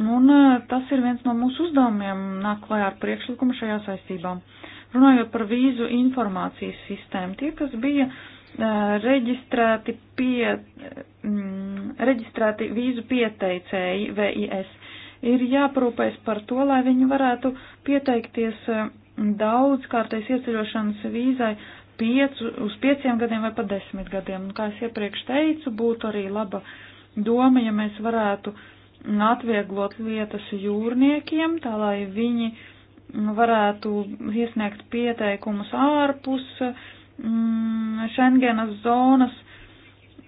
Speaker 4: un tas ir viens no mūsu uzdevumiem nāk klajā ar priekšlikumu šajā saistībā. Runājot par vīzu informācijas sistēmu, tie, kas bija uh, Eh, reģistrēti, pie, mm, reģistrēti vīzu pieteicēji VIS. Ir jāprūpēs par to, lai viņi varētu pieteikties eh, daudzkārtais ieceļošanas vīzai piecu, uz pieciem gadiem vai pat desmit gadiem. Un, kā es iepriekš teicu, būtu arī laba doma, ja mēs varētu atvieglot lietas jūrniekiem, tā lai viņi varētu iesniegt pieteikumus ārpus uh, Mm, Schengenas zonas,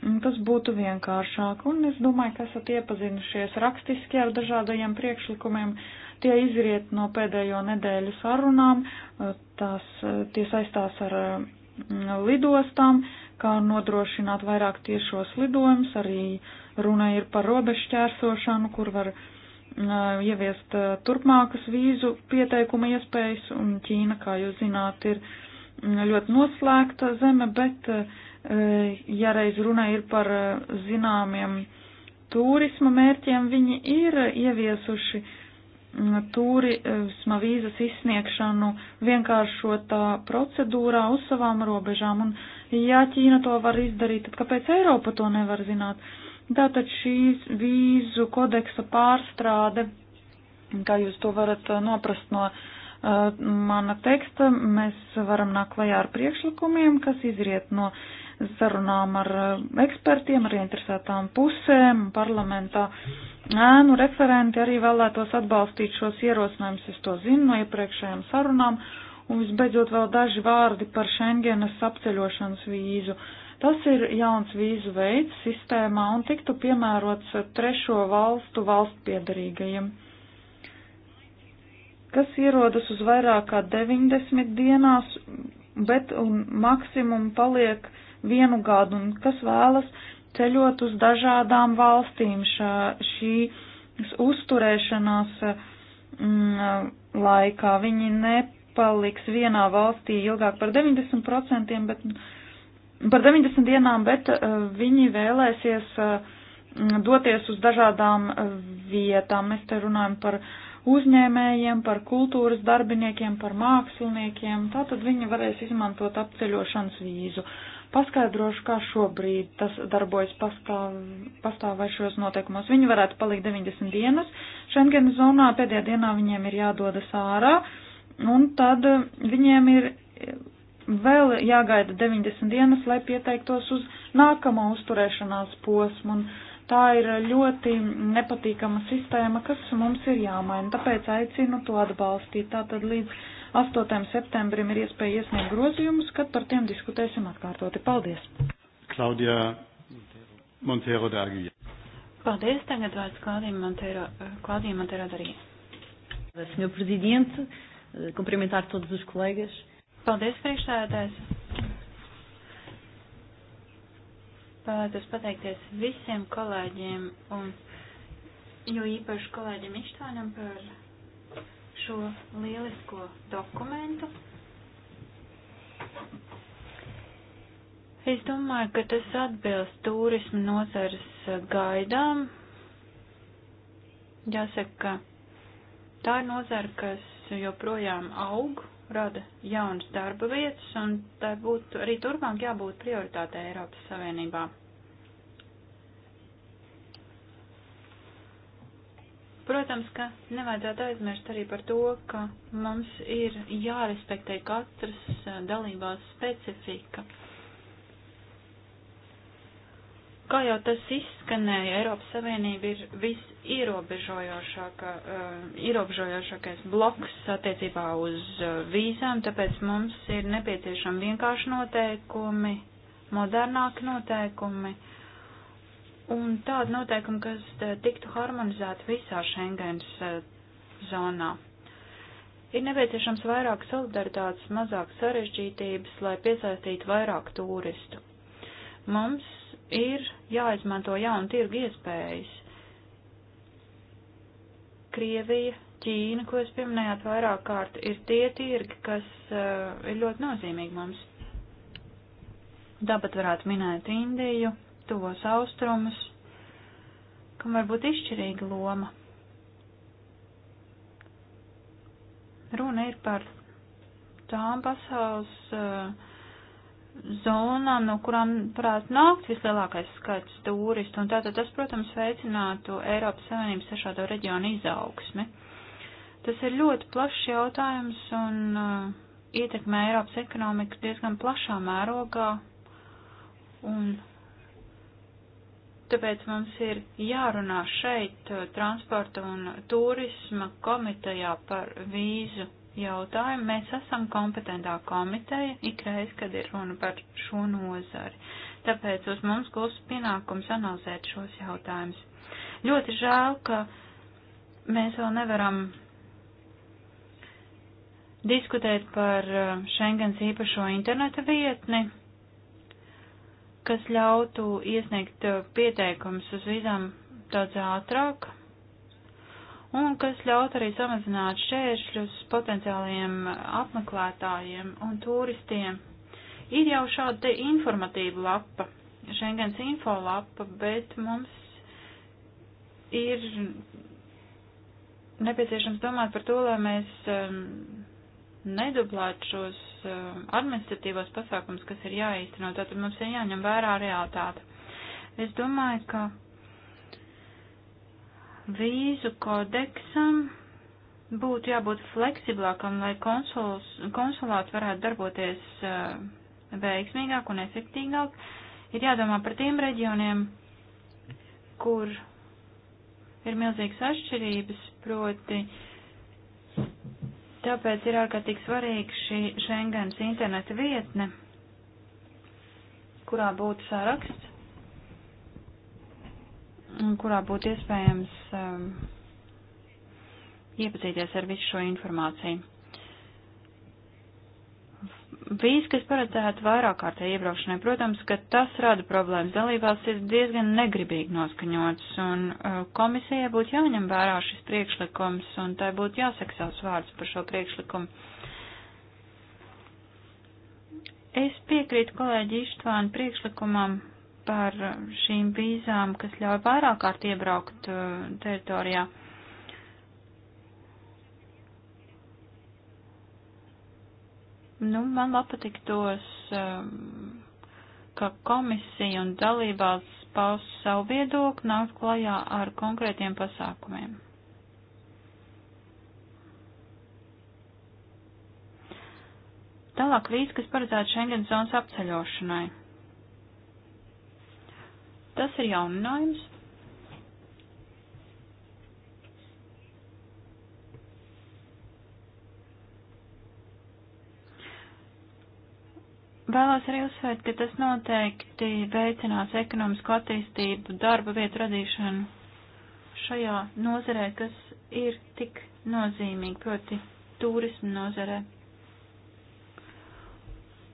Speaker 4: mm, tas būtu vienkāršāk. Un es domāju, ka esat iepazinušies rakstiski ar dažādajiem priekšlikumiem. Tie izriet no pēdējo nedēļu sarunām, eh, tās, eh, tie saistās ar mm, lidostām, kā nodrošināt vairāk tiešos lidojumus, arī runa ir par robežšķērsošanu, kur var eh, ieviest turpmākas vīzu pieteikuma iespējas, un Ķīna, kā jūs zināt, ir ļoti noslēgta zeme, bet eh, ja reiz runa ir par eh, zināmiem turisma mērķiem, viņi ir ieviesuši mm, turisma eh, vīzas izsniegšanu vienkāršotā procedūrā uz savām robežām. Un, ja Ķīna to var izdarīt, tad kāpēc Eiropa to nevar zināt? Tātad šīs vīzu kodeksa pārstrāde, kā jūs to varat noprast no uh, Uh, mana teksta mēs varam nākt klajā ar priekšlikumiem, kas izriet no sarunām ar uh, ekspertiem, ar interesētām pusēm, parlamentā. Ēnu referenti arī vēlētos atbalstīt šos ierosinājumus, es to zinu no iepriekšējām sarunām, un visbeidzot vēl daži vārdi par Schengenas apceļošanas vīzu. Tas ir jauns vīzu veids sistēmā un tiktu piemērots trešo valstu valstpiedarīgajiem kas ierodas uz vairāk kā 90 dienās, bet un maksimum paliek vienu gadu, un kas vēlas ceļot uz dažādām valstīm šā, šī uzturēšanās mm, laikā. Viņi nepaliks vienā valstī ilgāk par 90%, bet par 90 dienām, bet uh, viņi vēlēsies uh, doties uz dažādām eh, vietām. Mēs te runājam par uh, uzņēmējiem, par kultūras darbiniekiem, par māksliniekiem. Tātad viņi varēs izmantot apceļošanas vīzu. Paskaidrošu, kā šobrīd tas darbojas pastāv, pastāvēšos noteikumos. Viņi varētu palikt 90 dienas. Schengen zonā pēdējā dienā viņiem ir jādodas ārā, un tad viņiem ir vēl jāgaida 90 dienas, lai pieteiktos uz nākamo uzturēšanās posmu. Un, Tā ir ļoti nepatīkama sistēma, kas mums ir jāmaina, tāpēc aicinu to atbalstīt. Tātad līdz 8. septembrim ir iespēja iesniegt grozījumus, kad par tiem diskutēsim atkārtoti. Paldies!
Speaker 2: Klaudija Montero de Aguija.
Speaker 5: Paldies, tagad vārds Klaudija Montero, Klaudija Montero de Aguija. Senhor Presidente, cumprimentar todos os colegas. Paldies, priekšsēdētājs. Vēlētos pateikties visiem kolēģiem un jo īpaši kolēģim Ištānam par šo lielisko dokumentu. Es domāju, ka tas atbilst turismu nozares gaidām. Jāsaka, ka tā ir nozara, kas joprojām aug rada jaunas darba vietas, un tai būtu arī turpmāk jābūt prioritātei Eiropas Savienībā. Protams, ka nevajadzētu aizmirst arī par to, ka mums ir jārespektē katras dalībās specifika. Kā jau tas izskanēja, Eiropas Savienība ir visierobežojošākais eh, ierobežojošākais bloks attiecībā uz eh, vīzām, tāpēc mums ir nepieciešami vienkārši noteikumi, modernāki noteikumi un tādi noteikumi, kas eh, tiktu harmonizēti visā Schengens zonā. Ir nepieciešams vairāk solidaritātes, mazāk sarežģītības, lai piesaistītu vairāk turistu. Mums ir jāizmanto jaunu tirgu iespējas. Krievija, Ķīna, ko jūs pieminējāt vairāk kārt, ir tie tirgi, kas uh, ir ļoti nozīmīgi mums. Tāpat varētu minēt Indiju, tuvos austrumus, kam var būt izšķirīga loma. Runa ir par tām pasaules uh, zonām, no kurām prāt nākt vislielākais skaits turistu, un tātad tas, protams, veicinātu Eiropas Savienības sašādo reģionu izaugsmi. Tas ir ļoti plašs jautājums un uh, ietekmē Eiropas ekonomiku diezgan plašā mērogā, un tāpēc mums ir jārunā šeit uh, transporta un turisma komitejā par vīzu jautājumu. Mēs esam kompetentā komiteja ikreiz, kad ir runa par šo nozari. Tāpēc uz mums gūs pienākums analizēt šos jautājumus. Ļoti žēl, ka mēs vēl nevaram diskutēt par uh, Schengens īpašo interneta vietni, kas ļautu iesniegt uh, pieteikumus uz vizām daudz ātrāk, un kas ļaut arī samazināt šķēršļus potenciālajiem apmeklētājiem un turistiem. Ir jau šāda te informatīva lapa, Schengens info lapa, bet mums ir nepieciešams domāt par to, lai mēs um, nedublētu šos um, administratīvos pasākums, kas ir jāīsteno. Tātad mums ir jāņem vērā realitāte. Es domāju, ka vīzu kodeksam būtu jābūt fleksiblākam, lai konsuls, konsulāts varētu darboties uh, veiksmīgāk un efektīgāk, ir jādomā par tiem reģioniem, kur ir milzīgas atšķirības, proti tāpēc ir ārkārtīgi svarīgi šī Schengens interneta vietne, kurā būtu saraksts kurā būtu iespējams um, iepazīties ar visu šo informāciju. Vīz, kas paredzēta vairāk kārtē iebraukšanai, protams, ka tas rada problēmas. Dalībās ir diezgan negribīgi noskaņots, un uh, komisijai būtu jāņem vērā šis priekšlikums, un tai būtu jāsaka savs vārds par šo priekšlikumu. Es piekrītu kolēģi Ištvānu priekšlikumam par šīm vīzām, kas ļauj vairāk kārt iebraukt uh, teritorijā. Nu, man patiktos, um, ka komisija un dalībvalsts paus savu viedokli, nāk klajā ar konkrētiem pasākumiem. Tālāk vīz, kas paredzēta Schengen zonas apceļošanai. Tas ir jauninājums. Vēlos arī uzsvērt, ka tas noteikti veicinās ekonomisko attīstību, darba vietu radīšanu šajā nozarē, kas ir tik nozīmīgi, proti turismu nozarē.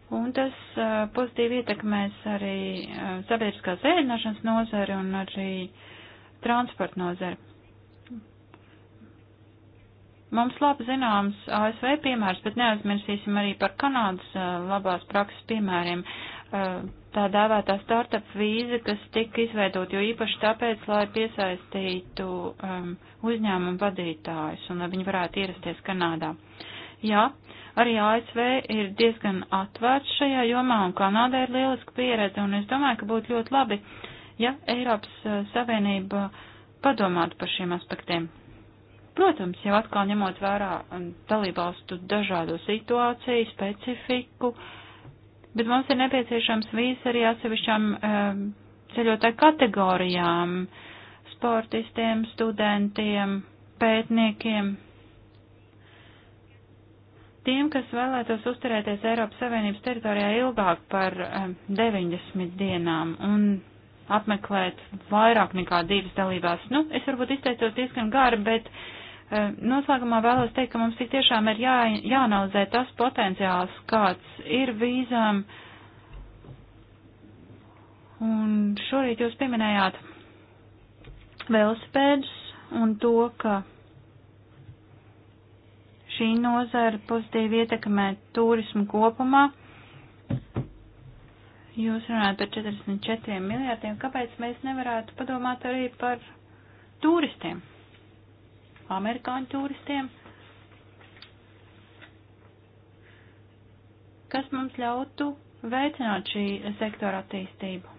Speaker 5: Un tas eh, pozitīvi ietekmēs arī eh, sabiedriskās ēdināšanas nozari un arī transporta nozari. Mums labi zināms ASV piemērs, bet neaizmirsīsim arī par Kanādas eh, labās prakses piemēriem. Tā dēvētā startup vīza, kas tika izveidot jo īpaši tāpēc, lai piesaistītu um, uzņēmumu vadītājus un lai viņi varētu ierasties Kanādā. Jā, uh, Arī ASV ir diezgan atvērts šajā jomā, un Kanādai ir lieliska pieredze, un es domāju, ka būtu ļoti labi, ja Eiropas eh, Savienība padomātu par šiem aspektiem. Protams, jau atkal ņemot vērā dalībvalstu dažādo situāciju, specifiku, bet mums ir nepieciešams vīz arī atsevišķām um, ceļotāju kategorijām, sportistiem, studentiem, pētniekiem, Tiem, kas vēlētos uzturēties Eiropas Savienības teritorijā ilgāk par 90 eh, dienām un apmeklēt vairāk nekā divas dalībās, nu, es varbūt izteicos diezgan gari, bet eh, noslēgumā vēlos teikt, ka mums tik tiešām ir jā, jāanalizē tas potenciāls, kāds ir vīzām. Un šorīt jūs pieminējāt velosipēdus un to, ka šī nozara pozitīvi ietekmē turismu kopumā. Jūs runājat par 44 miljārdiem, kāpēc mēs nevarētu padomāt arī par turistiem, amerikāņu turistiem, kas mums ļautu veicināt šī sektora attīstību.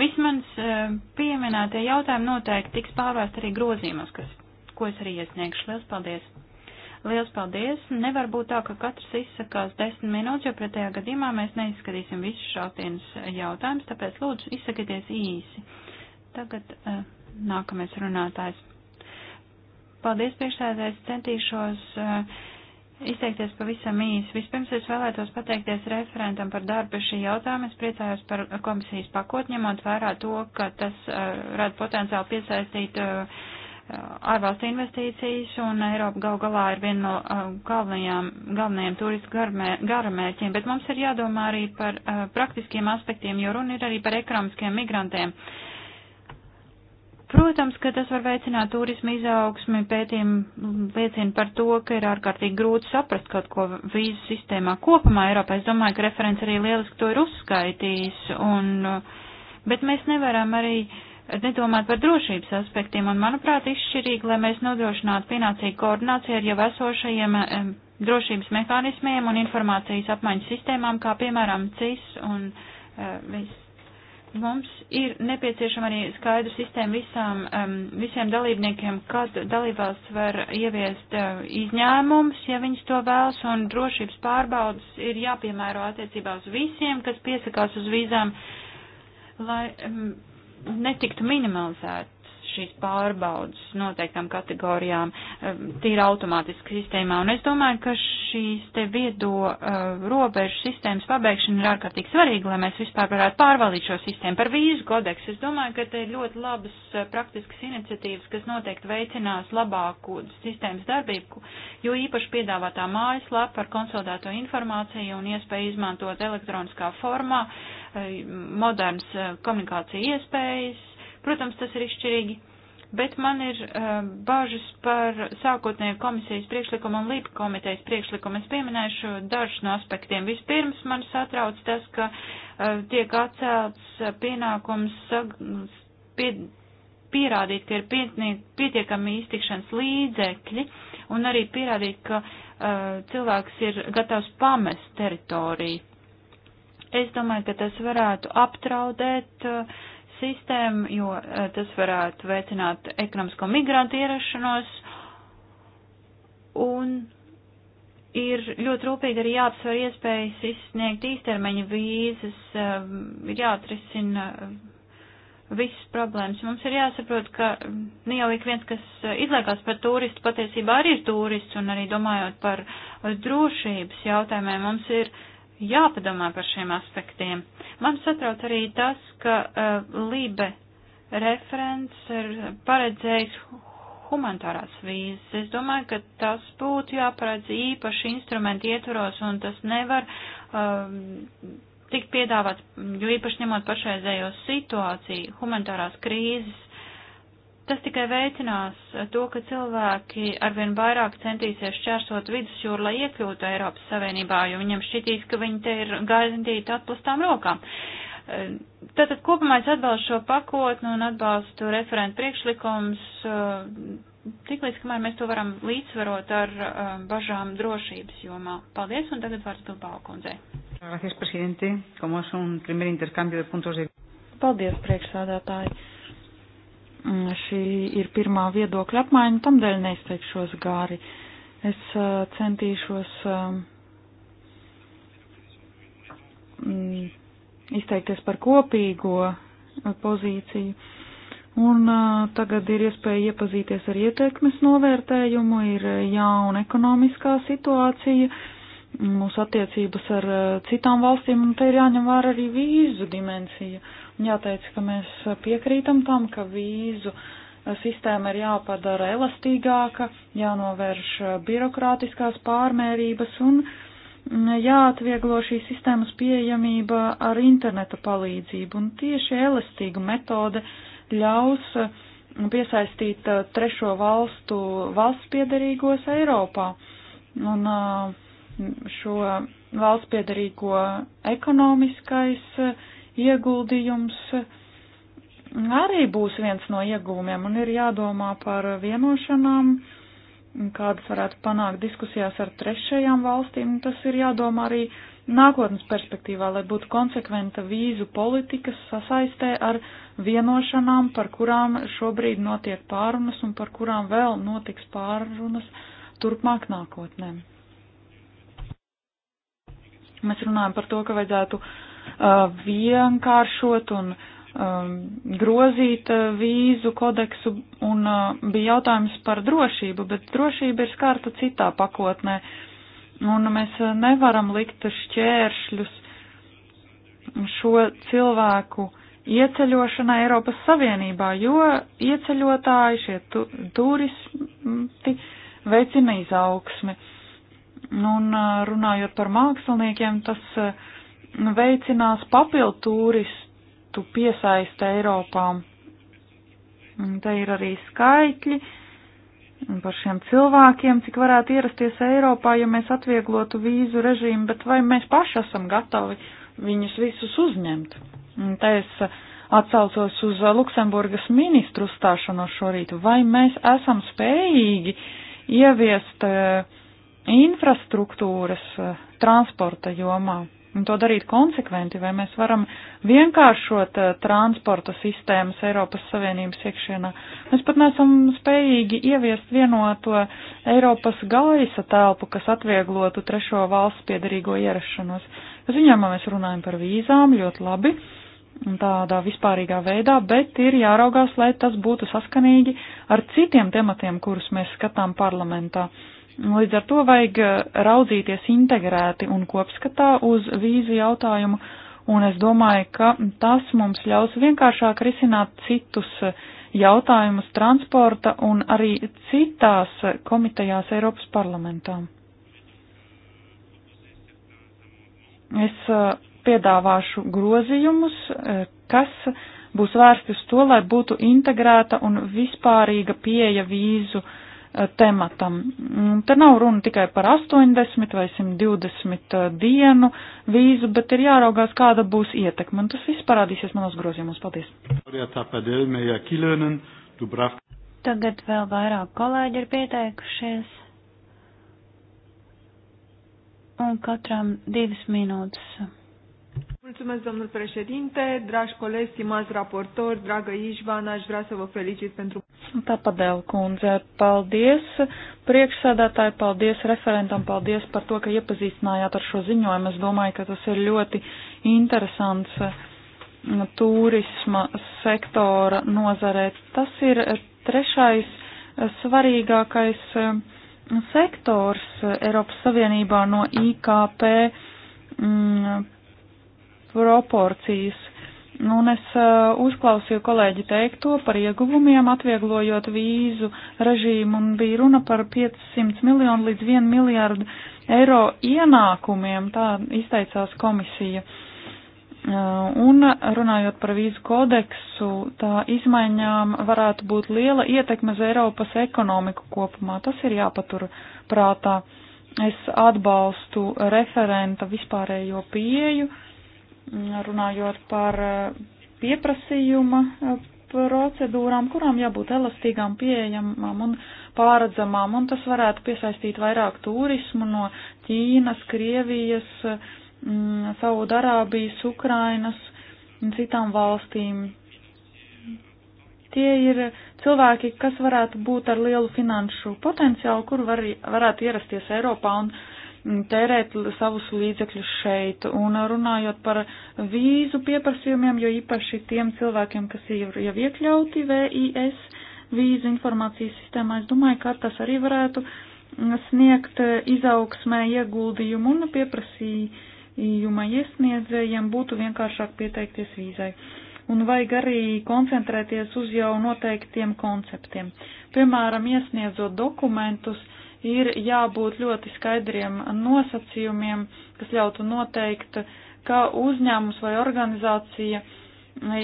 Speaker 5: Visi mans e, pieminētie jautājumi noteikti tiks pārvērst arī grozījumos, kas, ko es arī iesniegšu. Lielas paldies! Lielas paldies! Nevar būt tā, ka katrs izsakās desmit minūtes, jo pretējā gadījumā mēs neizskatīsim visus šāpienas jautājumus, tāpēc lūdzu izsakieties īsi. Tagad uh, nākamais runātājs. Paldies, priekšsēdētājs, centīšos. Uh, izteikties pavisam īsi. Vispirms es vēlētos pateikties referentam par darbu pie šī jautājuma. Es priecājos par komisijas pakotni, ņemot vērā to, ka tas uh, rada potenciāli piesaistīt uh, uh, ārvalstu investīcijas, un Eiropa gal galā ir viena no uh, galvenajām, galvenajiem turistu garamērķiem, bet mums ir jādomā arī par uh, praktiskiem aspektiem, jo runa ir arī par ekonomiskiem migrantiem. Uh, Protams, ka tas var veicināt turismu izaugsmi, pētījumi liecina par to, ka ir ārkārtīgi grūti saprast kaut ko vīzu sistēmā kopumā Eiropā. Es domāju, ka referents arī lieliski to ir uzskaitījis, un, bet mēs nevaram arī nedomāt par drošības aspektiem, un manuprāt, izšķirīgi, lai mēs nodrošinātu pienācīgu koordināciju ar jau esošajiem drošības mehānismiem un informācijas apmaiņas sistēmām, kā piemēram CIS un uh, viss. Mums ir nepieciešama arī skaidra sistēma visām, um, visiem dalībniekiem, kad dalībvalsts var ieviest uh, izņēmumus, ja viņas to vēlas, un drošības pārbaudas ir jāpiemēro attiecībā uz visiem, kas piesakās uz vīzām, lai um, netiktu minimalizēti šīs pārbaudas noteiktām kategorijām eh, tīri automātiski sistēmā. Un es domāju, ka šīs te viedo uh, robežu sistēmas pabeigšana ir ārkārtīgi svarīga, lai mēs vispār varētu pārvaldīt šo sistēmu. Par vīzu kodeksu es domāju, ka te ir ļoti labas uh, praktiskas iniciatīvas, kas noteikti veicinās labāku sistēmas darbību, jo īpaši piedāvātā mājaslapa ar konsolidēto informāciju un iespēju izmantot elektroniskā formā uh, modernas komunikācija iespējas Protams, tas ir izšķirīgi, bet man ir uh, bažas par sākotnēju komisijas priekšlikumu un līpa komitejas priekšlikumu. Es pieminēšu dažus no aspektiem. Vispirms man satrauc tas, ka uh, tiek atcelts pienākums sag, pie, pierādīt, ka ir pietniek, pietiekami iztikšanas līdzekļi un arī pierādīt, ka uh, cilvēks ir gatavs pamest teritoriju. Es domāju, ka tas varētu aptraudēt uh, sistēmu, jo eh, tas varētu veicināt ekonomisko migrantu ierašanos. Un ir ļoti rūpīgi arī jāapsver iespējas izsniegt īstermeņa vīzas, eh, ir jāatrisina eh, visas problēmas. Mums ir jāsaprot, ka mm, ne jau ik viens, kas izliekās par turistu, patiesībā arī ir turists, un arī domājot par drošības jautājumiem, mums ir jāpadomā par šiem aspektiem. Man satrauc arī tas, ka uh, Lībe referents ir paredzējis humanitārās vīzes. Es domāju, ka tas būtu jāparedz īpaši instrumentu ietvaros, un tas nevar um, tikt piedāvāts, jo īpaši ņemot pašreizējo situāciju, humanitārās krīzes Tas tikai veicinās to, ka cilvēki arvien vairāk centīsies šķērsot vidusjūru, lai iekļūtu Eiropas Savienībā, jo viņiem šķitīs, ka viņi te ir gaidīti atpūstām rokām. Tātad kopumā es atbalstu šo pakotnu un atbalstu referentu priekšlikums, tiklīdz, kamēr mēs to varam līdzsvarot ar um, bažām drošības jomā. Paldies, un tagad vārds Bilbao kundzei.
Speaker 4: Gracias, presidente. Como es un primer intercambio de puntos de... Paldies, priekšsādātāji. Mm, šī ir pirmā viedokļa apmaiņa, tamdēļ neizteikšos gāri. Es uh, centīšos um, mm, izteikties par kopīgo pozīciju. Un uh, tagad ir iespēja iepazīties ar ietekmes novērtējumu, ir uh, jauna ekonomiskā situācija, mūsu attiecības ar citām valstīm, un te ir jāņem vērā arī vīzu dimensija. Uh, jāteic, ka mēs piekrītam tam, ka vīzu sistēma ir jāpadara elastīgāka, jānovērš birokrātiskās pārmērības un jāatvieglo šīs sistēmas pieejamība ar interneta palīdzību. Un tieši elastīga metode ļaus piesaistīt trešo valstu valsts piedarīgos Eiropā. Un uh, šo valsts piedarīgo ekonomiskais uh, ieguldījums arī būs viens no iegūmiem un ir jādomā par vienošanām, kādas varētu panākt diskusijās ar trešajām valstīm. Tas ir jādomā arī nākotnes perspektīvā, lai būtu konsekventa vīzu politikas sasaistē ar vienošanām, par kurām šobrīd notiek pārunas un par kurām vēl notiks pārunas turpmāk nākotnēm. Mēs runājam par to, ka vajadzētu uh, Uh, vienkāršot un um, grozīt uh, vīzu kodeksu un uh, bija jautājums par drošību, bet drošība ir skārta citā pakotnē un mēs nevaram likt šķēršļus šo cilvēku ieceļošanā Eiropas Savienībā, jo ieceļotāji šie tu, turisti veicina izaugsmi. Un runājot par māksliniekiem, tas uh, veicinās papildu turistu piesaista Eiropā. Te ir arī skaitļi par šiem cilvēkiem, cik varētu ierasties Eiropā, ja mēs atvieglotu vīzu režīmu, bet vai mēs paši esam gatavi viņus visus uzņemt? Te es atsaucos uz Luksemburgas ministru uzstāšanos šorīt, vai mēs esam spējīgi ieviest eh, infrastruktūras eh, transporta jomā? un to darīt konsekventi, vai mēs varam vienkāršot eh, transporta sistēmas Eiropas Savienības iekšienā. Mēs pat nesam spējīgi ieviest vienoto Eiropas gaisa telpu, kas atvieglotu trešo valsts piedarīgo ierašanos. Es viņām mēs runājam par vīzām ļoti labi, tādā vispārīgā veidā, bet ir jāraugās, lai tas būtu saskanīgi ar citiem tematiem, kurus mēs skatām parlamentā. Uh, Līdz ar to vajag eh, raudzīties integrēti un kopskatā uz vīzu jautājumu, un es domāju, ka tas mums ļaus vienkāršāk risināt citus eh, jautājumus transporta un arī citās eh, komitejās Eiropas parlamentā. Es piedāvāšu grozījumus, kas būs vērsti uz to, lai būtu integrēta un vispārīga pieeja vīzu uh, Eh, tematam. Mm, te nav runa tikai par 80 vai 120 eh, dienu vīzu, bet ir jāraugās, kāda būs ietekme. Un tas viss parādīsies manos grozījumos. Paldies!
Speaker 5: Tagad vēl vairāk kolēģi ir pieteikušies. Un katram divas minūtes.
Speaker 3: Mulțumesc, domnul președinte,
Speaker 4: dragi colegi, stimați raportori, dragă Ișvana, aș vrea să vă felicit pentru... Tapadēl kundze, paldies priekšsēdētāji, paldies referentam, paldies par to, ka iepazīstinājāt ar šo ziņojumu. Es domāju, ka tas ir ļoti interesants mm, turisma sektora nozarē. Tas ir trešais svarīgākais mm, sektors Eiropas Savienībā no IKP. Mm, proporcijas. Un es uh, uzklausīju kolēģi teikto par ieguvumiem, atvieglojot vīzu režīmu, un bija runa par 500 miljonu līdz 1 miljārdu eiro ienākumiem, tā izteicās komisija. Uh, un runājot par vīzu kodeksu, tā izmaiņām varētu būt liela ietekme uz Eiropas ekonomiku kopumā. Tas ir jāpatur prātā. Es atbalstu referenta vispārējo pieju. Uh, runājot par eh, pieprasījuma eh, procedūrām, kurām jābūt elastīgām, pieejamām un pāredzamām, un tas varētu piesaistīt vairāk turismu no Ķīnas, Krievijas, mm, Saudarābijas, Ukrainas un citām valstīm. Tie ir cilvēki, kas varētu būt ar lielu finanšu potenciālu, kur var, varētu ierasties Eiropā un tērēt savus līdzekļus šeit. Un runājot par vīzu pieprasījumiem, jo īpaši tiem cilvēkiem, kas ir jau iekļauti VIS vīzu informācijas sistēmā, es domāju, ka tas arī varētu sniegt izaugsmē ieguldījumu un pieprasījuma iesniedzējiem būtu vienkāršāk pieteikties vīzai. Un vajag arī koncentrēties uz jau noteiktiem konceptiem. Piemēram, iesniedzot dokumentus, uh, ir jābūt ļoti skaidriem nosacījumiem, kas ļautu noteikt, ka uzņēmums vai organizācija e,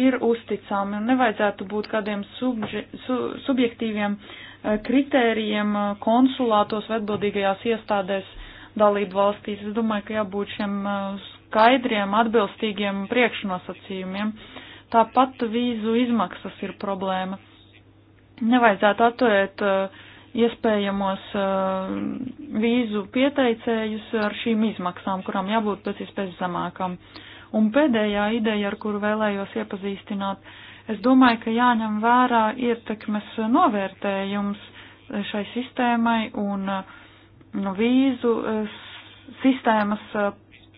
Speaker 4: ir uzticami un nevajadzētu būt kādiem subži, su, subjektīviem e, kritērijiem e, konsulātos vai atbildīgajās iestādēs dalību valstīs. Es domāju, ka jābūt šiem skaidriem, atbilstīgiem priekšnosacījumiem. Tāpat vīzu izmaksas ir problēma. Nevajadzētu atturēt uh, iespējamos uh, vīzu pieteicējus ar šīm izmaksām, kurām jābūt pēc iespējas zemākam. Un pēdējā ideja, ar kuru vēlējos iepazīstināt, es domāju, ka jāņem vērā ietekmes novērtējums šai sistēmai un uh, vīzu uh, sistēmas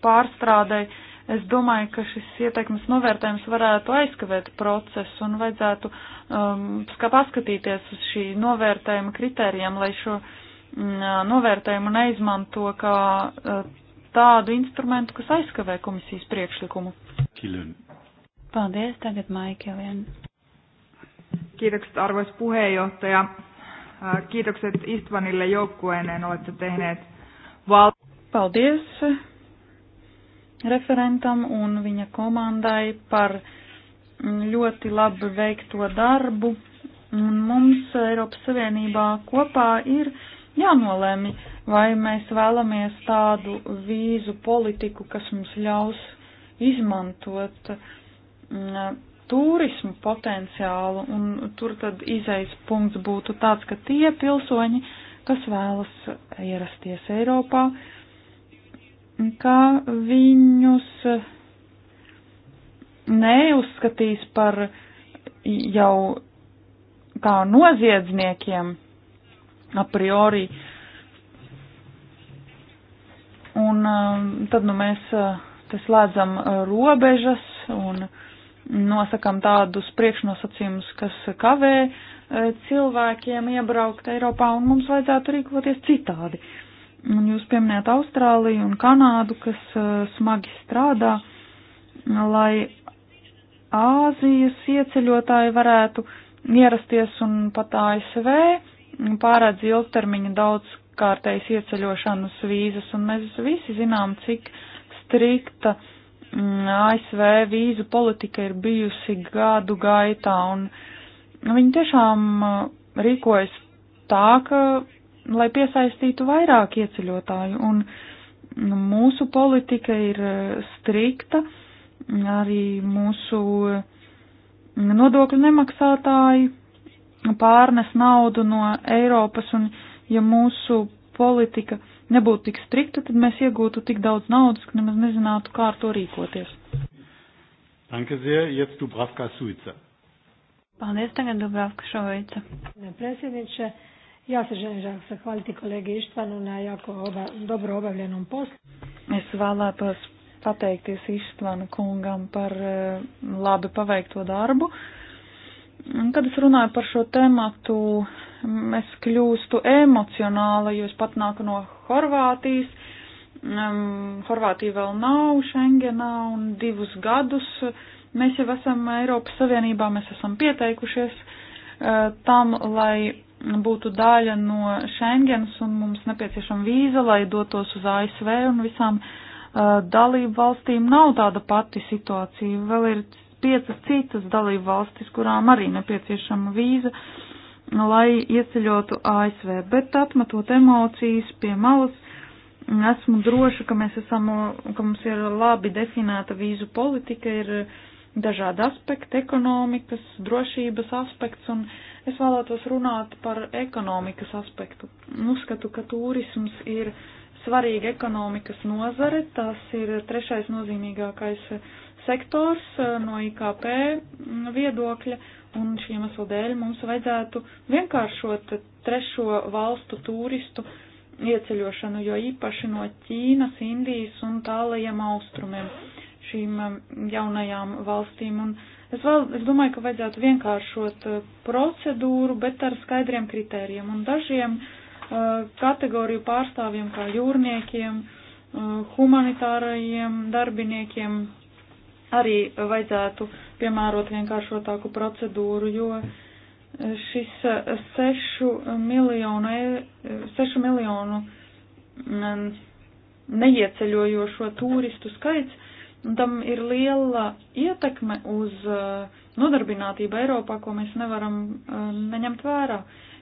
Speaker 4: pārstrādei Es domāju, ka šis ieteikums novērtējums varētu aizkavēt procesu un vajadzētu um, paskatīties uz šī novērtējuma kritērijiem, lai šo mm, novērtējumu neizmanto kā uh, tādu instrumentu, kas aizkavē komisijas priekšlikumu. Kilen. Paldies, tagad Maikelien. Kiitokset arvoisa puheenjohtaja. Kiitokset Istvanille joukkueineen, olette tehneet val... Paldies, referentam un viņa komandai par mm, ļoti labi veikto darbu. Un mums Eiropas Savienībā kopā ir jānolēmi, vai mēs vēlamies tādu vīzu politiku, kas mums ļaus izmantot mm, turismu potenciālu, un tur tad izejas punkts būtu tāds, ka tie pilsoņi, kas vēlas ierasties Eiropā, uh, ka viņus neuzskatīs par jau kā noziedzniekiem a priori. Un um, tad nu mēs uh, te slēdzam uh, robežas un nosakam tādus priekšnosacījumus, kas kavē uh, cilvēkiem iebraukt Eiropā, un mums vajadzētu rīkoties citādi. Uh, Un jūs pieminējat Austrāliju un Kanādu, kas uh, smagi strādā, lai Āzijas ieceļotāji varētu ierasties un pat ASV pārēdz ilgtermiņa daudzkārtējas ieceļošanas vīzas, un mēs visi zinām, cik strikta mm, ASV vīzu politika ir bijusi gadu gaitā, un viņi tiešām uh, rīkojas tā, ka lai piesaistītu vairāk ieceļotāju, un nu, mūsu politika ir e, strikta, arī mūsu mm, nodokļu nemaksātāji pārnes naudu no Eiropas, un ja mūsu politika nebūtu tik strikta, tad mēs iegūtu tik daudz naudas, ka nemaz nezinātu, kā ar to rīkoties.
Speaker 2: Danke sehr, jetzt Dubravka Suica.
Speaker 4: Paldies, tagad Dubravka Šovica.
Speaker 3: Predsjedniče, Ja se želim zahvaliti kolegi Ištvanu na jako oba, dobro obavljenom poslu.
Speaker 4: Es vēlētos pateikties Ištvana kungam par e, labi paveikto darbu. Kad es runāju par šo tēmatu, es kļūstu emocionāla, jo es pat nāku no Horvātijas. Um, Horvātija vēl nav Schengenā un divus gadus mēs jau esam Eiropas Savienībā, mēs esam pieteikušies uh, tam, lai būtu daļa no Schengens un mums nepieciešama vīza, lai dotos uz ASV un visām uh, dalību valstīm nav tāda pati situācija. Vēl ir piecas citas dalību valstis, kurām arī nepieciešama vīza, lai ieceļotu ASV. Bet atmetot emocijas pie malas, esmu droša, ka mēs esam, ka mums ir labi definēta vīzu politika, ir dažādi aspekti, ekonomikas, drošības aspekts un uh, Es vēlētos runāt par ekonomikas aspektu. Uzskatu, ka turisms ir svarīga ekonomikas nozare. Tas ir trešais nozīmīgākais sektors eh, no IKP viedokļa, un šiem eslu dēļ mums vajadzētu vienkāršot trešo valstu turistu ieceļošanu, jo īpaši no Ķīnas, Indijas un tālajiem austrumiem šīm eh, jaunajām valstīm. Un Es, vēl, es domāju, ka vajadzētu vienkāršot eh, procedūru, bet ar skaidriem kritērijiem un dažiem uh, kategoriju pārstāvjiem, kā jūrniekiem, uh, humanitārajiem darbiniekiem, arī vajadzētu piemērot vienkāršotāku procedūru, jo šis 6 miljonu, 6 e, miljonu mm, neieceļojošo turistu skaits Un tam ir liela ietekme uz eh, nodarbinātību Eiropā, ko mēs nevaram eh, neņemt vērā.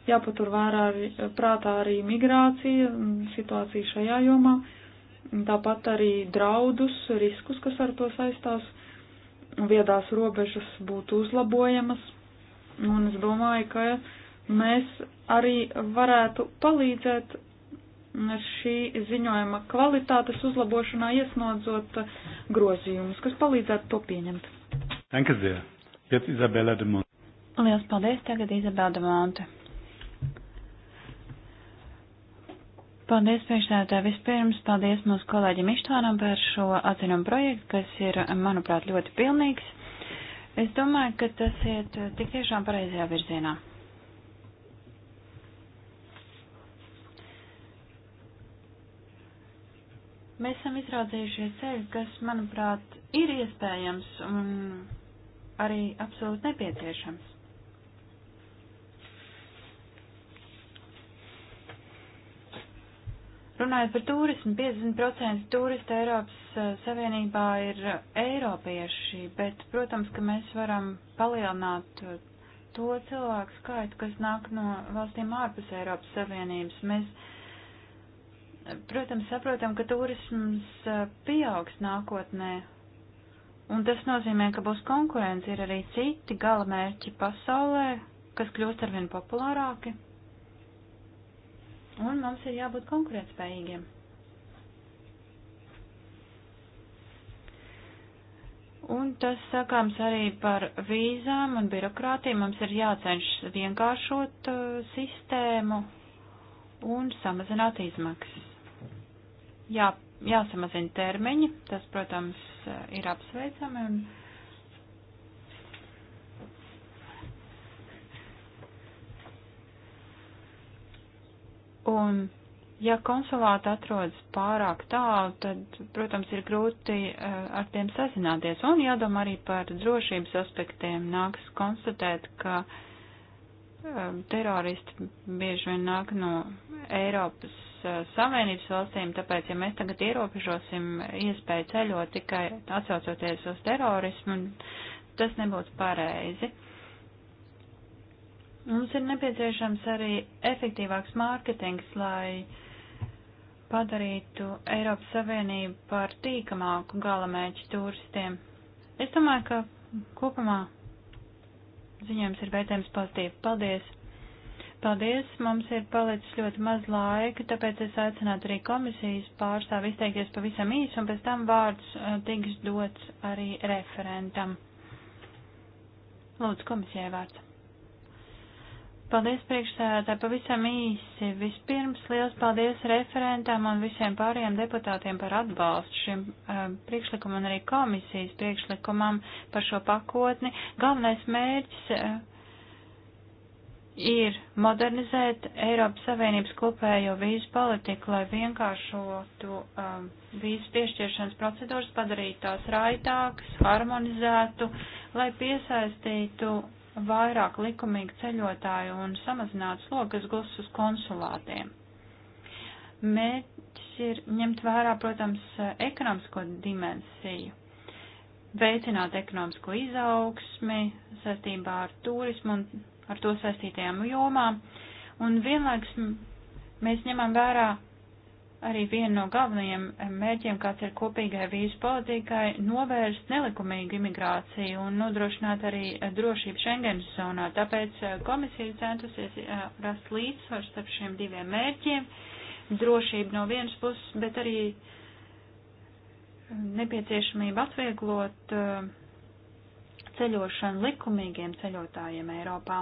Speaker 4: Jāpatur vērā arī, eh, prātā arī migrācija, situācija šajā jomā, tāpat arī draudus, riskus, kas ar to saistās, viedās robežas būtu uzlabojamas. Un es domāju, ka mēs arī varētu palīdzēt šī ziņojuma kvalitātes uzlabošanā, iesnodzot grozījumus, kas palīdzētu to pieņemt.
Speaker 2: Danke sehr. Jetzt Isabella de Monte.
Speaker 4: Lielas paldies, tagad Izabela de Monte.
Speaker 5: Paldies, priekšsēdētāji. Vispirms paldies mūsu kolēģim Ištvānam par šo atzinumu projektu, kas ir, manuprāt, ļoti pilnīgs. Es domāju, ka tas iet eh, tik tiešām pareizajā virzienā. Mēs esam izraudzījušies ceļu, kas, manuprāt, ir iespējams un arī absolūti nepieciešams. Runājot par turismu, 50% turista Eiropas eh, Savienībā ir eh, eiropieši, bet, protams, ka mēs varam palielināt eh, to cilvēku skaitu, kas nāk no valstīm ārpus Eiropas Savienības. Mēs Protams, saprotam, ka turisms eh, pieaugs nākotnē, un tas nozīmē, ka būs konkurence, ir arī citi galamērķi pasaulē, kas kļūst arvien populārāki, un mums ir jābūt konkurētspējīgiem. Un tas sakāms arī par vīzām un birokrātiju. Mums ir jācenšas vienkāršot uh, sistēmu un samazināt izmaksas jā, jāsamazina termiņi, tas, protams, ir apsveicami. Un, un ja konsulāti atrodas pārāk tālu, tad, protams, ir grūti eh, ar tiem sazināties. Un jādomā arī par drošības aspektiem. Nāks konstatēt, ka eh, teroristi bieži vien nāk no Eiropas Uh, Savienības valstīm, tāpēc, ja mēs tagad ierobežosim iespēju ceļot tikai atsaucoties uz terorismu, tas nebūtu pareizi. Mums ir nepieciešams arī efektīvāks mārketings, lai padarītu Eiropas Savienību par tīkamāku galamērķu turistiem. Es domāju, ka kopumā ziņojums ir vērtējums pozitīvi. Paldies! Paldies, mums ir palicis ļoti maz laika, tāpēc es aicinātu arī komisijas pārstāvi izteikties pavisam īsi, un pēc tam vārds eh, tiks dots arī referentam. Lūdzu, komisijai vārds. Paldies priekšsēdētāji, pavisam īsi. Vispirms liels paldies referentām un visiem pārējiem deputātiem par atbalstu šim uh, priekšlikumam un arī komisijas priekšlikumam par šo pakotni. Galvenais mērķis uh, ir modernizēt Eiropas Savienības kopējo vīzu politiku, lai vienkāršotu um, vīzu piešķiršanas procedūras, padarītu tās raitākas, harmonizētu, lai piesaistītu vairāk likumīgu ceļotāju un samazinātu slogas gulus uz konsulātiem. Mērķis ir ņemt vērā, protams, ekonomisko dimensiju, veicināt ekonomisko izaugsmi saistībā ar turismu un ar to saistītajām jomām, un vienlaiks mēs ņemam vērā arī vienu no galvenajiem mērķiem, kāds ir kopīgai vīzu politikai, novērst nelikumīgu imigrāciju un nodrošināt arī drošību Schengenas zonā. Tāpēc eh, komisija centusies eh, rast līdzsvaru starp šiem diviem mērķiem - drošību no vienas puses, bet arī nepieciešamību atvieglot uh, ceļošanu likumīgiem ceļotājiem Eiropā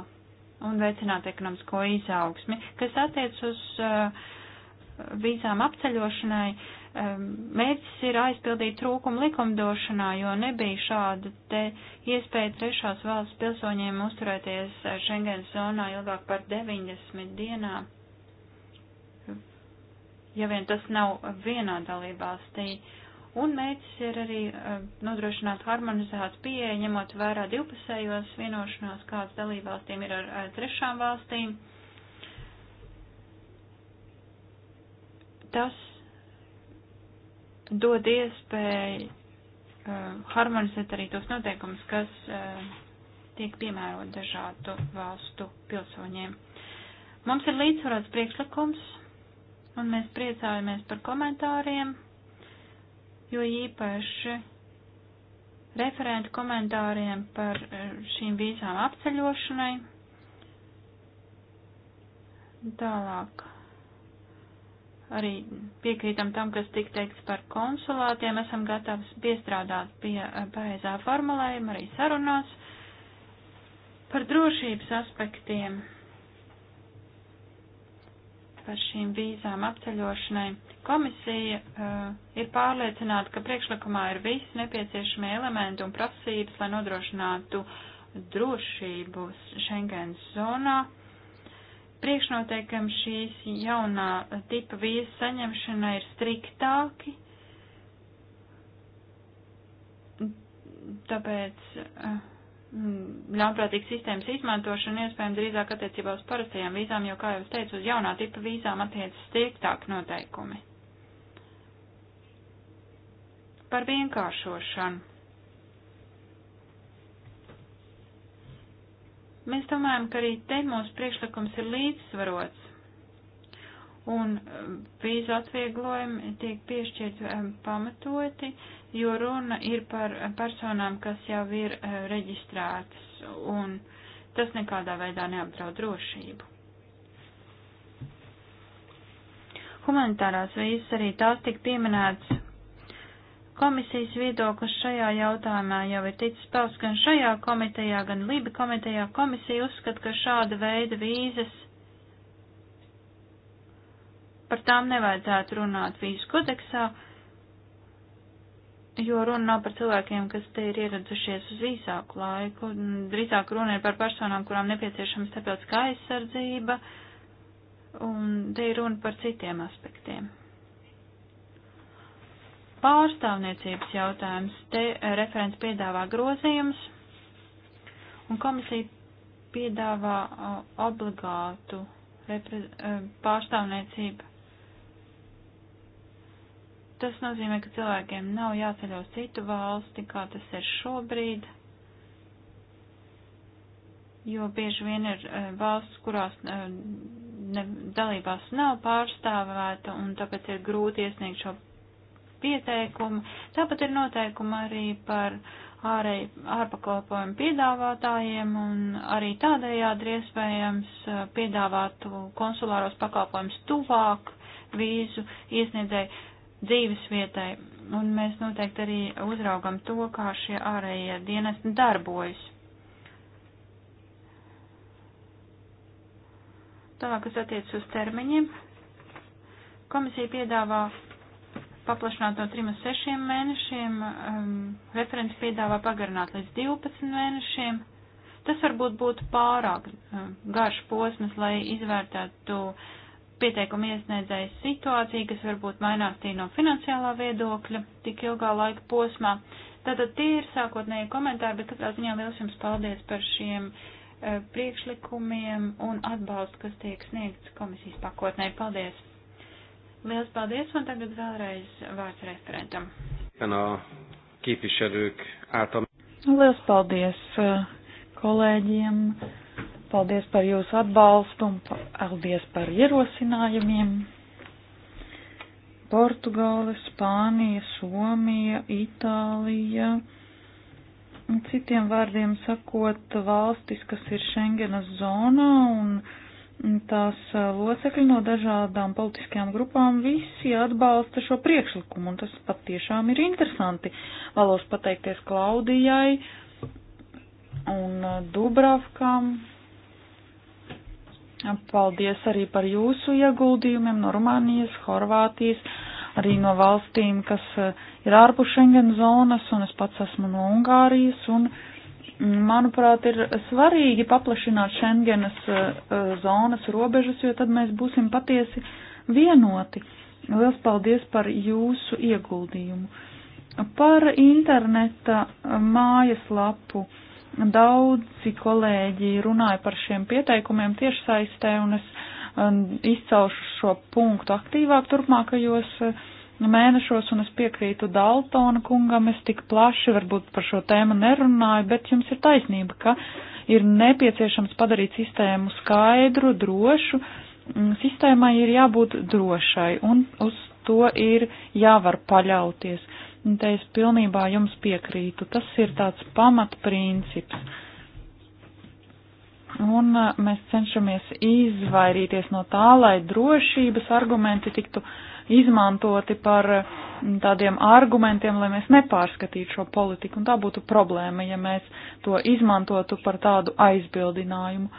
Speaker 5: un veicināt ekonomisko izaugsmi, kas attiec uz uh, vīzām apceļošanai. Um, mērķis ir aizpildīt trūkumu likumdošanā, jo nebija šāda te iespēja trešās valsts pilsoņiem uzturēties Schengen zonā ilgāk par 90 dienām, ja vien tas nav vienā dalībvalstī. Uh, Un mērķis ir arī eh, nodrošināt harmonizētu pieeju, ņemot vērā divpusējos vienošanās, kādas dalībvalstīm ir ar, ar trešām valstīm. Tas dod iespēju uh, harmonizēt arī tos noteikumus, kas uh, tiek piemērot dažādu valstu pilsoņiem. Mums ir līdzsvarots priekšlikums, un mēs priecājamies par komentāriem jo īpaši referentu komentāriem par e, šīm vīzām apceļošanai. Tālāk arī piekrītam tam, kas tik teikts par konsulātiem, esam gatavi piestrādāt pie e, pareizā formulējuma arī sarunās par drošības aspektiem par šīm vīzām apceļošanai. Komisija uh, ir pārliecināta, ka priekšlikumā ir visi nepieciešamie elementi un prasības, lai nodrošinātu drošību Schengens zonā. Priekšnoteikam šīs jaunā tipa vīzas saņemšanai ir striktāki, tāpēc. Uh,
Speaker 1: Mm,
Speaker 5: ļaunprātīgas sistēmas izmantošana iespējams drīzāk attiecībā uz parastajām vīzām, jo, kā jau es teicu, uz jaunā tipa vīzām attiecas striktāk noteikumi. Par vienkāršošanu. Mēs domājam, ka arī te mūsu priekšlikums ir līdzsvarots, un eh, vīzu atvieglojumi tiek piešķirt eh, pamatoti, jo runa ir par personām, kas jau ir eh, reģistrētas, un tas nekādā veidā neapdraud drošību. Humanitārās vīzes arī tās tik pieminētas. Komisijas viedoklis šajā jautājumā jau ir ticis paust gan šajā komitejā, gan Libi komitejā. Komisija uzskata, ka šāda veida vīzes par tām nevajadzētu runāt vīzu kodeksā, jo runa nav par cilvēkiem, kas te ir ieradušies uz īsāku laiku. Drīzāk runa ir par personām, kurām nepieciešama starptautiskā aizsardzība, un te ir runa par citiem aspektiem. Pārstāvniecības jautājums. Te eh, referents piedāvā grozījums, un komisija piedāvā eh, obligātu eh, pārstāvniecību Tas nozīmē, ka cilvēkiem nav jāceļ uz citu valsti, kā tas ir šobrīd, jo bieži vien ir e, valsts, kurās e, ne, dalībās nav pārstāvēta, un tāpēc ir grūti iesniegt šo pieteikumu. Tāpat ir noteikumi arī par ārēj, ārpakalpojumu piedāvātājiem, un arī tādējādi ir iespējams e, piedāvāt konsulāros pakalpojumus tuvāk vīzu iesniedzēju dzīves vietai, un mēs noteikti arī uzraugam to, kā šie ārējie dienesti darbojas. Tālāk, kas attiec uz termiņiem, komisija piedāvā paplašināt no 3 uz 6 mēnešiem, um, referents piedāvā pagarināt līdz 12 mēnešiem. Tas varbūt būtu pārāk um, garš posms, lai izvērtētu uh, pieteikuma iesniedzēja situācija, kas varbūt mainās tī no finansiālā viedokļa tik ilgā laika posmā. Tātad tie ir sākotnēji komentāri, bet katrā ziņā liels jums paldies par šiem uh, priekšlikumiem un atbalstu, kas tiek sniegts komisijas pakotnē. Paldies! Liels paldies, un tagad vēlreiz
Speaker 4: vārds referentam. Liels paldies e, kolēģiem! Paldies par jūsu atbalstu un paldies par ierosinājumiem. Portugāle, Spānija, Somija, Itālija. Un citiem vārdiem sakot, valstis, kas ir Schengenas zonā un tās locekļi no dažādām politiskajām grupām, visi atbalsta šo priekšlikumu, un tas pat tiešām ir interesanti. Vēlos pateikties Klaudijai un Dubravkam Paldies arī par jūsu ieguldījumiem no Rumānijas, Horvātijas, arī no valstīm, kas eh, ir ārpus Schengen zonas, un es pats esmu no Ungārijas, un, mm, manuprāt, ir svarīgi paplašināt Schengenas eh, zonas robežas, jo tad mēs būsim patiesi vienoti. Liels paldies par jūsu ieguldījumu. Par interneta eh, mājaslapu. lapu Daudzi kolēģi runāja par šiem pieteikumiem tiešsaistē, un es um, izcelšu šo punktu aktīvāk turpmākajos uh, mēnešos, un es piekrītu Daltona kungam, es tik plaši varbūt par šo tēmu nerunāju, bet jums ir taisnība, ka ir nepieciešams padarīt sistēmu skaidru, drošu. Mm, sistēmai ir jābūt drošai, un uz to ir jāvar paļauties. Uh, Un te es pilnībā jums piekrītu. Tas ir tāds pamatprincips. Un uh, mēs cenšamies izvairīties no tā, lai drošības argumenti tiktu izmantoti par uh, tādiem argumentiem, lai mēs nepārskatītu šo politiku. Un tā būtu problēma, ja mēs to izmantotu par tādu aizbildinājumu.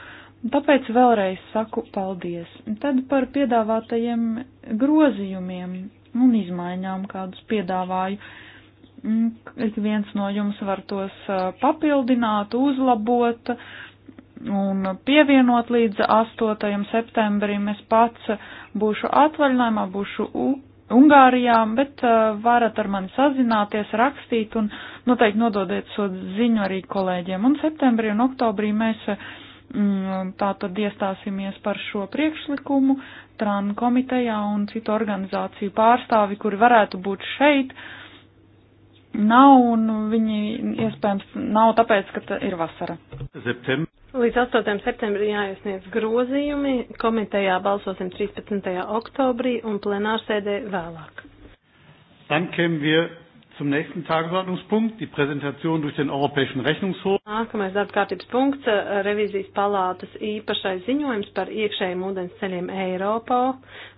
Speaker 4: Tāpēc vēlreiz saku paldies. Tad par piedāvātajiem grozījumiem un izmaiņām, kādus piedāvāju. Ik viens no jums var tos uh, papildināt, uzlabot un pievienot līdz 8. septembrim. Es pats būšu atvaļinājumā, būšu Ungārijā, bet uh, varat ar mani sazināties, rakstīt un noteikti nododiet šo ziņu arī kolēģiem. Un septembrī un oktobrī mēs mm, tā tad iestāsimies par šo priekšlikumu, TRAN komitejā un citu organizāciju pārstāvi, kuri varētu būt šeit, nav un viņi iespējams nav
Speaker 3: tāpēc, ka ir vasara. Septem. Līdz 8. septembrim jāiesniedz grozījumi, komitejā balsosim 13. oktobrī un plenārsēdē vēlāk.
Speaker 2: Danke, wir zum nächsten Tagesordnungspunkt, die Präsentation durch den Europäischen
Speaker 3: Rechnungshof. Nākamais darbkārtības punkts - revizijas palātas īpašais ziņojums par iekšējiem ūdensceļiem Eiropā.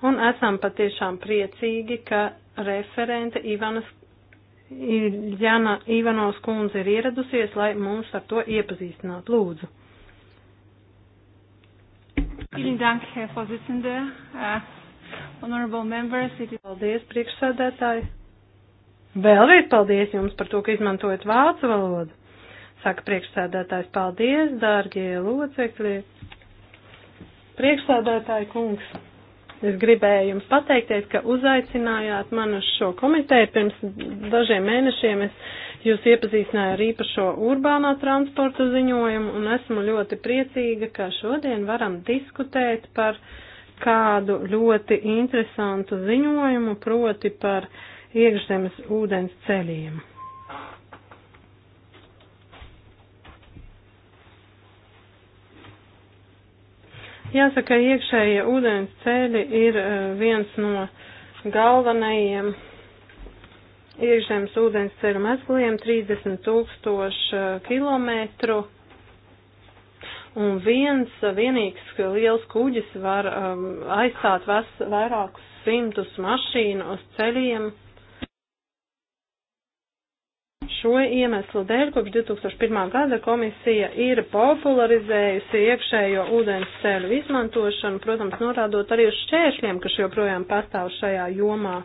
Speaker 3: Un esam patiešām priecīgi, ka referente Ivanas, Jana Ivanovs kundze ir ieradusies, lai mums ar to iepazīstinātu. Lūdzu. Vielen Dank, Herr Vorsitzender, uh, honorable members. Paldies, priekšsēdētāji Vēlreiz paldies jums par to, ka izmantojat vācu valodu. Saka priekšsēdētājs, paldies, dārgie locekļi. Priekšsēdētāji kungs, es gribēju jums pateikties, ka uzaicinājāt mani uz šo komiteju. Pirms dažiem mēnešiem es jūs iepazīstināju ar īpašo urbānā transporta ziņojumu un esmu ļoti priecīga, ka šodien varam diskutēt par kādu ļoti interesantu ziņojumu, proti par uh, iekšzemes ūdens ceļiem. Jāsaka, iekšējie ūdens ceļi ir eh, viens no galvenajiem iekšzemes ūdens ceļu mezgliem - 30 tūkstoši eh, kilometru. Un viens eh, vienīgs liels kuģis var um, aizstāt ves, vairākus simtus mašīnu uz ceļiem. Šo iemeslu dēļ kopš 2001. gada komisija ir popularizējusi iekšējo ūdens ceļu izmantošanu, protams, norādot arī uz šķēršļiem, kas joprojām pastāv šajā jomā.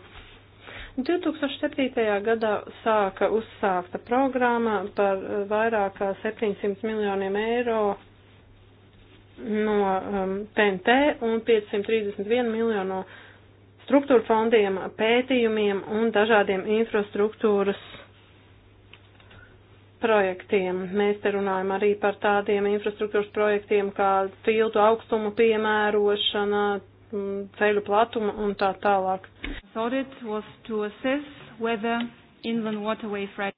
Speaker 3: 2007. gadā sāka uzsākta programma par eh, vairāk kā 700 miljoniem eiro no um, TNT un 531 miljonu no struktūra fondiem, pētījumiem un dažādiem infrastruktūras projektiem. Mēs te runājam arī par tādiem infrastruktūras projektiem kā tiltu augstumu piemērošana, mm, ceļu platuma un tā tālāk.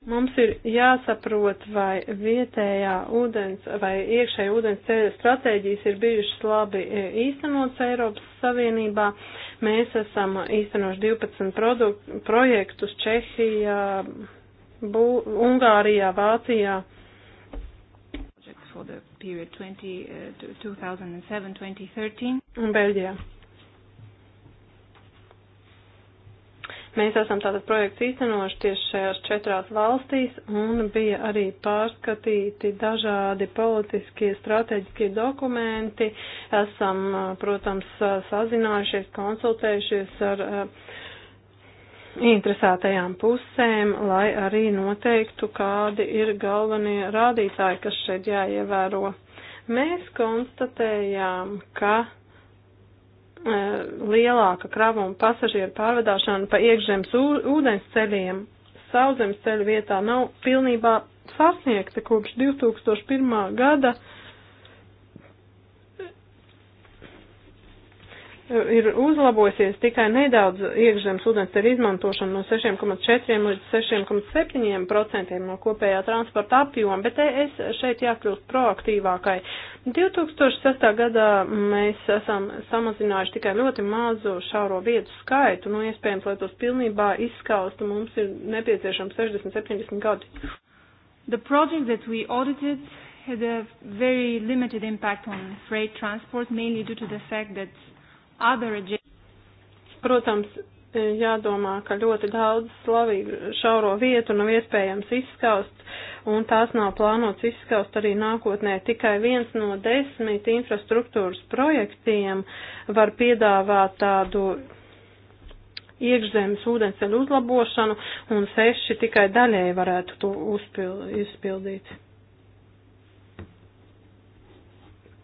Speaker 3: Mums ir jāsaprot, vai vietējā ūdens vai iekšēja ūdens ceļa stratēģijas ir bijušas labi e, īstenotas Eiropas Savienībā. Mēs esam īstenoši 12 produktu, projektus Čehijā, Bū Ungārijā, Vācijā. For the period 20, uh, 2007-2013. Un Beļģijā. Mēs esam tātad projekts īstenojuši tieši šajās četrās valstīs un bija arī pārskatīti dažādi politiskie strateģiskie dokumenti. Esam, uh, protams, uh, sazinājušies, konsultējušies ar uh, interesētajām pusēm, lai arī noteiktu, kādi ir galvenie rādītāji, kas šeit jāievēro. Mēs konstatējām, ka e, lielāka kravuma pasažieru pārvadāšana pa iekšzemes ūdens ceļiem sauszemes ceļu vietā nav pilnībā sasniegta kopš 2001. gada ir uzlabojusies tikai nedaudz iekšzemes ūdens ir izmantošana no 6,4 līdz 6,7 procentiem no kopējā transporta apjoma, bet es šeit jākļūst proaktīvākai. 2006. gadā mēs esam samazinājuši tikai ļoti mazu šauro vietu skaitu, nu iespējams, lai tos pilnībā izskaustu, mums ir nepieciešams 60-70 gadi. The project that we
Speaker 5: audited had a very limited impact on freight transport, mainly due to the fact
Speaker 3: that other agenda. Protams, e, jādomā, ka ļoti daudz slavīgu šauro vietu nav iespējams izskaust, un tās nav plānots izskaust arī nākotnē. Tikai viens no desmit infrastruktūras projektiem var piedāvāt tādu iekšzemes ūdenceļu uzlabošanu, un seši tikai daļēji varētu to uzpildīt.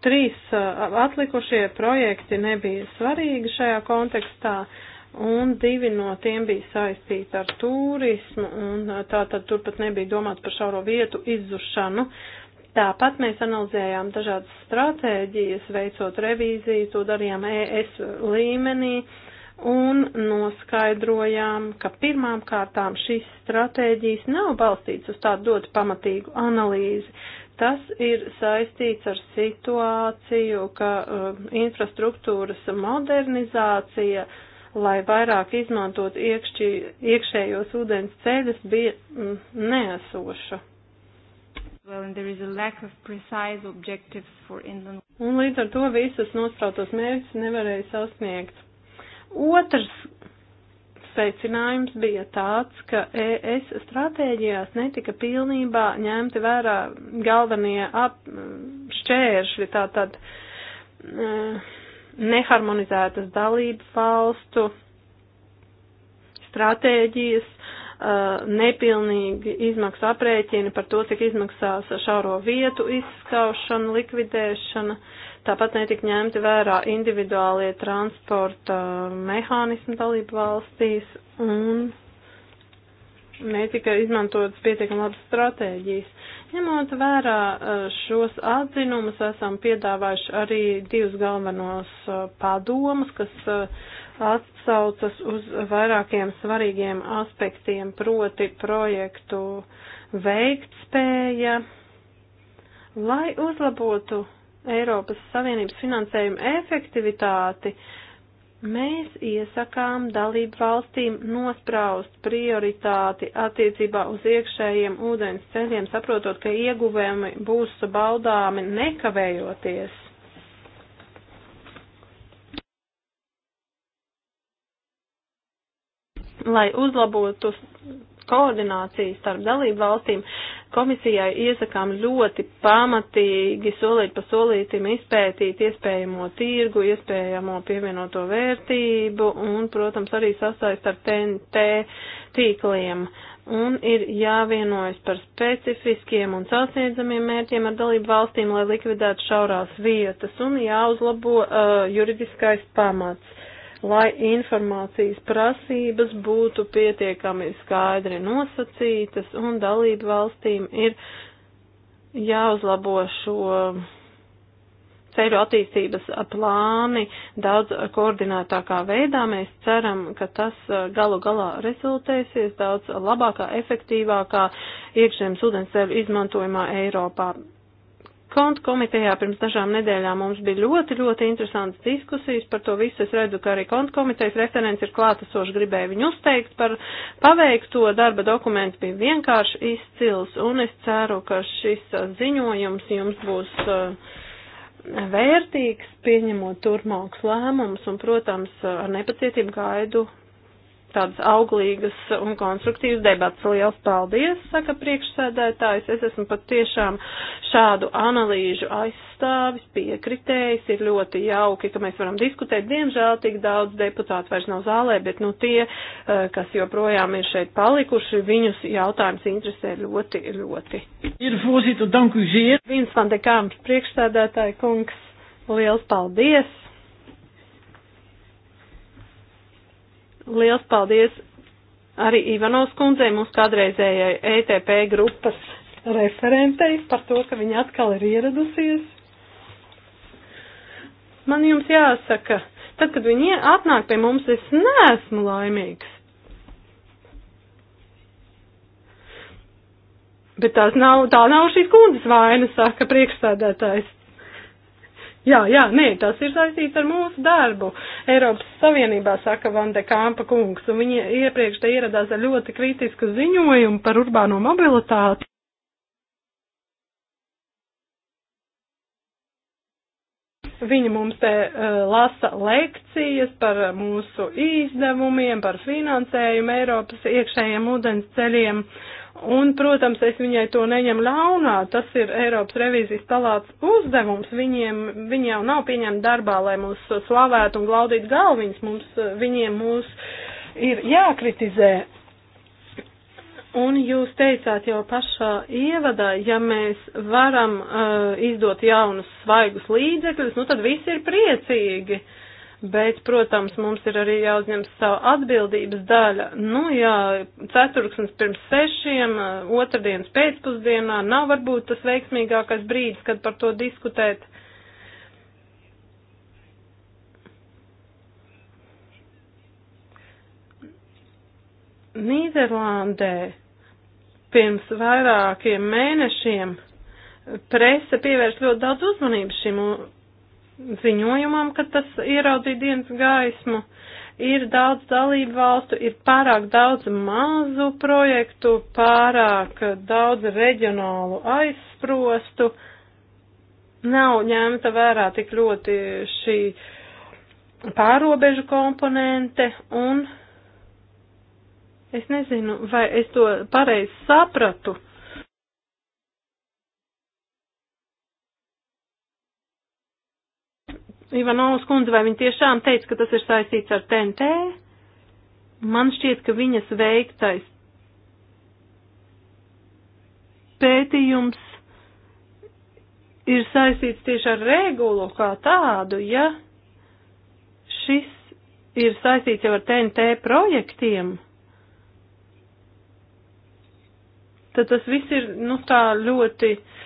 Speaker 3: trīs uh, atlikušie projekti nebija svarīgi šajā kontekstā, un divi no tiem bija saistīti ar turismu, un uh, tā tad turpat nebija domāts par šauro vietu izzušanu. Tāpat mēs analizējām dažādas stratēģijas, veicot revīziju, to darījām ES līmenī, un noskaidrojām, ka pirmām kārtām šīs stratēģijas nav balstīts uz tādu ļoti pamatīgu analīzi. Tas ir saistīts ar situāciju, ka uh, infrastruktūras modernizācija, lai vairāk izmantot iekšķi, iekšējos ūdens ceļus, bija mm, neesoša. Well, inland... Un līdz ar to visas nosprautos mērķus nevarēja sasniegt. Otrs secinājums bija tāds, ka ES stratēģijās netika pilnībā ņemti vērā galvenie ap, šķēršļi, tātad e, neharmonizētas dalību valstu stratēģijas, e, nepilnīgi izmaksu aprēķini par to, cik izmaksās šauro vietu izskaušana, likvidēšana. Uh, Tāpat netika ņemti vērā individuālie transporta mehānismi dalību valstīs un netika izmantotas pietiekami labas stratēģijas. Ņemot vērā e, šos atzinumus, esam piedāvājuši arī divus galvenos e, padomus, kas e, atsaucas uz vairākiem svarīgiem aspektiem, proti projektu veiktspēja, lai uzlabotu Eiropas Savienības finansējuma efektivitāti, mēs iesakām dalību valstīm nospraust prioritāti attiecībā uz iekšējiem ūdens ceļiem, saprotot, ka ieguvējumi būs baudāmi nekavējoties. Lai uzlabotu koordināciju starp dalību valstīm, Komisijai iesakām ļoti pamatīgi, solīt pa solītim izpētīt iespējamo tirgu, iespējamo pievienoto vērtību un, protams, arī sasaist ar TNT tīkliem. Un ir jāvienojas par specifiskiem un sasniedzamiem mērķiem ar dalību valstīm, lai likvidētu šaurās vietas un jāuzlabo uh, juridiskais pamats lai informācijas prasības būtu pietiekami skaidri nosacītas un dalību valstīm ir jāuzlabo šo ceļu attīstības plāni daudz koordinētākā veidā. Mēs ceram, ka tas uh, galu galā rezultēsies daudz labākā, efektīvākā iekšzemes ūdensceļu izmantojumā Eiropā. Kontu komitejā pirms dažām nedēļām mums bija ļoti, ļoti interesantas diskusijas par to visu. Es redzu, ka arī kontu komitejas referents ir klātesoši, gribēju viņu uzteikt par paveikto. Darba dokuments bija vienkārši izcils, un es ceru, ka šis ziņojums jums būs uh, vērtīgs, pieņemot turmākus lēmumus, un, protams, ar nepacietību gaidu tādas auglīgas un konstruktīvas debatas. Liels paldies, saka priekšsēdētājs. Es esmu pat tiešām šādu analīžu aizstāvis, piekritējis. Ir ļoti jauki, ka mēs varam diskutēt. Diemžēl tik daudz deputātu vairs nav zālē, bet nu tie, eh, kas joprojām ir šeit palikuši, viņus jautājums interesē ļoti, ļoti. Ir fūzītu, danku ziet. Vins van de Kāms, priekšsēdētāja kungs, liels paldies! Liels paldies arī Ivanovs kundzei, mūsu kādreizējai ETP grupas referentei par to, ka viņa atkal ir ieradusies. Man jums jāsaka, tad, kad viņi atnāk pie mums, es neesmu laimīgs. Bet tās nav, tā nav šīs kundzes vaina, saka priekšsēdētājs. Jā, jā, nē, tas ir saistīts ar mūsu darbu. Eiropas Savienībā saka Vande Kāmpa kungs, un viņi iepriekš te ieradās ar ļoti kritisku ziņojumu par urbāno mobilitāti. Viņa mums te uh, lasa lekcijas par mūsu izdevumiem, par finansējumu Eiropas iekšējiem ūdens ceļiem. Uh, Un, protams, es viņai to neņemu ļaunā, tas ir Eiropas revīzijas palāts uzdevums, viņiem, viņi jau nav pieņemti darbā, lai mūs slavētu un glaudītu galviņas, mums, viņiem mūs ir jākritizē. Un jūs teicāt jau pašā ievadā, ja mēs varam uh, izdot jaunus svaigus līdzekļus, nu tad visi ir priecīgi. Uh, Bet, protams, mums ir arī jāuzņem savu atbildības daļa. Nu jā, ceturksnis pirms sešiem, otrdienas pēcpusdienā nav varbūt tas veiksmīgākais brīdis, kad par to diskutēt. Nīderlandē pirms vairākiem mēnešiem prese pievērš ļoti daudz uzmanības šim ziņojumam, ka tas ieraudzīja dienas gaismu. Ir daudz dalību valstu, ir pārāk daudz mazu projektu, pārāk daudz reģionālu aizsprostu. Nav ņemta vērā tik ļoti šī pārobežu komponente un es nezinu, vai es to pareizi sapratu Ivanovas kundze, vai viņa tiešām teica, ka tas ir saistīts ar TNT? Man šķiet, ka viņas veiktais pētījums ir saistīts tieši ar regulu kā tādu, ja šis ir saistīts jau ar TNT projektiem, tad tas viss ir, nu, tā ļoti uh,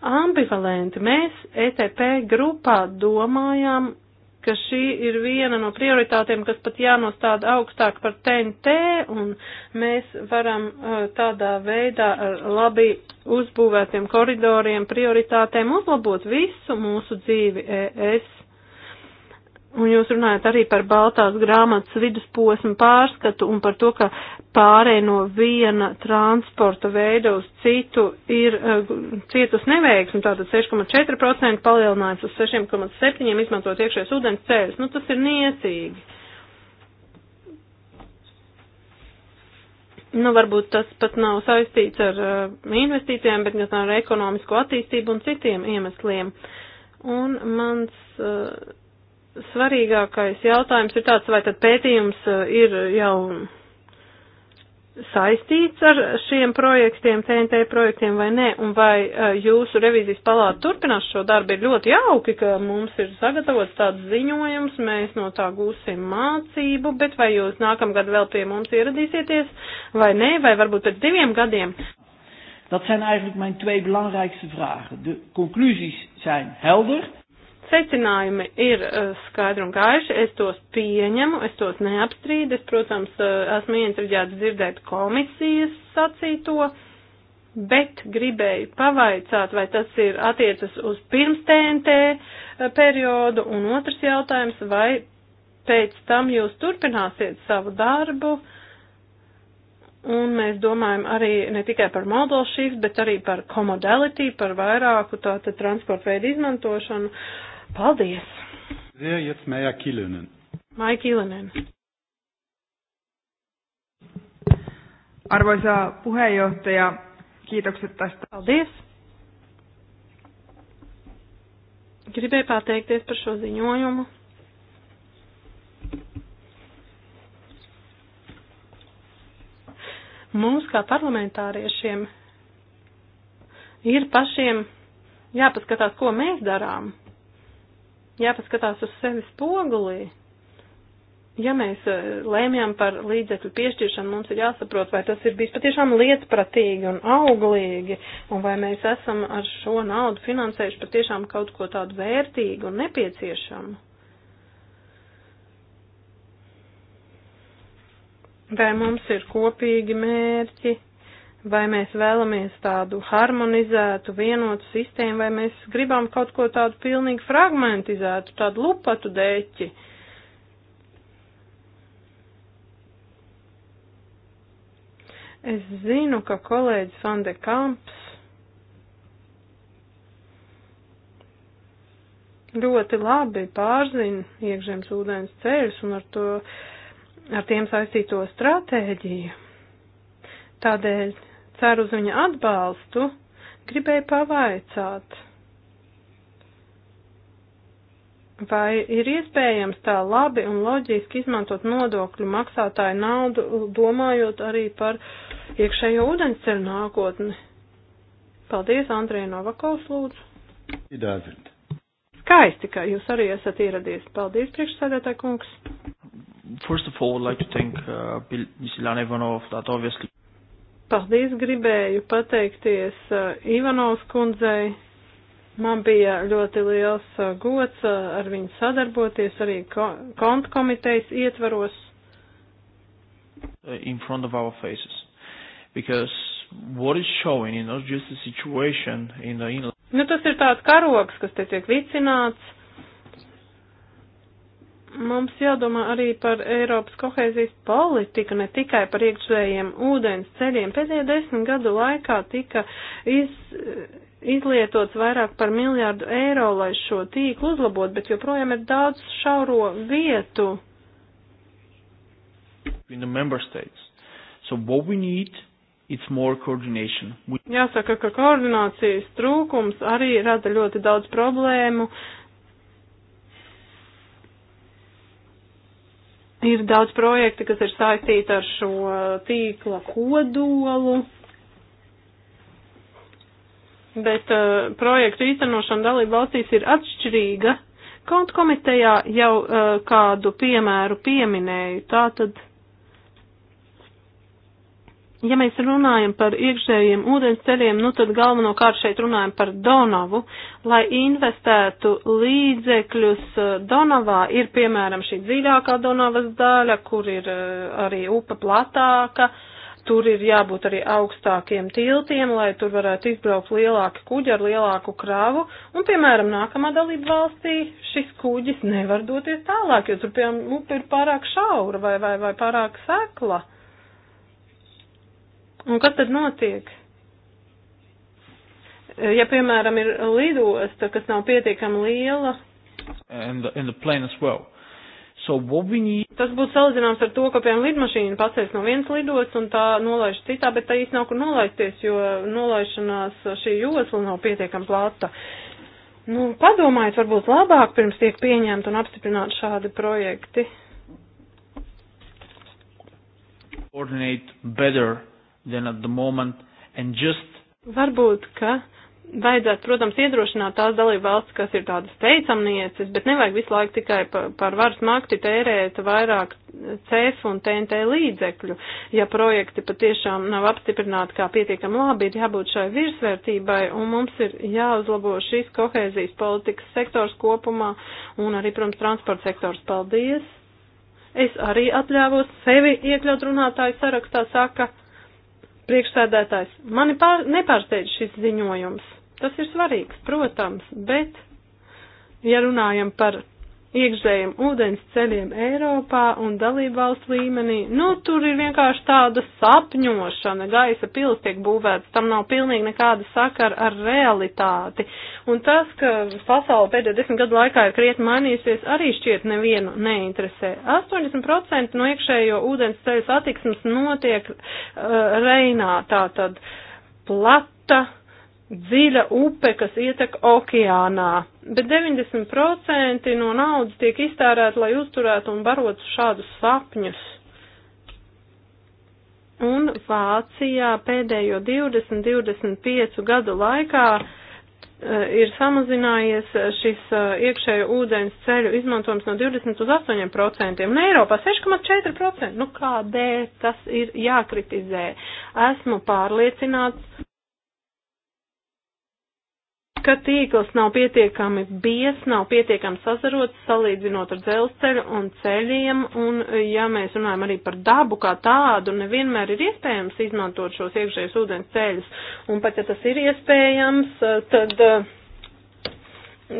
Speaker 3: ambivalenti. Mēs ETP grupā domājām, ka šī ir viena no prioritātēm, kas pat jānostāda augstāk par TNT, un mēs varam eh, tādā veidā ar labi uzbūvētiem koridoriem prioritātēm uzlabot visu mūsu dzīvi ES. Un jūs runājat arī par Baltās grāmatas vidusposmu pārskatu un par to, ka pārēj no viena transporta veida uz citu ir uh, eh, cietus neveiksmi, tātad 6,4% palielinājums uz 6,7% izmantot iekšējais ūdens ceļus. Nu, tas ir niecīgi. Nu, varbūt tas pat nav saistīts ar uh, investīcijām, bet gan ar ekonomisko attīstību un citiem iemesliem. Un mans. Uh, svarīgākais jautājums ir tāds, vai tad pētījums uh, ir jau saistīts ar šiem projektiem, TNT projektiem vai nē, un vai uh, jūsu revīzijas palāta turpinās šo darbu, ir ļoti jauki, ka mums ir sagatavots tāds ziņojums, mēs no tā gūsim mācību, bet vai jūs nākamgad vēl pie mums ieradīsieties vai nē, vai varbūt pēc diviem gadiem?
Speaker 5: Dat zijn eigenlijk mijn twee belangrijkste vragen. De conclusies zijn helder.
Speaker 3: Secinājumi ir uh, skaidri un gaiši, es tos pieņemu, es tos neapstrīdu, es, protams, uh, esmu ieinteresēts dzirdēt komisijas sacīto, bet gribēju pavaicāt, vai tas ir attiecas uz pirms TNT eh, periodu, un otrs jautājums, vai pēc tam jūs turpināsiet savu darbu, un mēs domājam arī ne tikai par model shift, bet arī par commodality, par vairāku tātad transporta veidu izmantošanu. Uh, Paldies!
Speaker 2: Sehr jetzt Maija Kilönen.
Speaker 3: Maija Kilönen. Arvoisa puheenjohtaja, kiitokset tästä. Paldies! Gribēju pateikties par šo ziņojumu. Mums kā parlamentāriešiem ir pašiem jāpaskatās, ko mēs darām jāpaskatās uz sevi spogulī. Ja mēs eh, lēmjam par līdzekļu piešķiršanu, mums ir jāsaprot, vai tas ir bijis patiešām lietpratīgi un auglīgi, un vai mēs esam ar šo naudu finansējuši patiešām kaut ko tādu vērtīgu un nepieciešamu. Vai mums ir kopīgi mērķi, vai mēs vēlamies tādu harmonizētu, vienotu sistēmu, vai mēs gribam kaut ko tādu pilnīgi fragmentizētu, tādu lupatu dēķi. Es zinu, ka kolēģis Fande Kamps ļoti labi pārzina iekšzemes ūdens ceļus un ar, to, ar tiem saistīto stratēģiju. Tādēļ ceru uz viņa atbalstu, gribēju pavaicāt, vai ir iespējams tā labi un loģiski izmantot nodokļu maksātāju naudu, domājot arī par iekšējo ūdensceļu nākotni. Paldies, Andrija Novakovs, lūdzu. Idāzint. Skaisti, ka jūs arī esat ieradies. Paldies, priekšsēdētāj kungs.
Speaker 5: First of all, would like to thank uh, Bill, Ms. Ilan Ivanov that obviously
Speaker 3: Paldies, gribēju pateikties eh, Ivanovs kundzei. Man bija ļoti liels eh, gods eh, ar viņu sadarboties arī konta komitejas ietvaros.
Speaker 4: In front of our faces. Because what is showing in not just the situation in the inland.
Speaker 3: Nu, tas ir tāds karoks, kas te tiek vicināts. Mums jādomā arī par Eiropas kohēzijas politiku, ne tikai par iekšējiem ūdens ceļiem. Pēdējā desmit gadu laikā tika iz, izlietots vairāk par miljārdu eiro, lai šo tīklu uzlabot, bet joprojām ir daudz šauro vietu. So Jāsaka, ka koordinācijas trūkums arī rada ļoti daudz problēmu. Uh, Ir daudz projekti, kas ir saistīti ar šo tīkla kodolu, bet uh, projektu īstenošana dalība valstīs ir atšķirīga. Kaut komitejā jau uh, kādu piemēru pieminēju, tā tad ja mēs runājam par iekšējiem ūdensceļiem, nu tad galvenokārt šeit runājam par Donavu. Lai investētu līdzekļus eh, Donavā, ir piemēram šī dziļākā Donavas daļa, kur ir eh, arī upa platāka, tur ir jābūt arī augstākiem tiltiem, lai tur varētu izbraukt lielāki kuģi ar lielāku kravu, un, piemēram, nākamā dalība valstī šis kuģis nevar doties tālāk, jo tur, piemēram, upe ir pārāk šaura vai, vai, vai pārāk sekla. Uh, Un kas tad notiek? E, ja, piemēram, ir lidosta, kas nav pietiekami liela. And the, and the plane as well. So what we need... Tas būtu salīdzināms ar to, ka, piemēram, lidmašīna pasēs no vienas lidos un tā nolaiž citā, bet tā īsti nav kur nolaisties, jo nolaišanās šī josla nav pietiekami plata. Nu, padomājiet, varbūt labāk pirms tiek pieņemt un apstiprināt šādi projekti.
Speaker 4: Coordinate better than at the moment and just.
Speaker 3: Varbūt, ka vajadzētu, protams, iedrošināt tās dalību valsts, kas ir tādas teicamnieces, bet nevajag visu laiku tikai par, par varas makti tērēt vairāk CEF un TNT līdzekļu. Ja projekti patiešām nav apstiprināti kā pietiekam labi, ir jābūt šai virsvērtībai, un mums ir jāuzlabo šīs kohēzijas politikas sektors kopumā, un arī, protams, transporta sektors. Paldies! Es arī atļāvos sevi iekļaut runātāju sarakstā, saka Priekšsēdētājs, mani pār, nepārsteidz šis ziņojums. Tas ir svarīgs, protams, bet, ja runājam par iekšējiem ūdens ceļiem Eiropā un dalībvalstu līmenī, nu, tur ir vienkārši tāda sapņošana, gaisa pils tiek būvēts, tam nav pilnīgi nekāda sakara ar realitāti. Un tas, ka pasauli pēdējo desmit gadu laikā ir krietni mainījusies, arī šķiet nevienu neinteresē. 80% no iekšējo ūdens ceļu satiksmes notiek uh, Reinā, tātad plata dziļa upe, kas ietek okeānā, bet 90% no naudas tiek iztērēta, lai uzturētu un barotu šādus sapņus. Un Vācijā pēdējo 20-25 gadu laikā eh, ir samazinājies šis eh, iekšējo ūdens ceļu izmantojums no 20 uz 8%, un Eiropā 6,4%. Nu kādēļ tas ir jākritizē? Esmu pārliecināts ka tīkls nav pietiekami bies, nav pietiekami sazarots, salīdzinot ar dzelzceļu un ceļiem, un ja mēs runājam arī par dabu kā tādu, nevienmēr ir iespējams izmantot šos iekšējos ūdens ceļus, un pat ja tas ir iespējams, tad. Uh,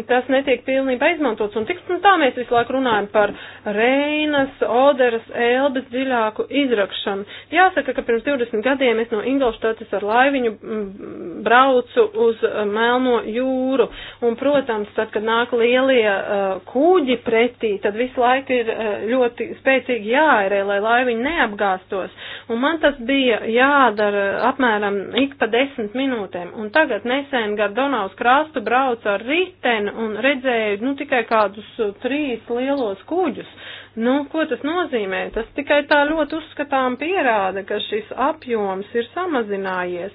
Speaker 3: tas netiek pilnībā izmantots. Un tik un nu, tā mēs visu laiku runājam par Reinas, Oderas, Elbas dziļāku izrakšanu. Jāsaka, ka pirms 20 gadiem es no Ingolštates ar laiviņu mm, braucu uz eh, Melno jūru. Un, protams, tad, kad nāk lielie uh, kūģi pretī, tad visu laiku ir uh, ļoti spēcīgi jāērē, lai laiviņi neapgāstos. Un man tas bija jādara apmēram ik pa desmit minūtēm. Un tagad nesen gar Donavas krastu braucu ar riteni nesen un redzēju, nu, tikai kādus uh, trīs lielos kuģus. Nu, ko tas nozīmē? Tas tikai tā ļoti uzskatām pierāda, ka šis apjoms ir samazinājies.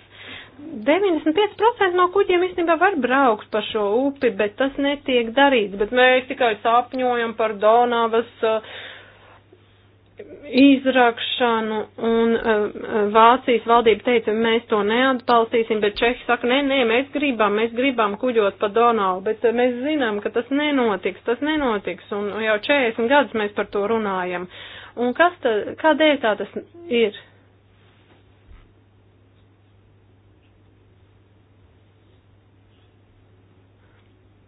Speaker 3: 95% no kuģiem īstenībā var braukt pa šo upi, bet tas netiek darīts, bet mēs tikai sapņojam par Donavas uh, izrakšanu, un e, e, Vācijas valdība teica, mēs to neatbalstīsim, bet Čehi saka, nē, nē, mēs gribam, mēs gribam kuģot pa Donalu, bet e, mēs zinām, ka tas nenotiks, tas nenotiks, un jau 40 gadus mēs par to runājam. Un kas tad, kādēļ tā tas ir?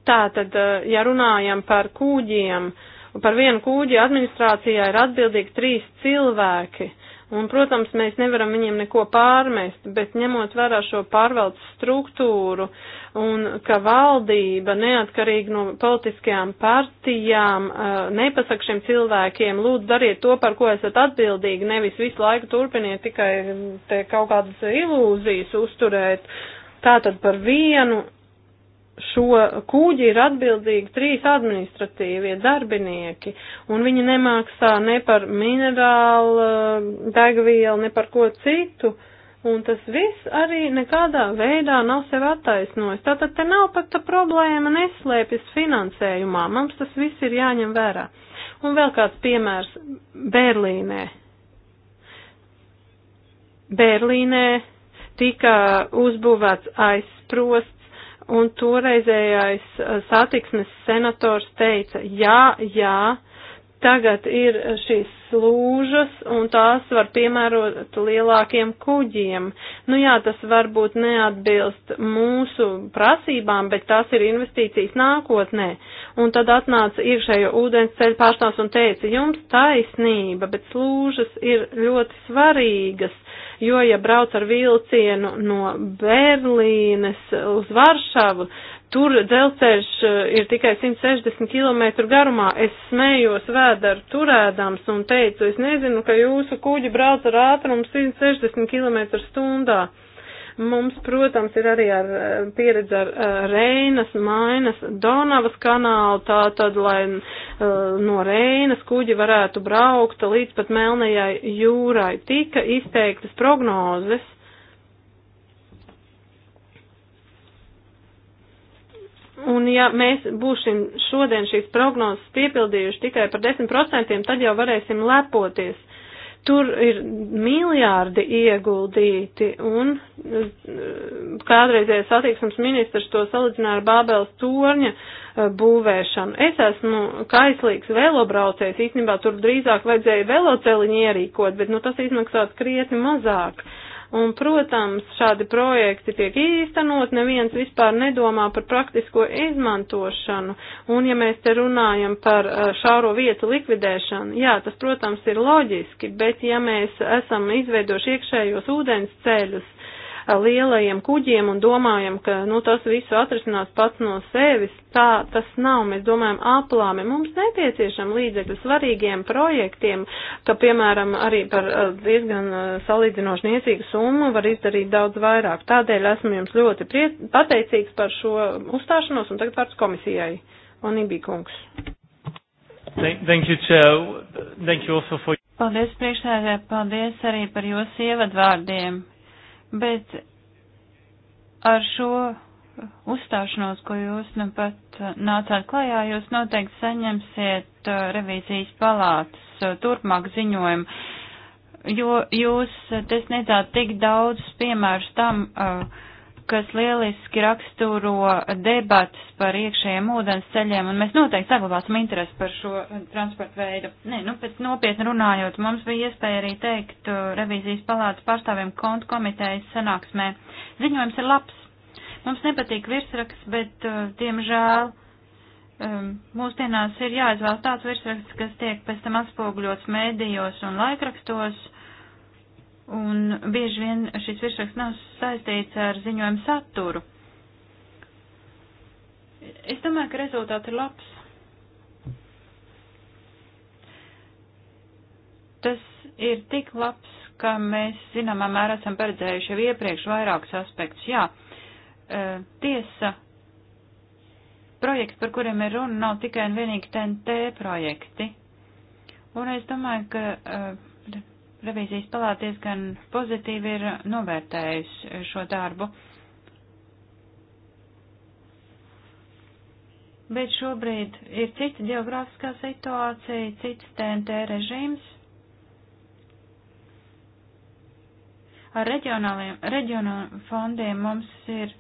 Speaker 3: Tātad, ja runājam par kūģiem, uh, Par vienu kūģi administrācijā ir atbildīgi trīs cilvēki. Un, protams, mēs nevaram viņiem neko pārmest, bet ņemot vērā šo pārvaldes struktūru un ka valdība neatkarīgi no politiskajām partijām eh, nepasaka šiem cilvēkiem, lūdzu, dariet to, par ko esat atbildīgi, nevis visu laiku turpiniet tikai te kaut kādas ilūzijas uzturēt. Tātad par vienu šo kūģi ir atbildīgi trīs administratīvie darbinieki, un viņi nemaksā ne par minerālu eh, degvielu, ne par ko citu, un tas viss arī nekādā veidā nav sev attaisnojis. Tātad te nav pat tā problēma neslēpjas finansējumā, mums tas viss ir jāņem vērā. Un vēl kāds piemērs Berlīnē. Berlīnē tika uzbūvēts aizsprosts un toreizējais eh, satiksmes senators teica, jā, jā, tagad ir šīs slūžas, un tās var piemērot lielākiem kuģiem. Nu jā, tas varbūt neatbilst mūsu prasībām, bet tās ir investīcijas nākotnē. Un tad atnāca iekšējo ūdens ceļu pārstāvs un teica, jums taisnība, bet slūžas ir ļoti svarīgas jo, ja brauc ar vilcienu no Berlīnes uz Varšavu, tur dzelceļš eh, ir tikai 160 km garumā. Es smējos vēdaru turēdams un teicu, es nezinu, ka jūsu kuģi brauc ar ātrumu 160 km stundā. Mums, protams, ir arī ar, eh, pieredze ar eh, Reinas, Mainas, Donavas kanālu, tā tad, lai eh, no Reinas kuģi varētu braukt līdz pat Melnajai jūrai. Tika izteiktas prognozes. Un ja mēs būsim šodien šīs prognozes piepildījuši tikai par 10%, tad jau varēsim lepoties. Tur ir miljārdi ieguldīti, un eh, kādreizējais attieksmes ministrs to salīdzināja ar Bābeles torņa eh, būvēšanu. Es esmu kaislīgs velobraucējs, īstenībā tur drīzāk vajadzēja veloceliņu ierīkot, bet nu, tas izmaksās krietni mazāk. Uh, Un, protams, šādi projekti tiek īstenot, neviens vispār nedomā par praktisko izmantošanu. Un, ja mēs te runājam par eh, šāro vietu likvidēšanu, jā, tas, protams, ir loģiski, bet ja mēs esam izveidojuši iekšējos ūdens ceļus, lielajiem kuģiem un domājam, ka nu, tas visu atrisinās pats no sevis. Tā tas nav. Mēs domājam aplāmi. Mums nepieciešam līdzekļu svarīgiem projektiem, ka, piemēram, arī par uh, diezgan uh, salīdzinoši niecīgu summu var izdarīt daudz vairāk. Tādēļ esmu jums ļoti priec, pateicīgs par šo uzstāšanos un tagad vārds komisijai. Un Ibikungs.
Speaker 2: Thank you, Chair. Thank you also for.
Speaker 5: Paldies priekšsēdē, paldies arī par jūsu ievadvārdiem bet ar šo uzstāšanos, ko jūs nu pat nācāt klajā, jūs noteikti saņemsiet uh, revīzijas palātas uh, turpmāk ziņojumu, jo jūs uh, te sniedzāt tik daudz piemērus tam, uh, kas lieliski raksturo debatas par iekšējiem ūdens ceļiem, un mēs noteikti saglabāsim interesi par šo eh, transportu veidu. Nē, nu, pēc nopietni runājot, mums bija iespēja arī teikt eh, revīzijas palātas pārstāvjiem kontu komitejas sanāksmē. Ziņojums ir labs. Mums nepatīk virsraksts, bet, eh, diemžēl, ehm, mūsdienās ir jāizvēlas tāds virsraksts, kas tiek pēc tam atspoguļots mēdījos un laikrakstos Un bieži vien šis virsraksts nav saistīts ar ziņojumu saturu. Es domāju, ka rezultāts ir labs. Tas ir tik labs, ka mēs zināmā mērā esam paredzējuši jau iepriekš vairākus aspektus. Jā, e, tiesa, projekts, par kuriem ir runa, nav tikai un vienīgi TNT projekti. Un es domāju, ka e, revīzijas palāta diezgan pozitīvi ir novērtējusi šo darbu. Bet šobrīd ir cita geogrāfiskā situācija, cits TNT režīms. Ar reģionāliem reģionu fondiem mums ir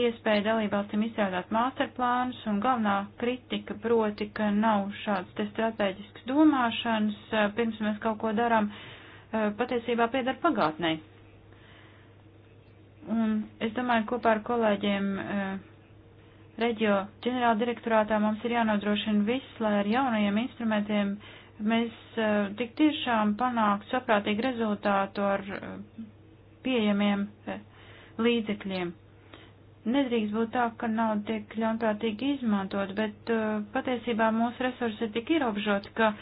Speaker 5: iespēja dalībvalstīm izstrādāt masterplānus, un galvenā kritika proti, ka nav šāds te strateģisks domāšanas, eh, pirms mēs kaut ko darām, uh, Eh, patiesībā piedara pagātnē. Un es domāju, kopā ar kolēģiem eh, reģio ģenerāla direktorātā mums ir jānodrošina viss, lai ar jaunajiem instrumentiem mēs eh, tik tiešām panāktu saprātīgu rezultātu ar pieejamiem līdzekļiem. Nedrīkst būt tā, ka nauda tiek ļaunprātīgi izmantot, bet uh, patiesībā mūsu resursi ir tik ierobežoti, ka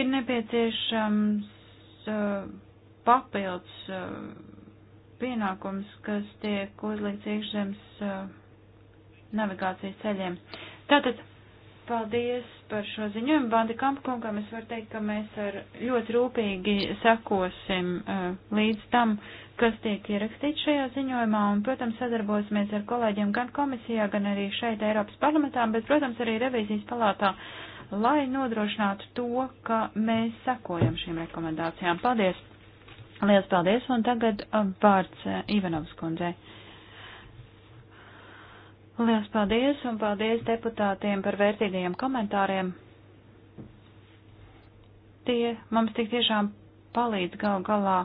Speaker 5: ir nepieciešams uh, papildus uh, pienākums, kas tiek uzlikts iekšzemes uh, navigācijas ceļiem. Tātad, paldies par šo ziņojumu, Bandi Kampkungam. Es varu teikt, ka mēs ar ļoti rūpīgi sekosim uh, līdz tam, kas tiek ierakstīts šajā ziņojumā, un, protams, sadarbosimies ar kolēģiem gan komisijā, gan arī šeit Eiropas parlamentā, bet, protams, arī revīzijas palātā. Uh, lai nodrošinātu to, ka mēs sekojam šīm rekomendācijām. Paldies! Liels paldies! Un tagad uh, vārds uh, Ivanovs kundzei. Liels paldies un paldies deputātiem par vērtīgajiem komentāriem. Tie mums tik tiešām palīdz gal galā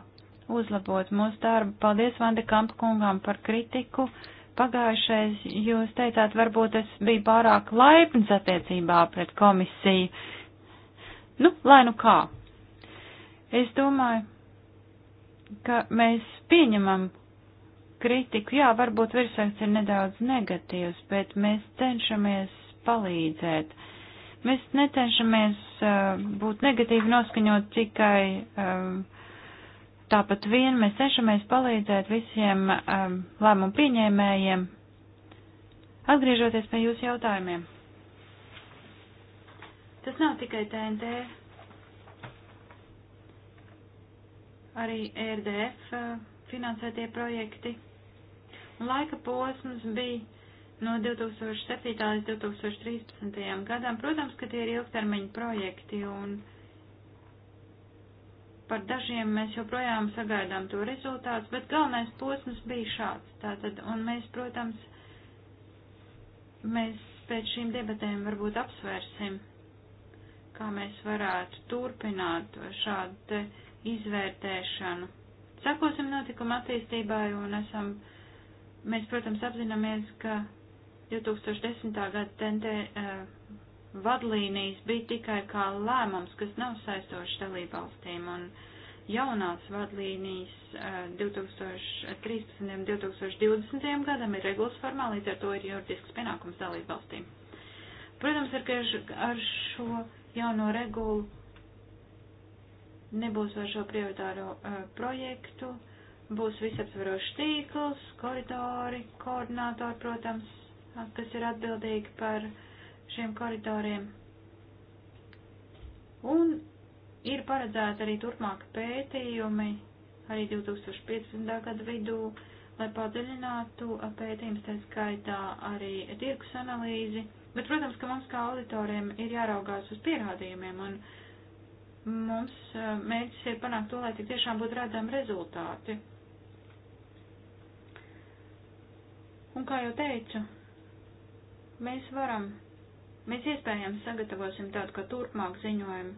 Speaker 5: uzlabot mūsu darbu. Paldies Vande Kampa kungām par kritiku. Uh, Pagājušais jūs teicāt, varbūt es biju pārāk laipns attiecībā pret komisiju. Nu, lai nu kā. Es domāju, ka mēs pieņemam kritiku. Jā, varbūt virsraksts ir nedaudz negatīvs, bet mēs cenšamies palīdzēt. Mēs necenšamies uh, būt negatīvi noskaņot tikai uh, Tāpat vien mēs cenšamies palīdzēt visiem um, lēmumu pieņēmējiem. Atgriežoties pie jūsu jautājumiem. Tas nav tikai TNT. Arī ERDF uh, finansētie projekti. Laika posms bija no 2007. līdz 2013. gadam. Protams, ka tie ir ilgtermiņa projekti un par dažiem mēs joprojām sagaidām to rezultātu, bet galvenais posms bija šāds. Tātad, un mēs, protams, mēs pēc šīm debatēm varbūt apsvērsim, kā mēs varētu turpināt šādu izvērtēšanu. Sakosim notikuma attīstībai un esam, mēs, protams, apzināmies, ka 2010. gada tendē. Uh, vadlīnijas bija tikai kā lēmums, kas nav saistošs dalībvalstīm, un jaunās vadlīnijas 2013. Eh, un 2020. gadam ir regulas formā, līdz ar to ir juridisks pienākums dalībvalstīm. Protams, ar, ar šo jauno regulu nebūs vairs šo prioritāro uh, projektu, būs visaptverošs tīkls, koridori, koordinātori, protams, kas ir atbildīgi par uh, šiem koridoriem. Un ir paredzēta arī turpmāk pētījumi arī 2015. gada vidū, lai padziļinātu pētījums, tā skaitā arī tirkus analīzi. Bet, protams, ka mums kā auditoriem ir jāraugās uz pierādījumiem, un mums eh, mērķis ir panākt to, lai tik tiešām būtu redzami rezultāti. Un kā jau teicu, mēs varam Mēs iespējams sagatavosim tādu kā turpmāk ziņojumu.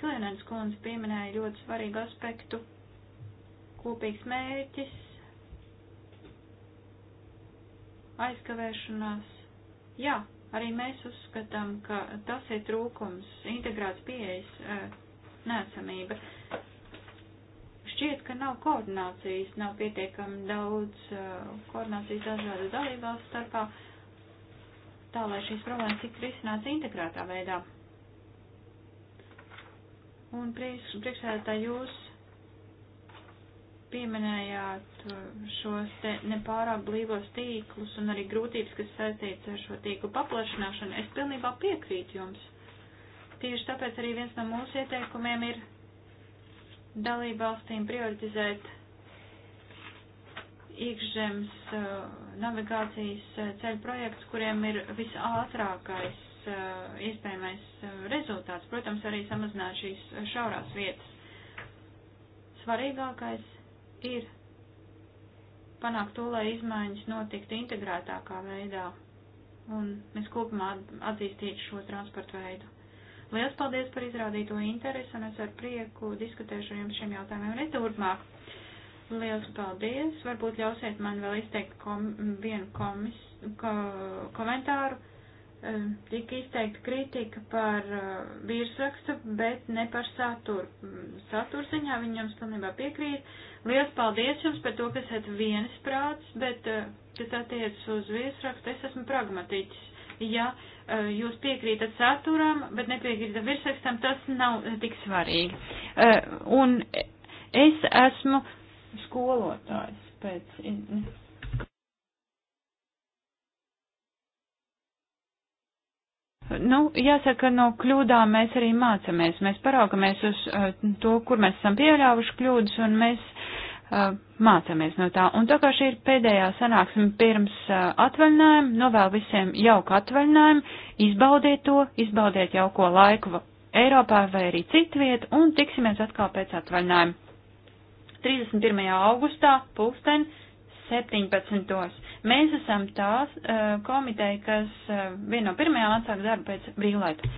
Speaker 5: Klienēns kundze pieminēja ļoti svarīgu aspektu - kopīgs mērķis, aizkavēšanās. Jā, arī mēs uzskatām, ka tas ir trūkums, integrēts pieejas e, nesamība. Šķiet, ka nav koordinācijas, nav pietiekami daudz e, koordinācijas dažādu dalībvalstu starpā. Uh, tā, lai šīs problēmas tiktu risināts integrētā veidā. Un priekš, priekšsēdētā jūs pieminējāt uh, šos te nepārāk blīvos tīklus un arī grūtības, kas saistīts ar šo tīklu paplašināšanu. Es pilnībā piekrītu jums. Tieši tāpēc arī viens no mūsu ieteikumiem ir dalībvalstīm prioritizēt iekšzemes uh, navigācijas uh, ceļu projekts, kuriem ir visātrākais uh, iespējamais rezultāts. Protams, arī samazināt šīs šaurās vietas. Svarīgākais ir panākt to, lai izmaiņas notiktu integrētākā veidā un mēs kopumā atzīstītu šo transportu veidu. Lielas paldies par izrādīto interesi un es ar prieku diskutēšu ar jums šiem jautājumiem arī turpmāk. Liels paldies! Varbūt ļausiet man vēl izteikt kom, vienu komis, ko, komentāru. Tika izteikta kritika par eh, virsrakstu, bet ne par saturu. Satura ziņā viņi jums pilnībā piekrīt. Liels paldies jums par to, ka esat vienas prāts, bet eh, kas attiecas uz virsrakstu, es esmu pragmatiķis. Ja eh, jūs piekrītat saturam, bet nepiekrītat virsrakstam, tas nav tik svarīgi. Un es esmu skolotājs pēc. Nu, jāsaka, no kļūdām mēs arī mācamies. Mēs paraugamies uz uh, to, kur mēs esam pieļāvuši kļūdas, un mēs uh, mācamies no tā. Un tā kā šī ir pēdējā sanāksme pirms uh, atvaļinājuma, novēl visiem jauku atvaļinājumu, izbaudiet to, izbaudiet jauko laiku Eiropā vai arī citviet, un tiksimies atkal pēc atvaļinājuma. 31. augustā pulksten 17. Mēs esam tās uh, komiteja, kas uh, viena no pirmajām atsāk darbu pēc brīvlaika.